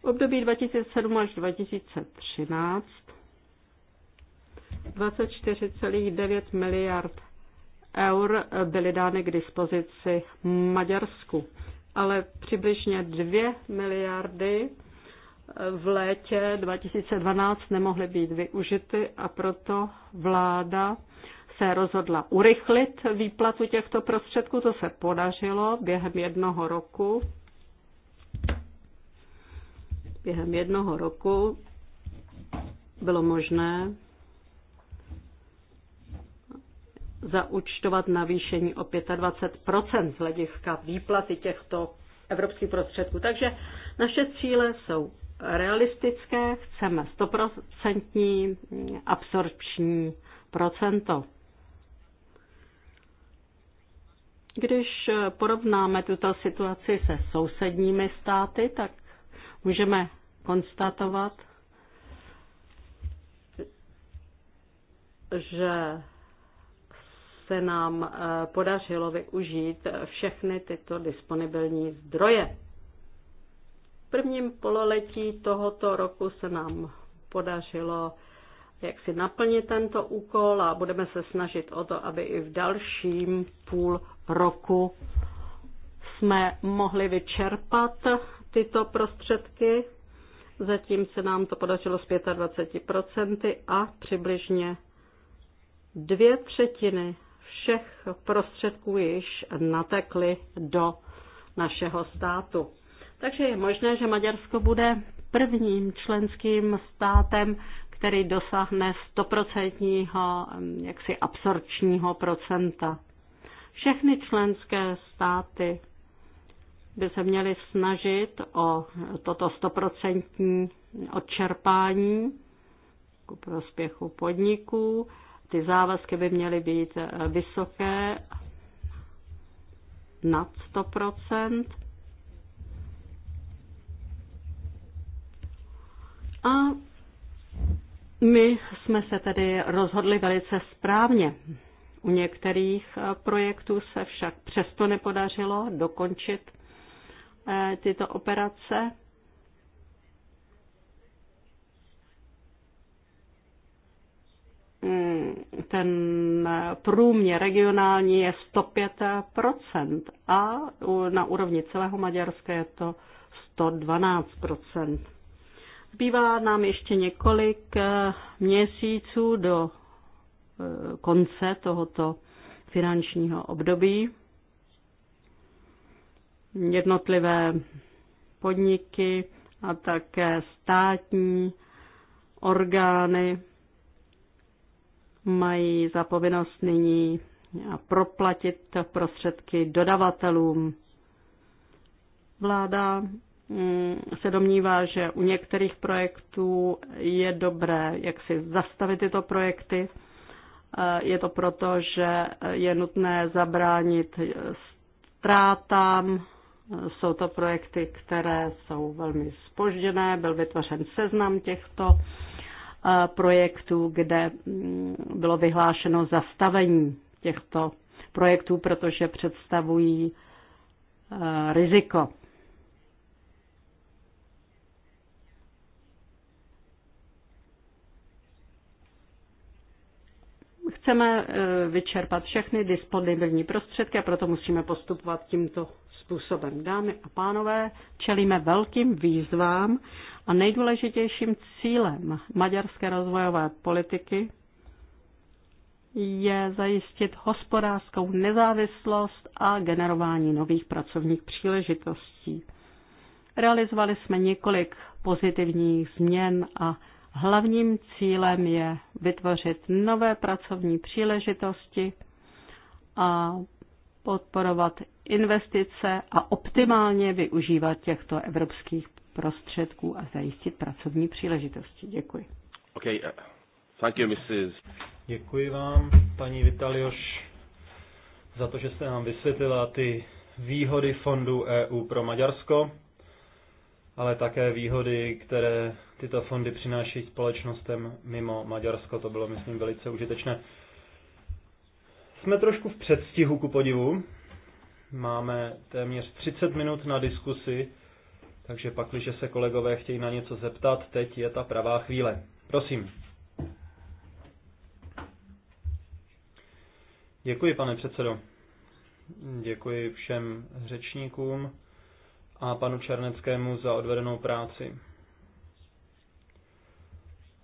V období 2007 až 2013 24,9 miliard eur byly dány k dispozici Maďarsku, ale přibližně 2 miliardy v létě 2012 nemohly být využity a proto vláda se rozhodla urychlit výplatu těchto prostředků. To se podařilo během jednoho roku. Během jednoho roku bylo možné zaúčtovat navýšení o 25 z hlediska výplaty těchto evropských prostředků. Takže naše cíle jsou realistické, chceme 100% absorpční procento. Když porovnáme tuto situaci se sousedními státy, tak můžeme konstatovat, že se nám eh, podařilo využít všechny tyto disponibilní zdroje prvním pololetí tohoto roku se nám podařilo jak si naplnit tento úkol a budeme se snažit o to, aby i v dalším půl roku jsme mohli vyčerpat tyto prostředky. Zatím se nám to podařilo z 25% a přibližně dvě třetiny všech prostředků již natekly do našeho státu. Takže je možné, že Maďarsko bude prvním členským státem, který dosáhne stoprocentního jaksi absorčního procenta. Všechny členské státy by se měly snažit o toto stoprocentní odčerpání ku prospěchu podniků. Ty závazky by měly být eh, vysoké nad 100 A my jsme se tedy rozhodli velice správně. U některých eh, projektů se však přesto nepodařilo dokončit eh, tyto operace. Hmm, ten eh, průměr regionální je 105 a na úrovni celého Maďarska je to 112 Zbývá nám ještě několik eh, měsíců do eh, konce tohoto finančního období. Jednotlivé podniky a také státní orgány mají za povinnost nyní proplatit prostředky dodavatelům. Vláda Mm, se domnívá, že u některých projektů je dobré jak si zastavit tyto projekty. E, je to proto, že je nutné zabránit ztrátám. Jsou to projekty, které jsou velmi spožděné. Byl vytvořen seznam těchto e, projektů, kde mm, bylo vyhlášeno zastavení těchto projektů, protože představují e, riziko. chceme eh, vyčerpat všechny disponibilní prostředky a proto musíme postupovat tímto způsobem. Dámy a pánové, čelíme velkým výzvám a nejdůležitějším cílem maďarské rozvojové politiky je zajistit hospodářskou nezávislost a generování nových pracovních příležitostí. Realizovali jsme několik pozitivních změn a Hlavním cílem je vytvořit nové pracovní příležitosti a podporovat investice a optimálně využívat těchto evropských prostředků a zajistit pracovní příležitosti. Děkuji. Okay, uh, thank you, Mrs. Děkuji vám, paní Vitalioš, za to, že jste nám vysvětlila ty výhody fondu EU pro Maďarsko ale také výhody, které tyto fondy přináší společnostem mimo Maďarsko. To bylo, myslím, velice užitečné. Jsme trošku v předstihu ku podivu. Máme téměř 30 minut na diskusi, takže pak, když se kolegové chtějí na něco zeptat, teď je ta pravá chvíle. Prosím. Děkuji, pane předsedo. Děkuji všem řečníkům a panu Černeckému za odvedenou práci.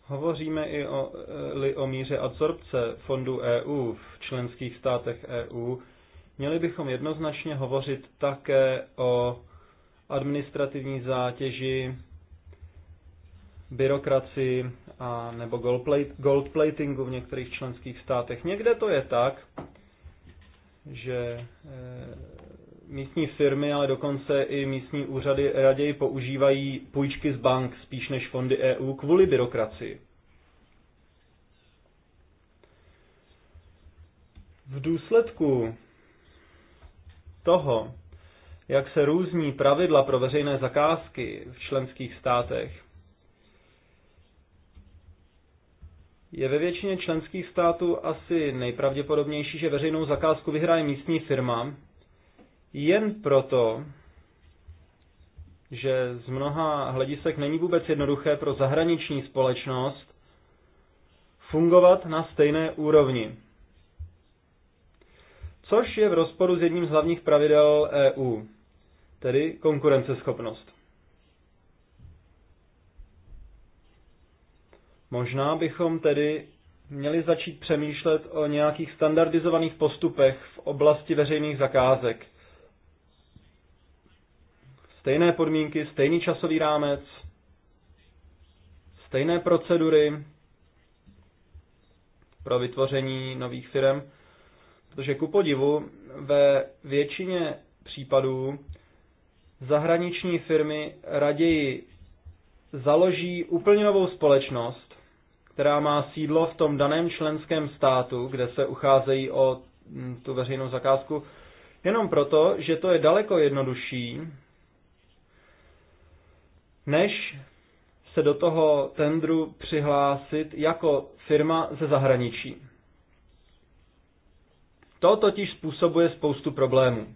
Hovoříme i o, li o míře absorpce fondů EU v členských státech EU. Měli bychom jednoznačně hovořit také o administrativní zátěži, byrokracii a nebo goldplatingu v některých členských státech. Někde to je tak, že eh, místní firmy, ale dokonce i místní úřady raději používají půjčky z bank spíš než fondy EU kvůli byrokracii. V důsledku toho, jak se různí pravidla pro veřejné zakázky v členských státech, je ve většině členských států asi nejpravděpodobnější, že veřejnou zakázku vyhraje místní firma, jen proto, že z mnoha hledisek není vůbec jednoduché pro zahraniční společnost fungovat na stejné úrovni. Což je v rozporu s jedním z hlavních pravidel EU, tedy konkurenceschopnost. Možná bychom tedy měli začít přemýšlet o nějakých standardizovaných postupech v oblasti veřejných zakázek, stejné podmínky, stejný časový rámec, stejné procedury pro vytvoření nových firm, protože ku podivu ve většině případů zahraniční firmy raději založí úplně novou společnost, která má sídlo v tom daném členském státu, kde se ucházejí o mm, tu veřejnou zakázku, jenom proto, že to je daleko jednodušší než se do toho tendru přihlásit jako firma ze zahraničí. To totiž způsobuje spoustu problémů.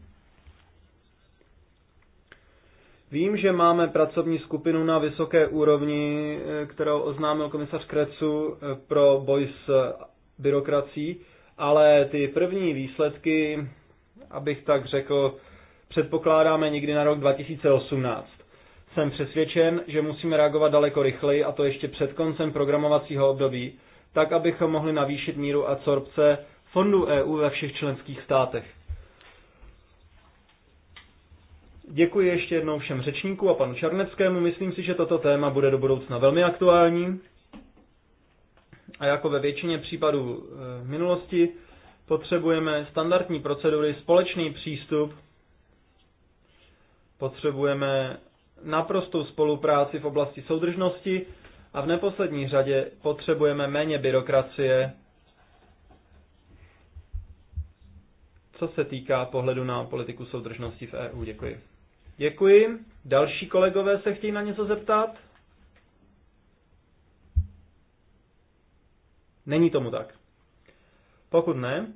Vím, že máme pracovní skupinu na vysoké úrovni, eh, kterou oznámil komisař Krecu eh, pro boj s eh, byrokrací, ale ty první výsledky, abych tak řekl, předpokládáme někdy na rok 2018. Jsem přesvědčen, že musíme reagovat daleko rychleji a to ještě před koncem programovacího období, tak abychom mohli navýšit míru absorpce fondů EU ve všech členských státech. Děkuji ještě jednou všem řečníkům a panu Čarneckému. Myslím si, že toto téma bude do budoucna velmi aktuální. A jako ve většině případů e, v minulosti potřebujeme standardní procedury, společný přístup, potřebujeme naprostou spolupráci v oblasti soudržnosti a v neposlední řadě potřebujeme méně byrokracie, co se týká pohledu na politiku soudržnosti v EU. Děkuji. Děkuji. Další kolegové se chtějí na něco zeptat? Není tomu tak. Pokud ne,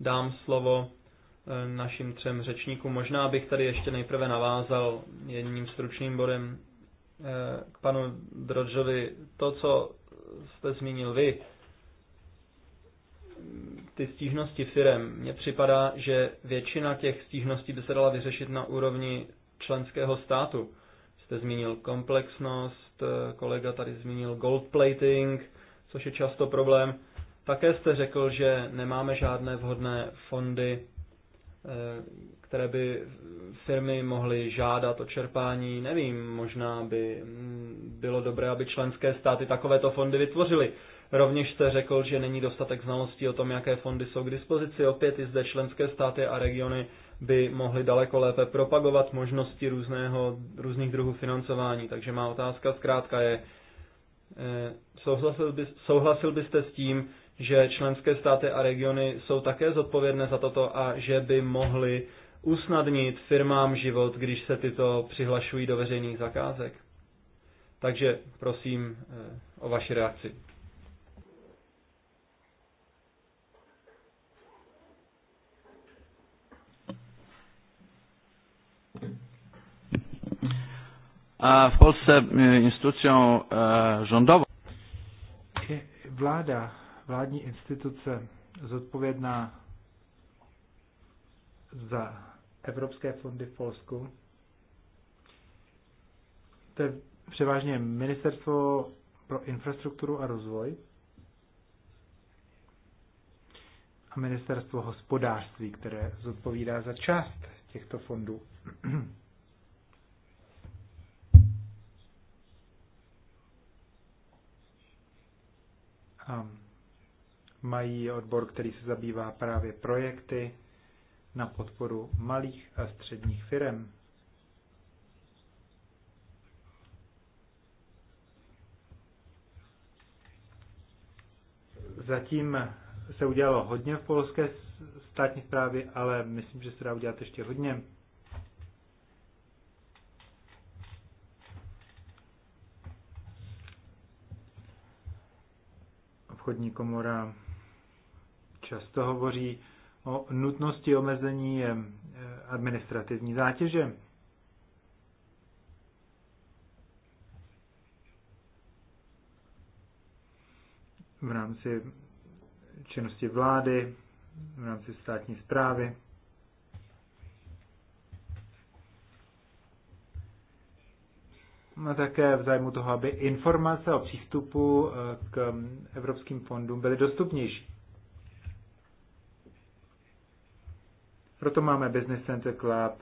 dám slovo našim třem řečníkům. Možná bych tady ještě nejprve navázal jedním stručným bodem eh, k panu Drodžovi. To, co jste zmínil vy, ty stížnosti firem, mně připadá, že většina těch stížností by se dala vyřešit na úrovni členského státu. Jste zmínil komplexnost, eh, kolega tady zmínil gold plating, což je často problém. Také jste řekl, že nemáme žádné vhodné fondy Eh, které by firmy mohly žádat o čerpání, nevím, možná by mm, bylo dobré, aby členské státy takovéto fondy vytvořily. Rovněž jste řekl, že není dostatek znalostí o tom, jaké fondy jsou k dispozici. Opět i zde členské státy a regiony by mohly daleko lépe propagovat možnosti různého, různých druhů financování. Takže má otázka zkrátka je, eh, souhlasil, by, souhlasil byste s tím, že členské státy a regiony jsou také zodpovědné za toto a že by mohly usnadnit firmám život, když se tyto přihlašují do veřejných zakázek. Takže prosím eh, o vaši reakci. V Polsce eh, institucí eh, rządową. Vláda vládní instituce zodpovědná za evropské fondy v Polsku, to je převážně Ministerstvo pro infrastrukturu a rozvoj a Ministerstvo hospodářství, které zodpovídá za část těchto fondů. um, mají odbor, který se zabývá právě projekty na podporu malých a středních firm. Zatím se udělalo hodně v polské státní zprávě, ale myslím, že se dá udělat ještě hodně. obchodní komora často hovoří o nutnosti omezení eh, administrativní zátěže. v rámci činnosti vlády, v rámci státní zprávy. A také v zájmu toho, aby informace o přístupu eh, k mm, evropským fondům byly dostupnější. Proto máme Business Center Club,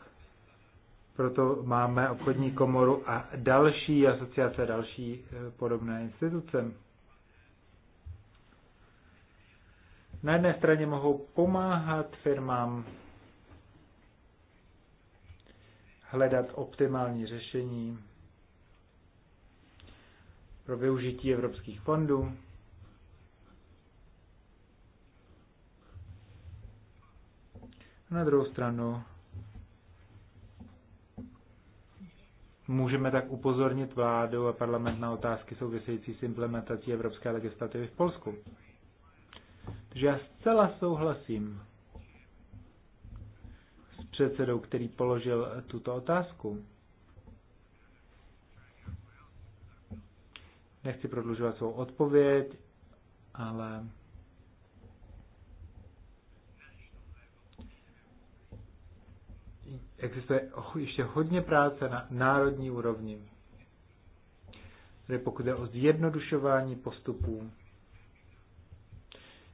proto máme obchodní komoru a další asociace, další e, podobné instituce. Na jedné straně mohou pomáhat firmám hledat optimální řešení pro využití evropských fondů, Na druhou stranu můžeme tak upozornit vládu a parlament na otázky související s implementací evropské legislativy v Polsku. Takže já zcela souhlasím s předsedou, který položil tuto otázku. Nechci prodlužovat svou odpověď, ale existuje ještě hodně práce na národní úrovni. Tedy pokud je o zjednodušování postupů.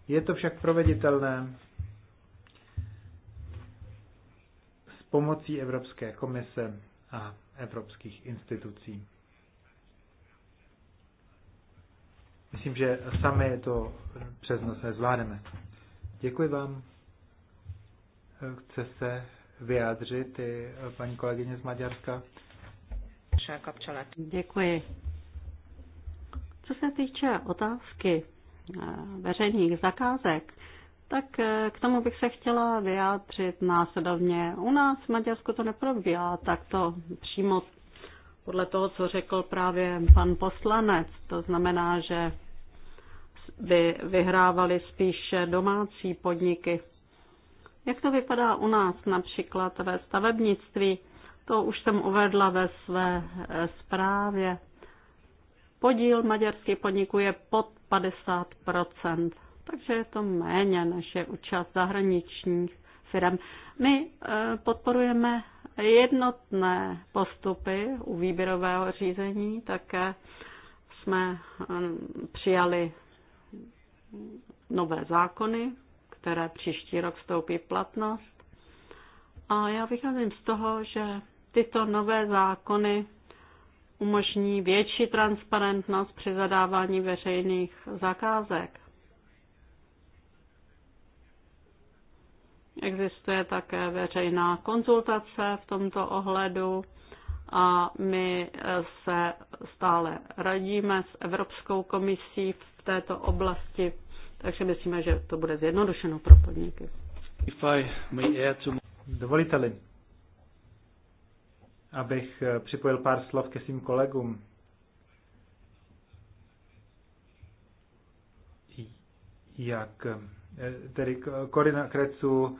Je to však proveditelné s pomocí Evropské komise a evropských institucí. Myslím, že sami to přes noc nezvládneme. Děkuji vám. Chce se vyjádřit i paní kolegyně z Maďarska. Děkuji. Co se týče otázky eh, veřejných zakázek, tak eh, k tomu bych se chtěla vyjádřit následovně. U nás v Maďarsku to neprobíhá takto přímo podle toho, co řekl právě pan poslanec. To znamená, že by vyhrávali spíše domácí podniky. Jak to vypadá u nás například ve stavebnictví? To už jsem uvedla ve své eh, zprávě. Podíl maďarských podniků je pod 50 takže je to méně než je účast zahraničních firm. My eh, podporujeme jednotné postupy u výběrového řízení, také jsme eh, přijali nové zákony které příští rok vstoupí v platnost. A já vycházím z toho, že tyto nové zákony umožní větší transparentnost při zadávání veřejných zakázek. Existuje také veřejná konzultace v tomto ohledu a my se stále radíme s Evropskou komisí v této oblasti takže myslíme, že to bude zjednodušeno pro podniky. Dovolíte-li, abych eh, připojil pár slov ke svým kolegům. Jak eh, tedy Korina Krecu,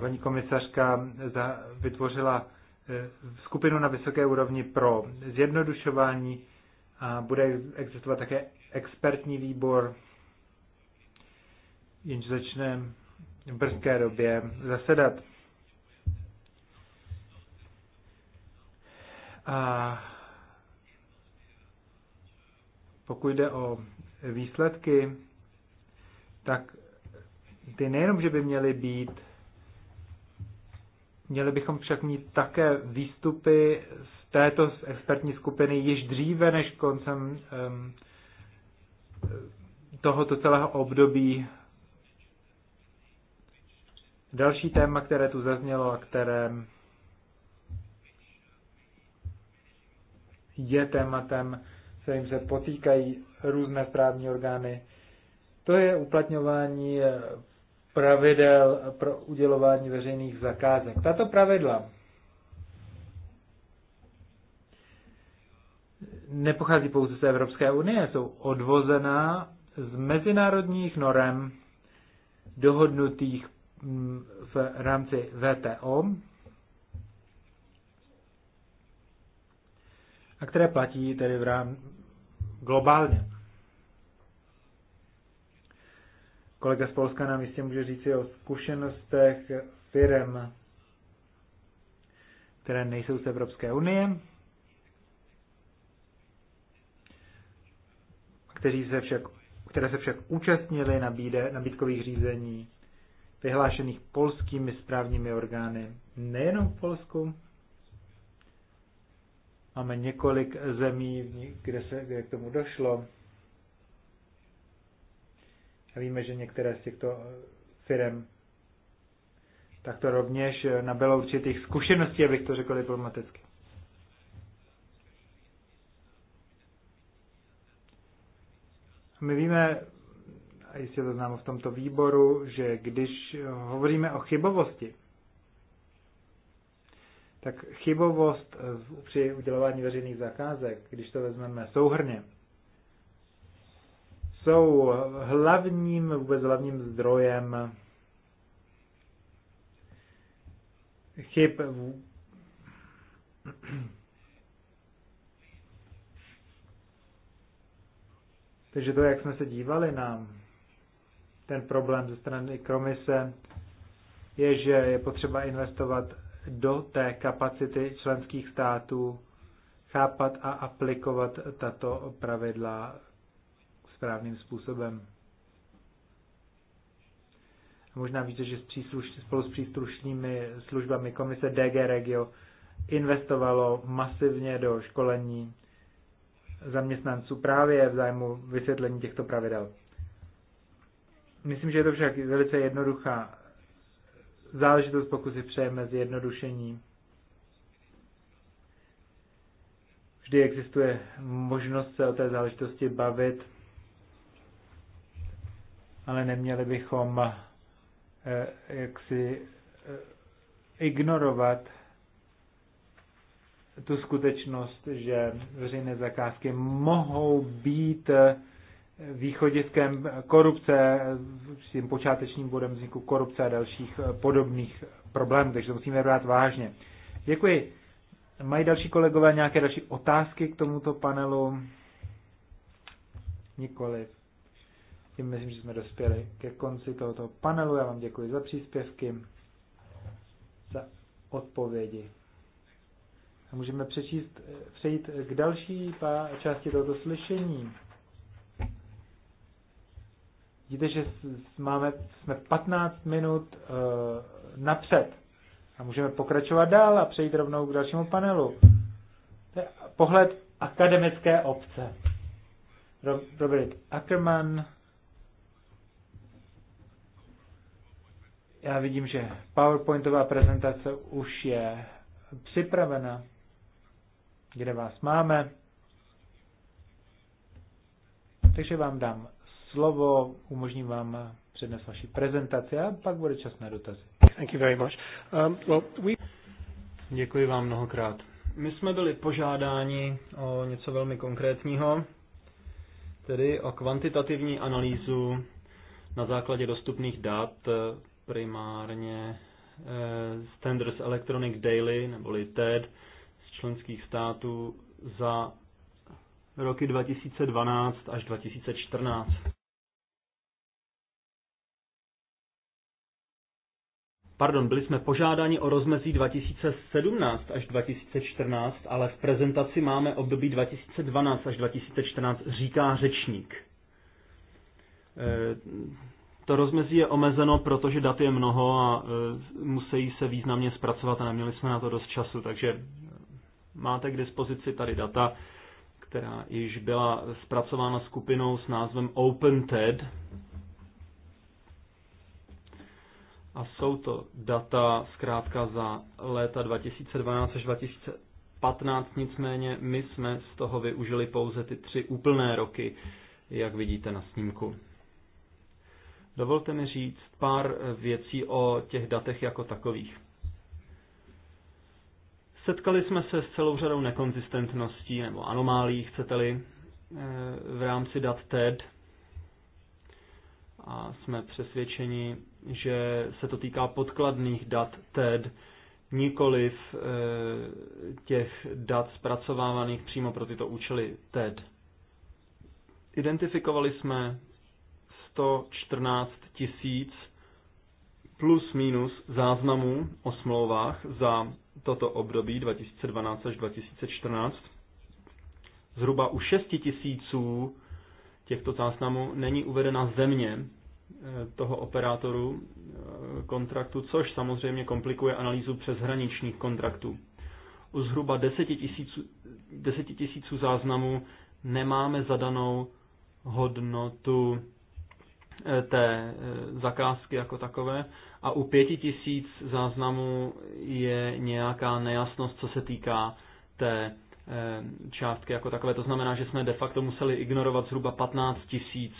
paní komisařka, vytvořila eh, skupinu na vysoké úrovni pro zjednodušování a bude existovat také expertní výbor jenž začne v brzké době zasedat. A pokud jde o výsledky, tak ty nejenom, že by měly být, měli bychom však mít také výstupy z této expertní skupiny již dříve než koncem um, tohoto celého období Další téma, které tu zaznělo a které je tématem, se jim se potýkají různé správní orgány, to je uplatňování eh, pravidel pro udělování veřejných zakázek. Tato pravidla nepochází pouze z Evropské unie, jsou odvozená z mezinárodních norem dohodnutých Mm, v rámci VTO, a které platí tedy v rám globálně. Kolega z Polska nám jistě může říct o zkušenostech firm, které nejsou z Evropské unie, kteří se však, které se však účastnili na nabídkových řízení vyhlášených polskými správními orgány, nejenom v Polsku. Máme několik zemí, kde, se, kde k tomu došlo. A víme, že některé z těchto eh, firm tak to rovněž eh, nabylo určitých zkušeností, abych to řekl diplomaticky. My víme jistě to známo v tomto výboru, že když hovoříme o chybovosti, tak chybovost při udělování veřejných zakázek, když to vezmeme souhrně, jsou hlavním, vůbec hlavním zdrojem chyb v... Takže to, jak jsme se dívali na ten problém ze strany komise, je, že je potřeba investovat do té kapacity členských států, chápat a aplikovat tato pravidla správným způsobem. A možná víte, že spolu s příslušnými službami komise DG Regio investovalo masivně do školení zaměstnanců právě v zájmu vysvětlení těchto pravidel. Myslím, že je to však velice jednoduchá záležitost, pokud si přejeme zjednodušení. Vždy existuje možnost se o té záležitosti bavit, ale neměli bychom eh, jaksi eh, ignorovat tu skutečnost, že veřejné zakázky mohou být eh, východiskem korupce, tím počátečním bodem vzniku korupce a dalších eh, podobných problémů, takže to musíme brát vážně. Děkuji. Mají další kolegové nějaké další otázky k tomuto panelu? Nikoliv. Tím myslím, že jsme dospěli ke konci tohoto panelu. Já vám děkuji za příspěvky, za odpovědi. A můžeme přečíst, eh, přejít k další části tohoto slyšení. Vidíte, že máme, jsme 15 minut uh, napřed a můžeme pokračovat dál a přejít rovnou k dalšímu panelu. To je pohled akademické obce. Robert Ackerman. Já vidím, že PowerPointová prezentace už je připravena, kde vás máme. Takže vám dám slovo, umožním vám přednes vaši prezentaci a pak bude čas na dotazy. Thank you very much. Um, well, we... Děkuji vám mnohokrát. My jsme byli požádáni o něco velmi konkrétního, tedy o kvantitativní analýzu na základě dostupných dat, eh, primárně eh, Standards Electronic Daily, neboli TED, z členských států za roky 2012 až 2014. Pardon, byli jsme požádáni o rozmezí 2017 až 2014, ale v prezentaci máme období 2012 až 2014, říká řečník. E, to rozmezí je omezeno, protože dat je mnoho a e, musí se významně zpracovat a neměli jsme na to dost času, takže máte k dispozici tady data, která již byla zpracována skupinou s názvem OpenTED, A jsou to data zkrátka za léta 2012 až 2015, nicméně my jsme z toho využili pouze ty tři úplné roky, jak vidíte na snímku. Dovolte mi říct pár věcí o těch datech jako takových. Setkali jsme se s celou řadou nekonzistentností nebo anomálií, chcete-li, eh, v rámci dat TED a jsme přesvědčeni, že se to týká podkladných dat TED, nikoliv e, těch dat zpracovávaných přímo pro tyto účely TED. Identifikovali jsme 114 tisíc plus minus záznamů o smlouvách za toto období 2012 až 2014. Zhruba u 6 tisíců těchto záznamů není uvedena země, toho operátoru eh, kontraktu, což samozřejmě komplikuje analýzu přeshraničních kontraktů. U zhruba 10 000, 10 000 záznamů nemáme zadanou hodnotu eh, té eh, zakázky jako takové a u 5 000 záznamů je nějaká nejasnost, co se týká té částky jako takové. To znamená, že jsme de facto museli ignorovat zhruba 15 tisíc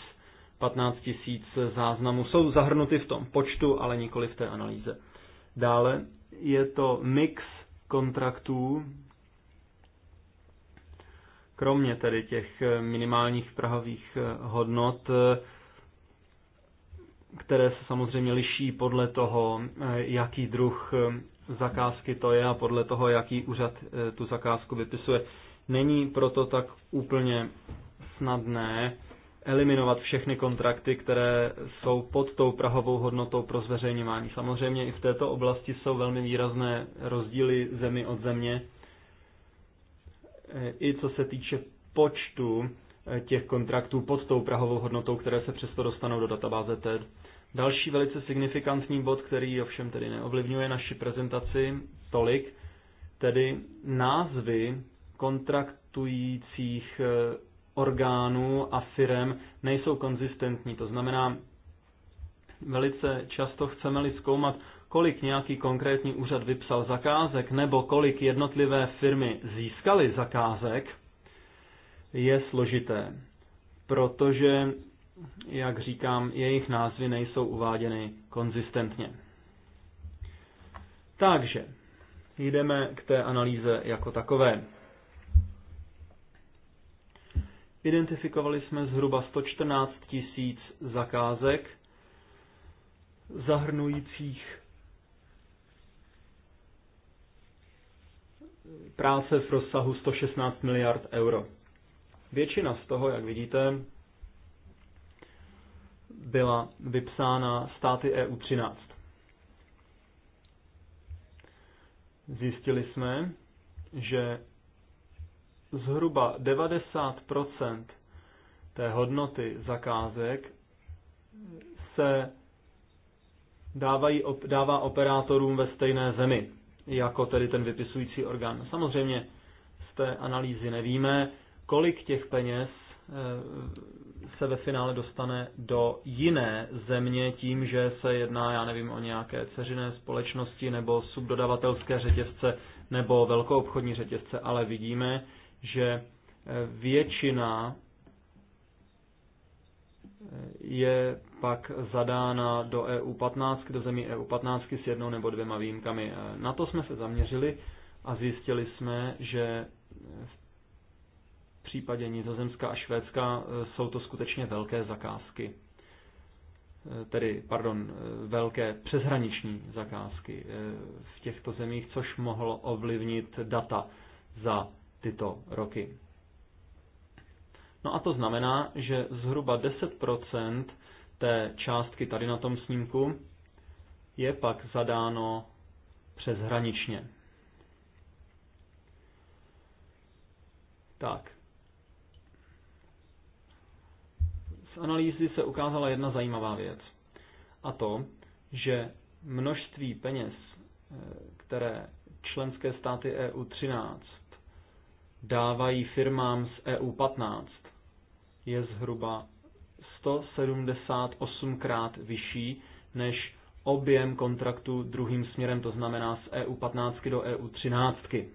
15 tisíc záznamů jsou zahrnuty v tom počtu, ale nikoli v té analýze. Dále je to mix kontraktů, kromě tedy těch minimálních prahových hodnot, které se samozřejmě liší podle toho, jaký druh zakázky to je a podle toho, jaký úřad eh, tu zakázku vypisuje. Není proto tak úplně snadné eliminovat všechny kontrakty, které jsou pod tou prahovou hodnotou pro zveřejňování. Samozřejmě i v této oblasti jsou velmi výrazné rozdíly zemi od země, i co se týče počtu eh, těch kontraktů pod tou prahovou hodnotou, které se přesto dostanou do databáze TED. Další velice signifikantní bod, který ovšem tedy neovlivňuje naši prezentaci tolik, tedy názvy kontraktujících eh, orgánů a firem nejsou konzistentní. To znamená, velice často chceme-li zkoumat, kolik nějaký konkrétní úřad vypsal zakázek nebo kolik jednotlivé firmy získaly zakázek, je složité, protože, jak říkám, jejich názvy nejsou uváděny konzistentně. Takže, jdeme k té analýze jako takové. Identifikovali jsme zhruba 114 tisíc zakázek, zahrnujících práce v rozsahu 116 miliard euro. Většina z toho, jak vidíte, byla vypsána státy EU 13. Zjistili jsme, že zhruba 90 té hodnoty zakázek se dávají, dává operátorům ve stejné zemi, jako tedy ten vypisující orgán. Samozřejmě z té analýzy nevíme, kolik těch peněz eh, se ve finále dostane do jiné země tím, že se jedná, já nevím, o nějaké ceřiné společnosti nebo subdodavatelské řetězce nebo obchodní řetězce, ale vidíme, že eh, většina eh, je pak zadána do EU 15, do zemí EU 15 s jednou nebo dvěma výjimkami. Eh, na to jsme se zaměřili a zjistili jsme, že v případě Nizozemska a Švédska jsou to skutečně velké zakázky. Tedy, pardon, velké přeshraniční zakázky v těchto zemích, což mohlo ovlivnit data za tyto roky. No a to znamená, že zhruba 10% té částky tady na tom snímku je pak zadáno přeshraničně. Tak. Z analýzy se ukázala jedna zajímavá věc. A to, že množství peněz, eh, které členské státy EU 13 dávají firmám z EU15, je zhruba 178 krát vyšší než objem kontraktu druhým směrem, to znamená z EU15 do EU13.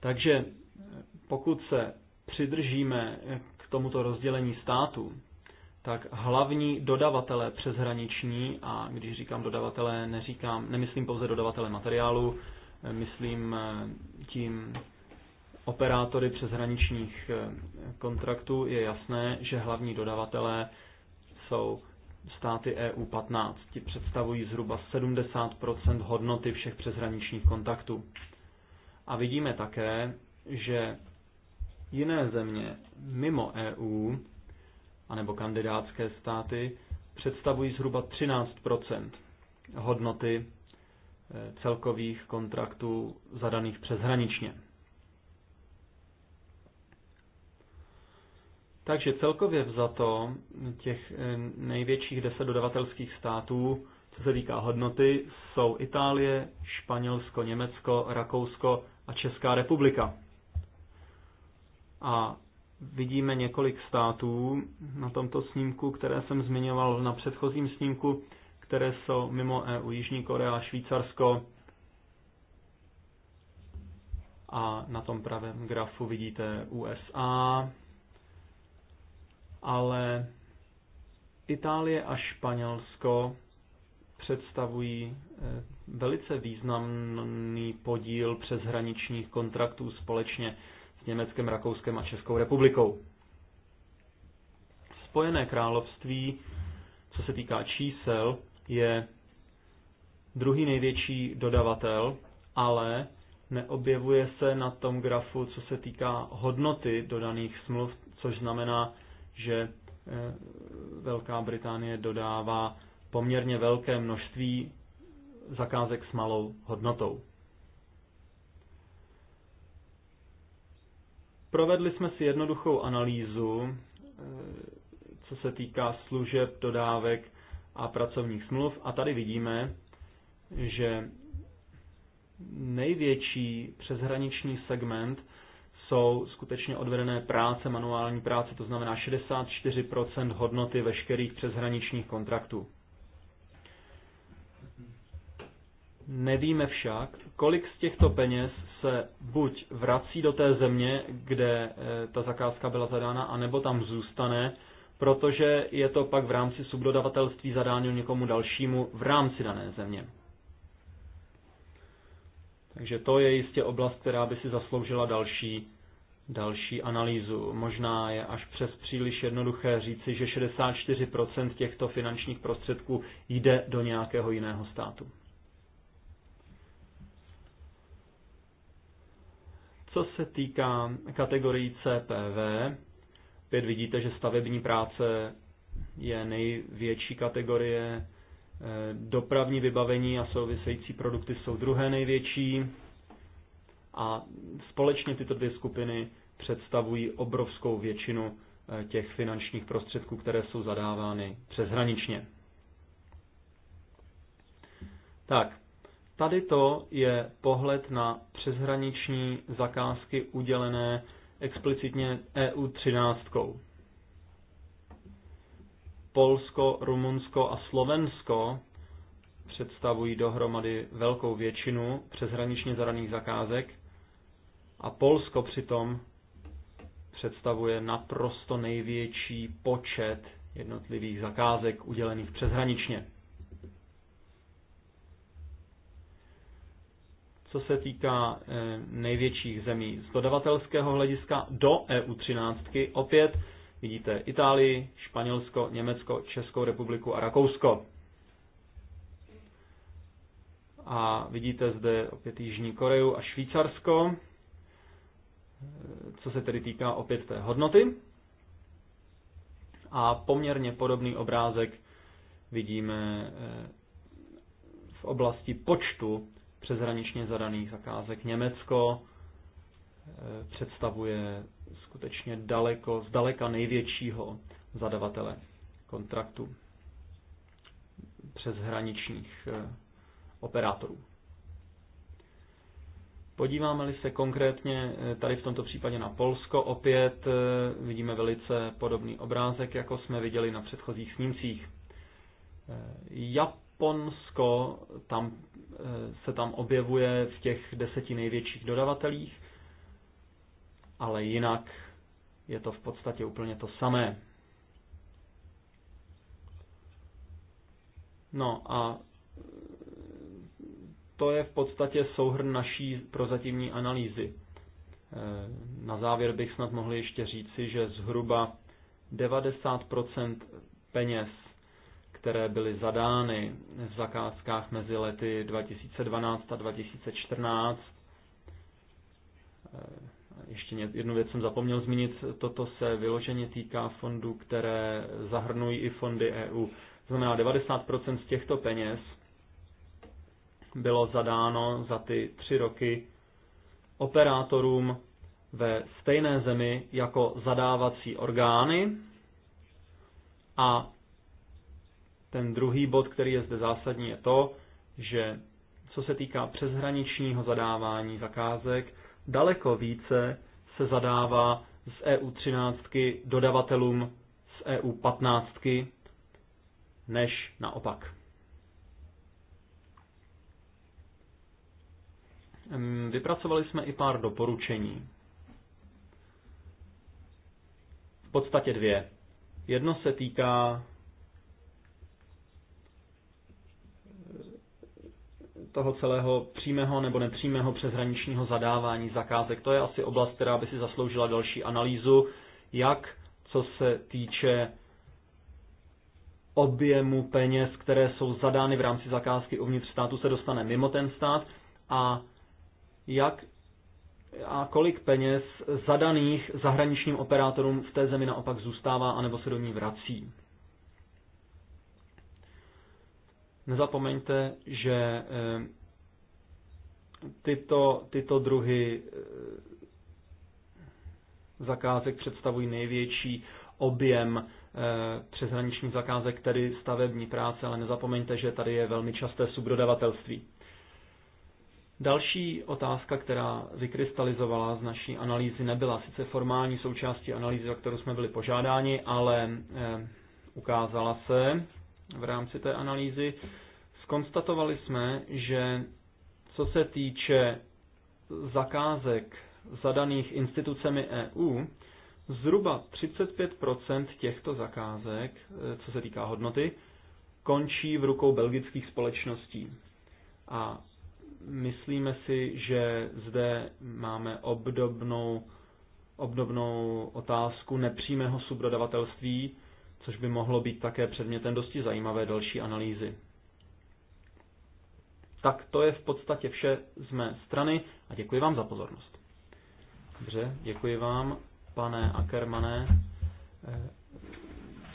Takže pokud se přidržíme k tomuto rozdělení států, tak hlavní dodavatele přeshraniční, a když říkám dodavatele, neříkám, nemyslím pouze dodavatele materiálu, myslím eh, tím operátory přeshraničních eh, kontraktů, je jasné, že hlavní dodavatele jsou státy EU 15. Ti představují zhruba 70 hodnoty všech přeshraničních kontaktů. A vidíme také, že jiné země mimo EU anebo kandidátské státy představují zhruba 13 hodnoty eh, celkových kontraktů zadaných přeshraničně. Takže celkově vzato těch eh, největších deset dodavatelských států, co se týká hodnoty, jsou Itálie, Španělsko, Německo, Rakousko a Česká republika. A vidíme několik států na tomto snímku, které jsem zmiňoval na předchozím snímku, které jsou mimo EU Jižní Korea, Švýcarsko. A na tom pravém grafu vidíte USA, ale Itálie a Španělsko představují eh, velice významný podíl přeshraničních kontraktů společně. Německem, Rakouskem a Českou republikou. Spojené království, co se týká čísel, je druhý největší dodavatel, ale neobjevuje se na tom grafu, co se týká hodnoty dodaných smluv, což znamená, že eh, Velká Británie dodává poměrně velké množství zakázek s malou hodnotou. Provedli jsme si jednoduchou analýzu, eh, co se týká služeb, dodávek a pracovních smluv a tady vidíme, že největší přeshraniční segment jsou skutečně odvedené práce, manuální práce, to znamená 64% hodnoty veškerých přeshraničních kontraktů. Nevíme však, kolik z těchto peněz se buď vrací do té země, kde eh, ta zakázka byla zadána, anebo tam zůstane, protože je to pak v rámci subdodavatelství zadáno někomu dalšímu v rámci dané země. Takže to je jistě oblast, která by si zasloužila další, další analýzu. Možná je až přes příliš jednoduché říci, že 64% těchto finančních prostředků jde do nějakého jiného státu. Co se týká kategorii CPV, opět vidíte, že stavební práce je největší kategorie, e, dopravní vybavení a související produkty jsou druhé největší a společně tyto dvě skupiny představují obrovskou většinu e, těch finančních prostředků, které jsou zadávány přeshraničně. Tak, Tady to je pohled na přeshraniční zakázky udělené explicitně EU 13. Polsko, Rumunsko a Slovensko představují dohromady velkou většinu přeshraničně zadaných zakázek a Polsko přitom představuje naprosto největší počet jednotlivých zakázek udělených přeshraničně. co se týká eh, největších zemí z dodavatelského hlediska do EU13. Opět vidíte Itálii, Španělsko, Německo, Českou republiku a Rakousko. A vidíte zde opět Jižní Koreu a Švýcarsko, eh, co se tedy týká opět té hodnoty. A poměrně podobný obrázek vidíme eh, v oblasti počtu přeshraničně zadaných zakázek. Německo e, představuje skutečně daleko, zdaleka největšího zadavatele kontraktu přeshraničních e, operátorů. Podíváme-li se konkrétně e, tady v tomto případě na Polsko, opět vidíme velice podobný obrázek, jako jsme viděli na předchozích snímcích. Japonsko tam Eh, se tam objevuje v těch deseti největších dodavatelích, ale jinak je to v podstatě úplně to samé. No a eh, to je v podstatě souhrn naší prozatímní analýzy. Eh, na závěr bych snad mohl ještě říci, že zhruba 90% peněz které byly zadány v zakázkách mezi lety 2012 a 2014. Eh, ještě jednu věc jsem zapomněl zmínit. Toto se vyloženě týká fondů, které zahrnují i fondy EU. Znamená, 90% z těchto peněz bylo zadáno za ty tři roky operátorům ve stejné zemi jako zadávací orgány a ten druhý bod, který je zde zásadní, je to, že co se týká přeshraničního zadávání zakázek, daleko více se zadává z EU 13 dodavatelům z EU 15 než naopak. Vypracovali jsme i pár doporučení. V podstatě dvě. Jedno se týká toho celého přímého nebo nepřímého přeshraničního zadávání zakázek. To je asi oblast, která by si zasloužila další analýzu, jak co se týče objemu peněz, které jsou zadány v rámci zakázky uvnitř státu, se dostane mimo ten stát a jak a kolik peněz zadaných zahraničním operátorům v té zemi naopak zůstává anebo se do ní vrací. Nezapomeňte, že eh, tyto, tyto druhy eh, zakázek představují největší objem eh, přeshraničních zakázek, tedy stavební práce, ale nezapomeňte, že tady je velmi časté subdodavatelství. Další otázka, která vykrystalizovala z naší analýzy, nebyla sice formální součástí analýzy, o kterou jsme byli požádáni, ale ukázala se, v rámci té analýzy skonstatovali jsme, že co se týče zakázek zadaných institucemi EU, zhruba 35 těchto zakázek, eh, co se týká hodnoty, končí v rukou belgických společností. A myslíme si, že zde máme obdobnou, obdobnou otázku nepřímého subdodavatelství, což by mohlo být také předmětem dosti zajímavé další analýzy. Tak to je v podstatě vše z mé strany a děkuji vám za pozornost. Dobře, děkuji vám, pane Ackermané. Eh,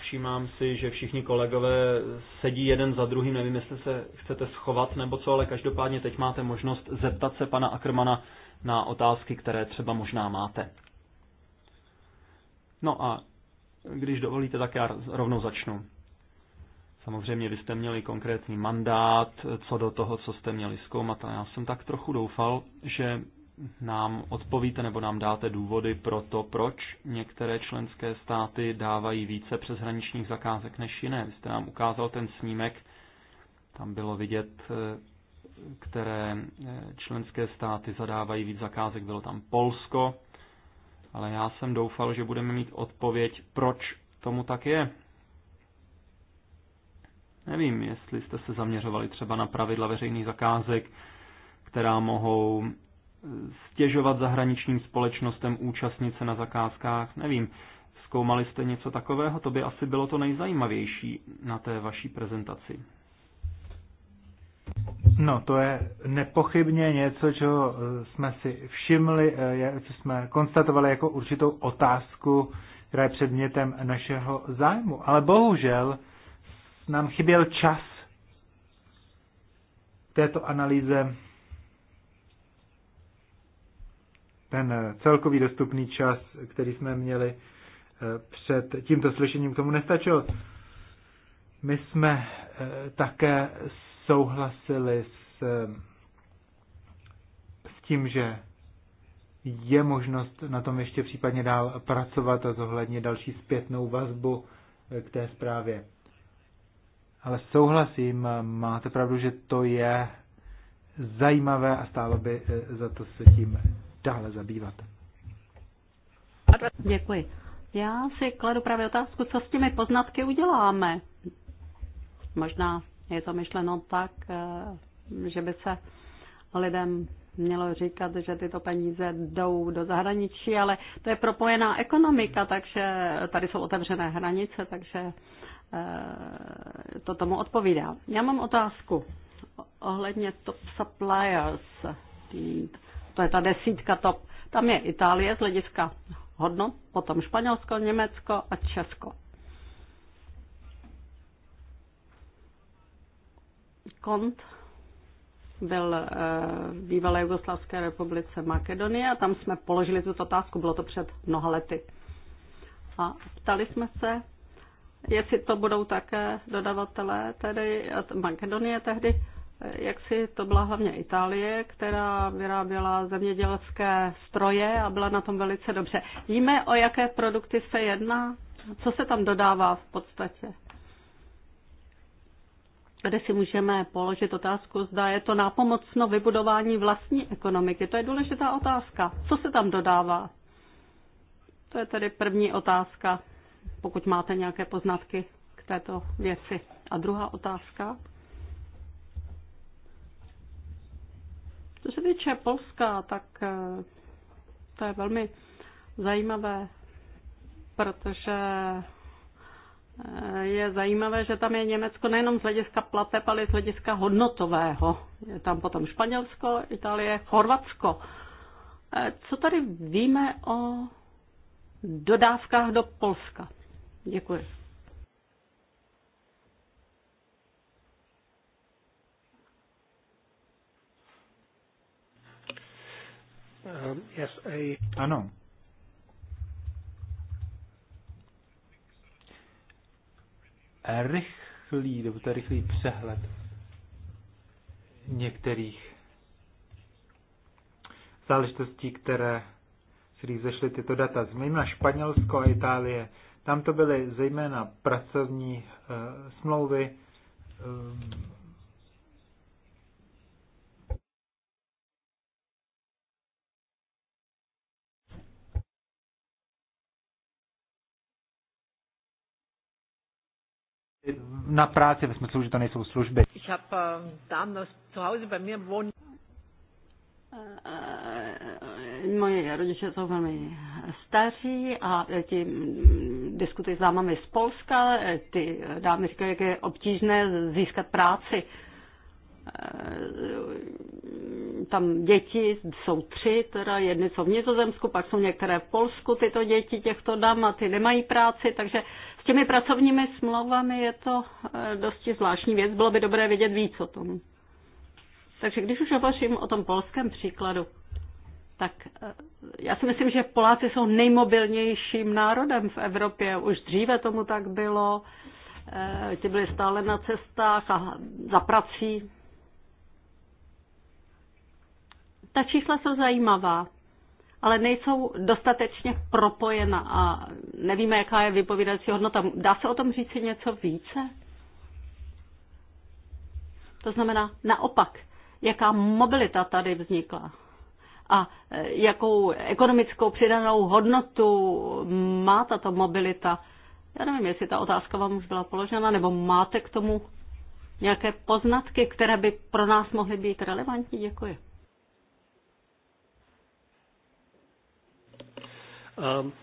všímám si, že všichni kolegové sedí jeden za druhým, nevím, jestli se chcete schovat nebo co, ale každopádně teď máte možnost zeptat se pana Ackermana na otázky, které třeba možná máte. No a když dovolíte, tak já rovnou začnu. Samozřejmě vy jste měli konkrétní mandát co do toho, co jste měli zkoumat a já jsem tak trochu doufal, že nám odpovíte nebo nám dáte důvody pro to, proč některé členské státy dávají více přeshraničních zakázek než jiné. Vy jste nám ukázal ten snímek, tam bylo vidět, eh, které eh, členské státy zadávají víc zakázek, bylo tam Polsko, ale já jsem doufal, že budeme mít odpověď, proč tomu tak je. Nevím, jestli jste se zaměřovali třeba na pravidla veřejných zakázek, která mohou eh, stěžovat zahraničním společnostem účastnit se na zakázkách, nevím. Zkoumali jste něco takového? To by asi bylo to nejzajímavější na té vaší prezentaci. No, to je nepochybně něco, co eh, jsme si všimli, eh, co jsme konstatovali jako určitou otázku, která je předmětem našeho zájmu. Ale bohužel nám chyběl čas této analýze. Ten eh, celkový dostupný čas, který jsme měli před tímto slyšením, k tomu nestačil. My jsme také souhlasili s, s tím, že je možnost na tom ještě případně dál pracovat a zohlednit další zpětnou vazbu k té zprávě. Ale souhlasím, máte pravdu, že to je zajímavé a stálo by eh, za to se tím dále zabývat. Děkuji. Já si kladu právě otázku, co s těmi poznatky uděláme. Možná je to myšleno tak, eh, že by se lidem mělo říkat, že tyto peníze jdou do zahraničí, ale to je propojená ekonomika, takže tady jsou otevřené hranice, takže eh, to tomu odpovídá. Já mám otázku ohledně top suppliers. To je ta desítka top. Tam je Itálie z hlediska hodnot, potom Španělsko, Německo a Česko. kont byl eh, v bývalé Jugoslavské republice Makedonie a tam jsme položili tuto otázku, bylo to před mnoha lety. A ptali jsme se, jestli to budou také dodavatelé tedy Makedonie tehdy, eh, jak si to byla hlavně Itálie, která vyráběla zemědělské stroje a byla na tom velice dobře. Víme, o jaké produkty se jedná? Co se tam dodává v podstatě? Tady si můžeme položit otázku, zda je to nápomocno vybudování vlastní ekonomiky. To je důležitá otázka. Co se tam dodává? To je tedy první otázka, pokud máte nějaké poznatky k této věci. A druhá otázka. Co se týče Polska, tak eh, to je velmi zajímavé, protože Eh, je zajímavé, že tam je Německo nejenom z hlediska plateb, ale i z hlediska hodnotového. Je tam potom Španělsko, Itálie, Chorvatsko. Eh, co tady víme o dodávkách do Polska? Děkuji. Um, ano, rychlý, nebo to rychlý přehled některých záležitostí, které kterých zešly tyto data. Zmíním na Španělsko a Itálie. Tam to byly zejména pracovní e, smlouvy, eh, na práci ve smyslu, že to nejsou služby. Ähm, äh, äh, Moje rodiče jsou velmi staří a ti mm, diskutují s dámami z Polska. Äh, ty dámy říkají, jak je obtížné získat práci. Tam děti jsou tři, teda jedny jsou v Nizozemsku, pak jsou některé v Polsku tyto děti těchto dám a ty nemají práci, takže s těmi pracovními smlouvami je to eh, dosti zvláštní věc, bylo by dobré vědět víc o tom. Takže když už hovořím o tom polském příkladu, tak eh, já si myslím, že Poláci jsou nejmobilnějším národem v Evropě. Už dříve tomu tak bylo. Eh, ti byli stále na cestách a za prací. Ta čísla jsou zajímavá ale nejsou dostatečně propojena a nevíme, jaká je vypovídací hodnota. Dá se o tom říci něco více? To znamená naopak, jaká mobilita tady vznikla a e, jakou ekonomickou přidanou hodnotu má tato mobilita. Já nevím, jestli ta otázka vám už byla položena, nebo máte k tomu nějaké poznatky, které by pro nás mohly být relevantní. Děkuji. Um,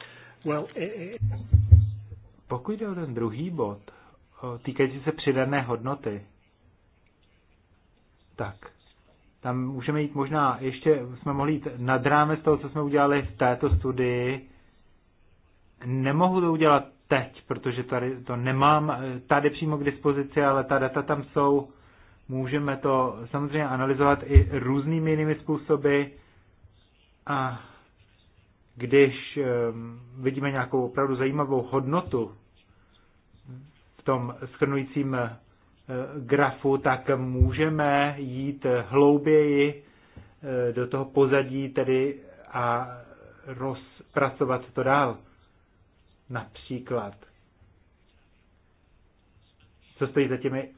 Pokud jde o ten druhý bod, týkající se přidané hodnoty, tak tam můžeme jít možná, ještě jsme mohli jít nad rámec toho, co jsme udělali v této studii. Nemohu to udělat teď, protože tady to nemám e, tady přímo k dispozici, ale ta data tam jsou. Můžeme to samozřejmě analyzovat i různými jinými způsoby a když ehm, vidíme nějakou opravdu zajímavou hodnotu v tom skrnujícím eh, grafu, tak můžeme jít hlouběji eh, do toho pozadí tedy a rozpracovat to dál. Například, co stojí za těmi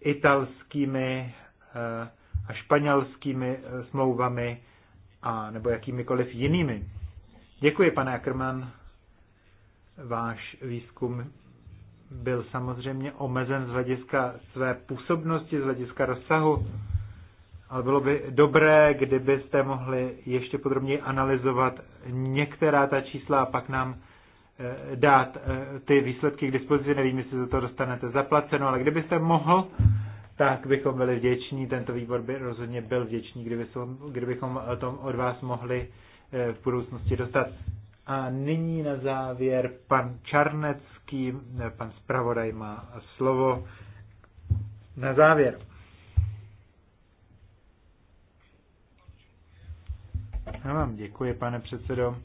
italskými eh, a španělskými smlouvami a nebo jakýmikoliv jinými. Děkuji, pane Ackerman. Váš výzkum byl samozřejmě omezen z hlediska své působnosti, z hlediska rozsahu, ale bylo by dobré, kdybyste mohli ještě podrobněji analyzovat některá ta čísla a pak nám eh, dát eh, ty výsledky k dispozici. Nevím, jestli za to dostanete zaplaceno, ale kdybyste mohl, tak bychom byli vděční. Tento výbor by rozhodně byl vděčný, kdybychom o kdybychom tom od vás mohli Eh, v budoucnosti dostat. A nyní na závěr pan Čarnecký, eh, pan zpravodaj má slovo. Na závěr. Já vám děkuji, pane předsedo.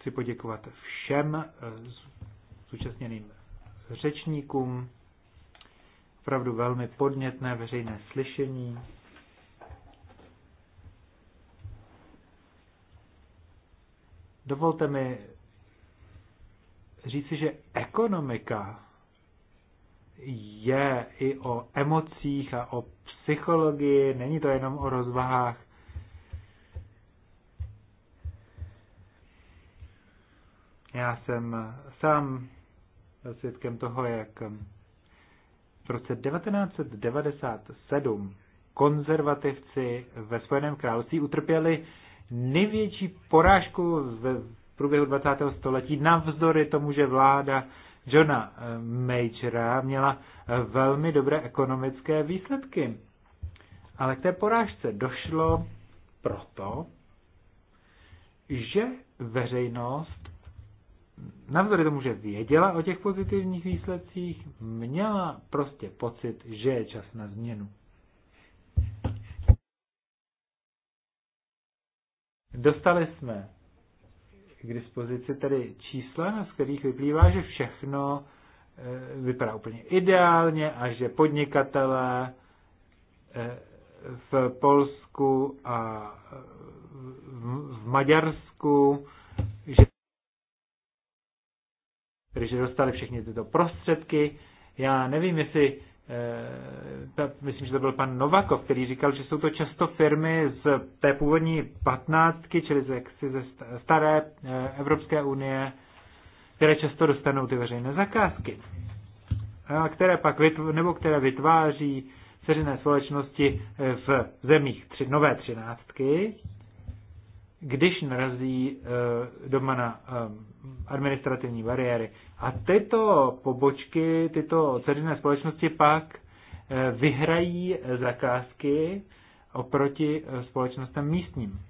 Chci poděkovat všem eh, zúčastněným řečníkům opravdu velmi podnětné veřejné slyšení. Dovolte mi říci, že ekonomika je i o emocích a o psychologii, není to jenom o rozvahách. Já jsem sám svědkem toho, jak v roce 1997 konzervativci ve Spojeném království utrpěli největší porážku v průběhu 20. století, navzdory tomu, že vláda Johna eh, Majora měla eh, velmi dobré ekonomické výsledky. Ale k té porážce došlo proto, že veřejnost navzdory tomu, že věděla o těch pozitivních výsledcích, měla prostě pocit, že je čas na změnu. Dostali jsme k dispozici tedy čísla, z kterých vyplývá, že všechno eh, vypadá úplně ideálně a že podnikatelé eh, v Polsku a eh, v Maďarsku takže dostali všechny tyto prostředky. Já nevím, jestli, e, myslím, že to byl pan Novakov, který říkal, že jsou to často firmy z té původní patnáctky, čili z, jaksi ze staré eh, Evropské unie, které často dostanou ty veřejné zakázky, a které pak vytv- nebo které vytváří veřejné společnosti eh, v zemích tři, nové třináctky, když narazí e, doma na e, administrativní bariéry. A tyto pobočky, tyto ceřinné společnosti pak eh, vyhrají zakázky oproti eh, společnostem místním.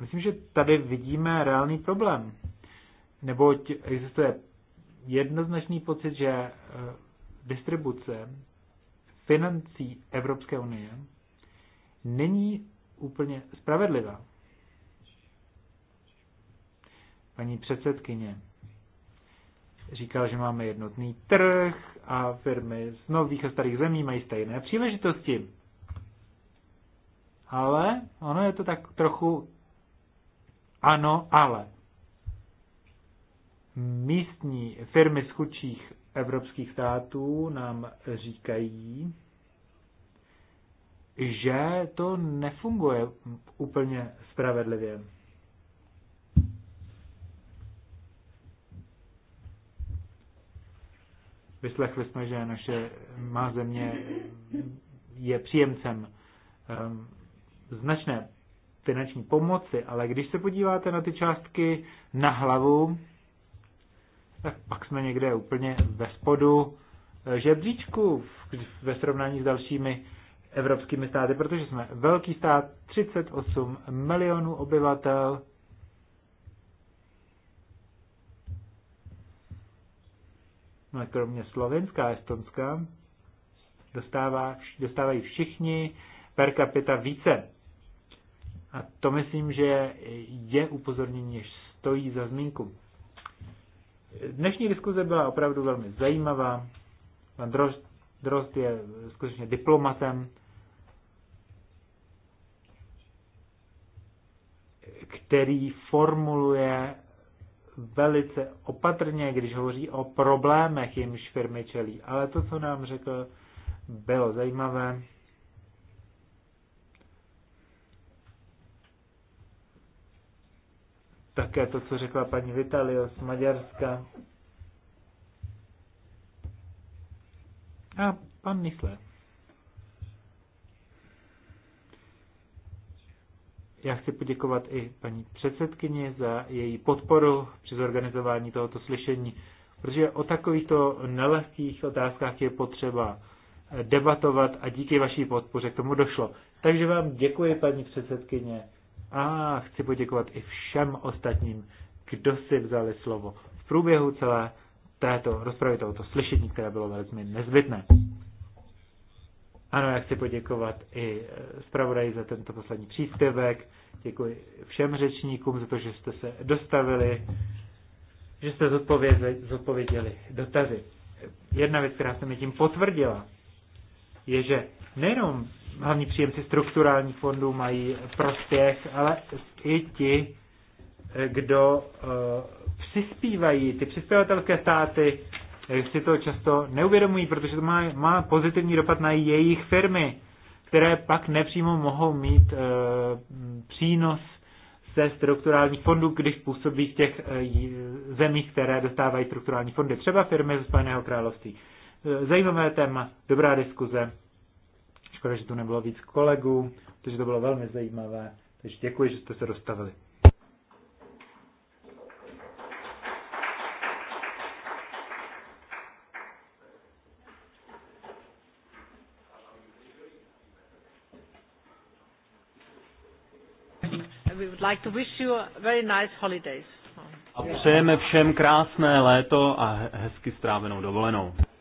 Myslím, že tady vidíme reálný problém, neboť existuje jednoznačný pocit, že eh, distribuce financí Evropské unie není úplně spravedlivá paní předsedkyně říkal, že máme jednotný trh a firmy z nových a starých zemí mají stejné příležitosti. Ale ono je to tak trochu ano, ale. Místní firmy z chudších evropských států nám říkají, že to nefunguje úplně spravedlivě. Vyslechli jsme, že naše má země je příjemcem um, značné finanční pomoci, ale když se podíváte na ty částky na hlavu, tak pak jsme někde úplně ve spodu eh, žebříčku ve srovnání s dalšími evropskými státy, protože jsme velký stát, 38 milionů obyvatel, No a kromě Slovenska a Estonska dostává, dostávají všichni per capita více. A to myslím, že je upozornění, jež stojí za zmínku. Dnešní diskuze byla opravdu velmi zajímavá. Pan Drost, Drost je skutečně diplomatem, který formuluje velice opatrně, když hovoří o problémech, jimž firmy čelí. Ale to, co nám řekl, bylo zajímavé. Také to, co řekla paní Vitalio z Maďarska. A pan Nisler. Já chci poděkovat i paní předsedkyni za její podporu při zorganizování tohoto slyšení, protože o takovýchto nelehkých otázkách je potřeba debatovat a díky vaší podpoře k tomu došlo. Takže vám děkuji, paní předsedkyně, a chci poděkovat i všem ostatním, kdo si vzali slovo v průběhu celé této rozpravy, tohoto slyšení, které bylo velmi nezbytné. Ano, já chci poděkovat i eh, zpravodaji za tento poslední příspěvek. Děkuji všem řečníkům za to, že jste se dostavili, že jste zodpověděli, zodpověděli dotazy. Jedna věc, která se mi tím potvrdila, je, že nejenom hlavní příjemci strukturálních fondů mají prospěch, ale i ti, eh, kdo eh, přispívají, ty přispěvatelské státy si to často neuvědomují, protože to má, má pozitivní dopad na jejich firmy, které pak nepřímo mohou mít e, přínos ze strukturálních fondů, když působí v těch e, zemích, které dostávají strukturální fondy, třeba firmy ze Spojeného království. E, zajímavé téma, dobrá diskuze. Škoda, že tu nebylo víc kolegů, protože to bylo velmi zajímavé. Takže děkuji, že jste se dostavili. like to wish you very nice holidays. A přejeme všem krásné léto a hezky strávenou dovolenou.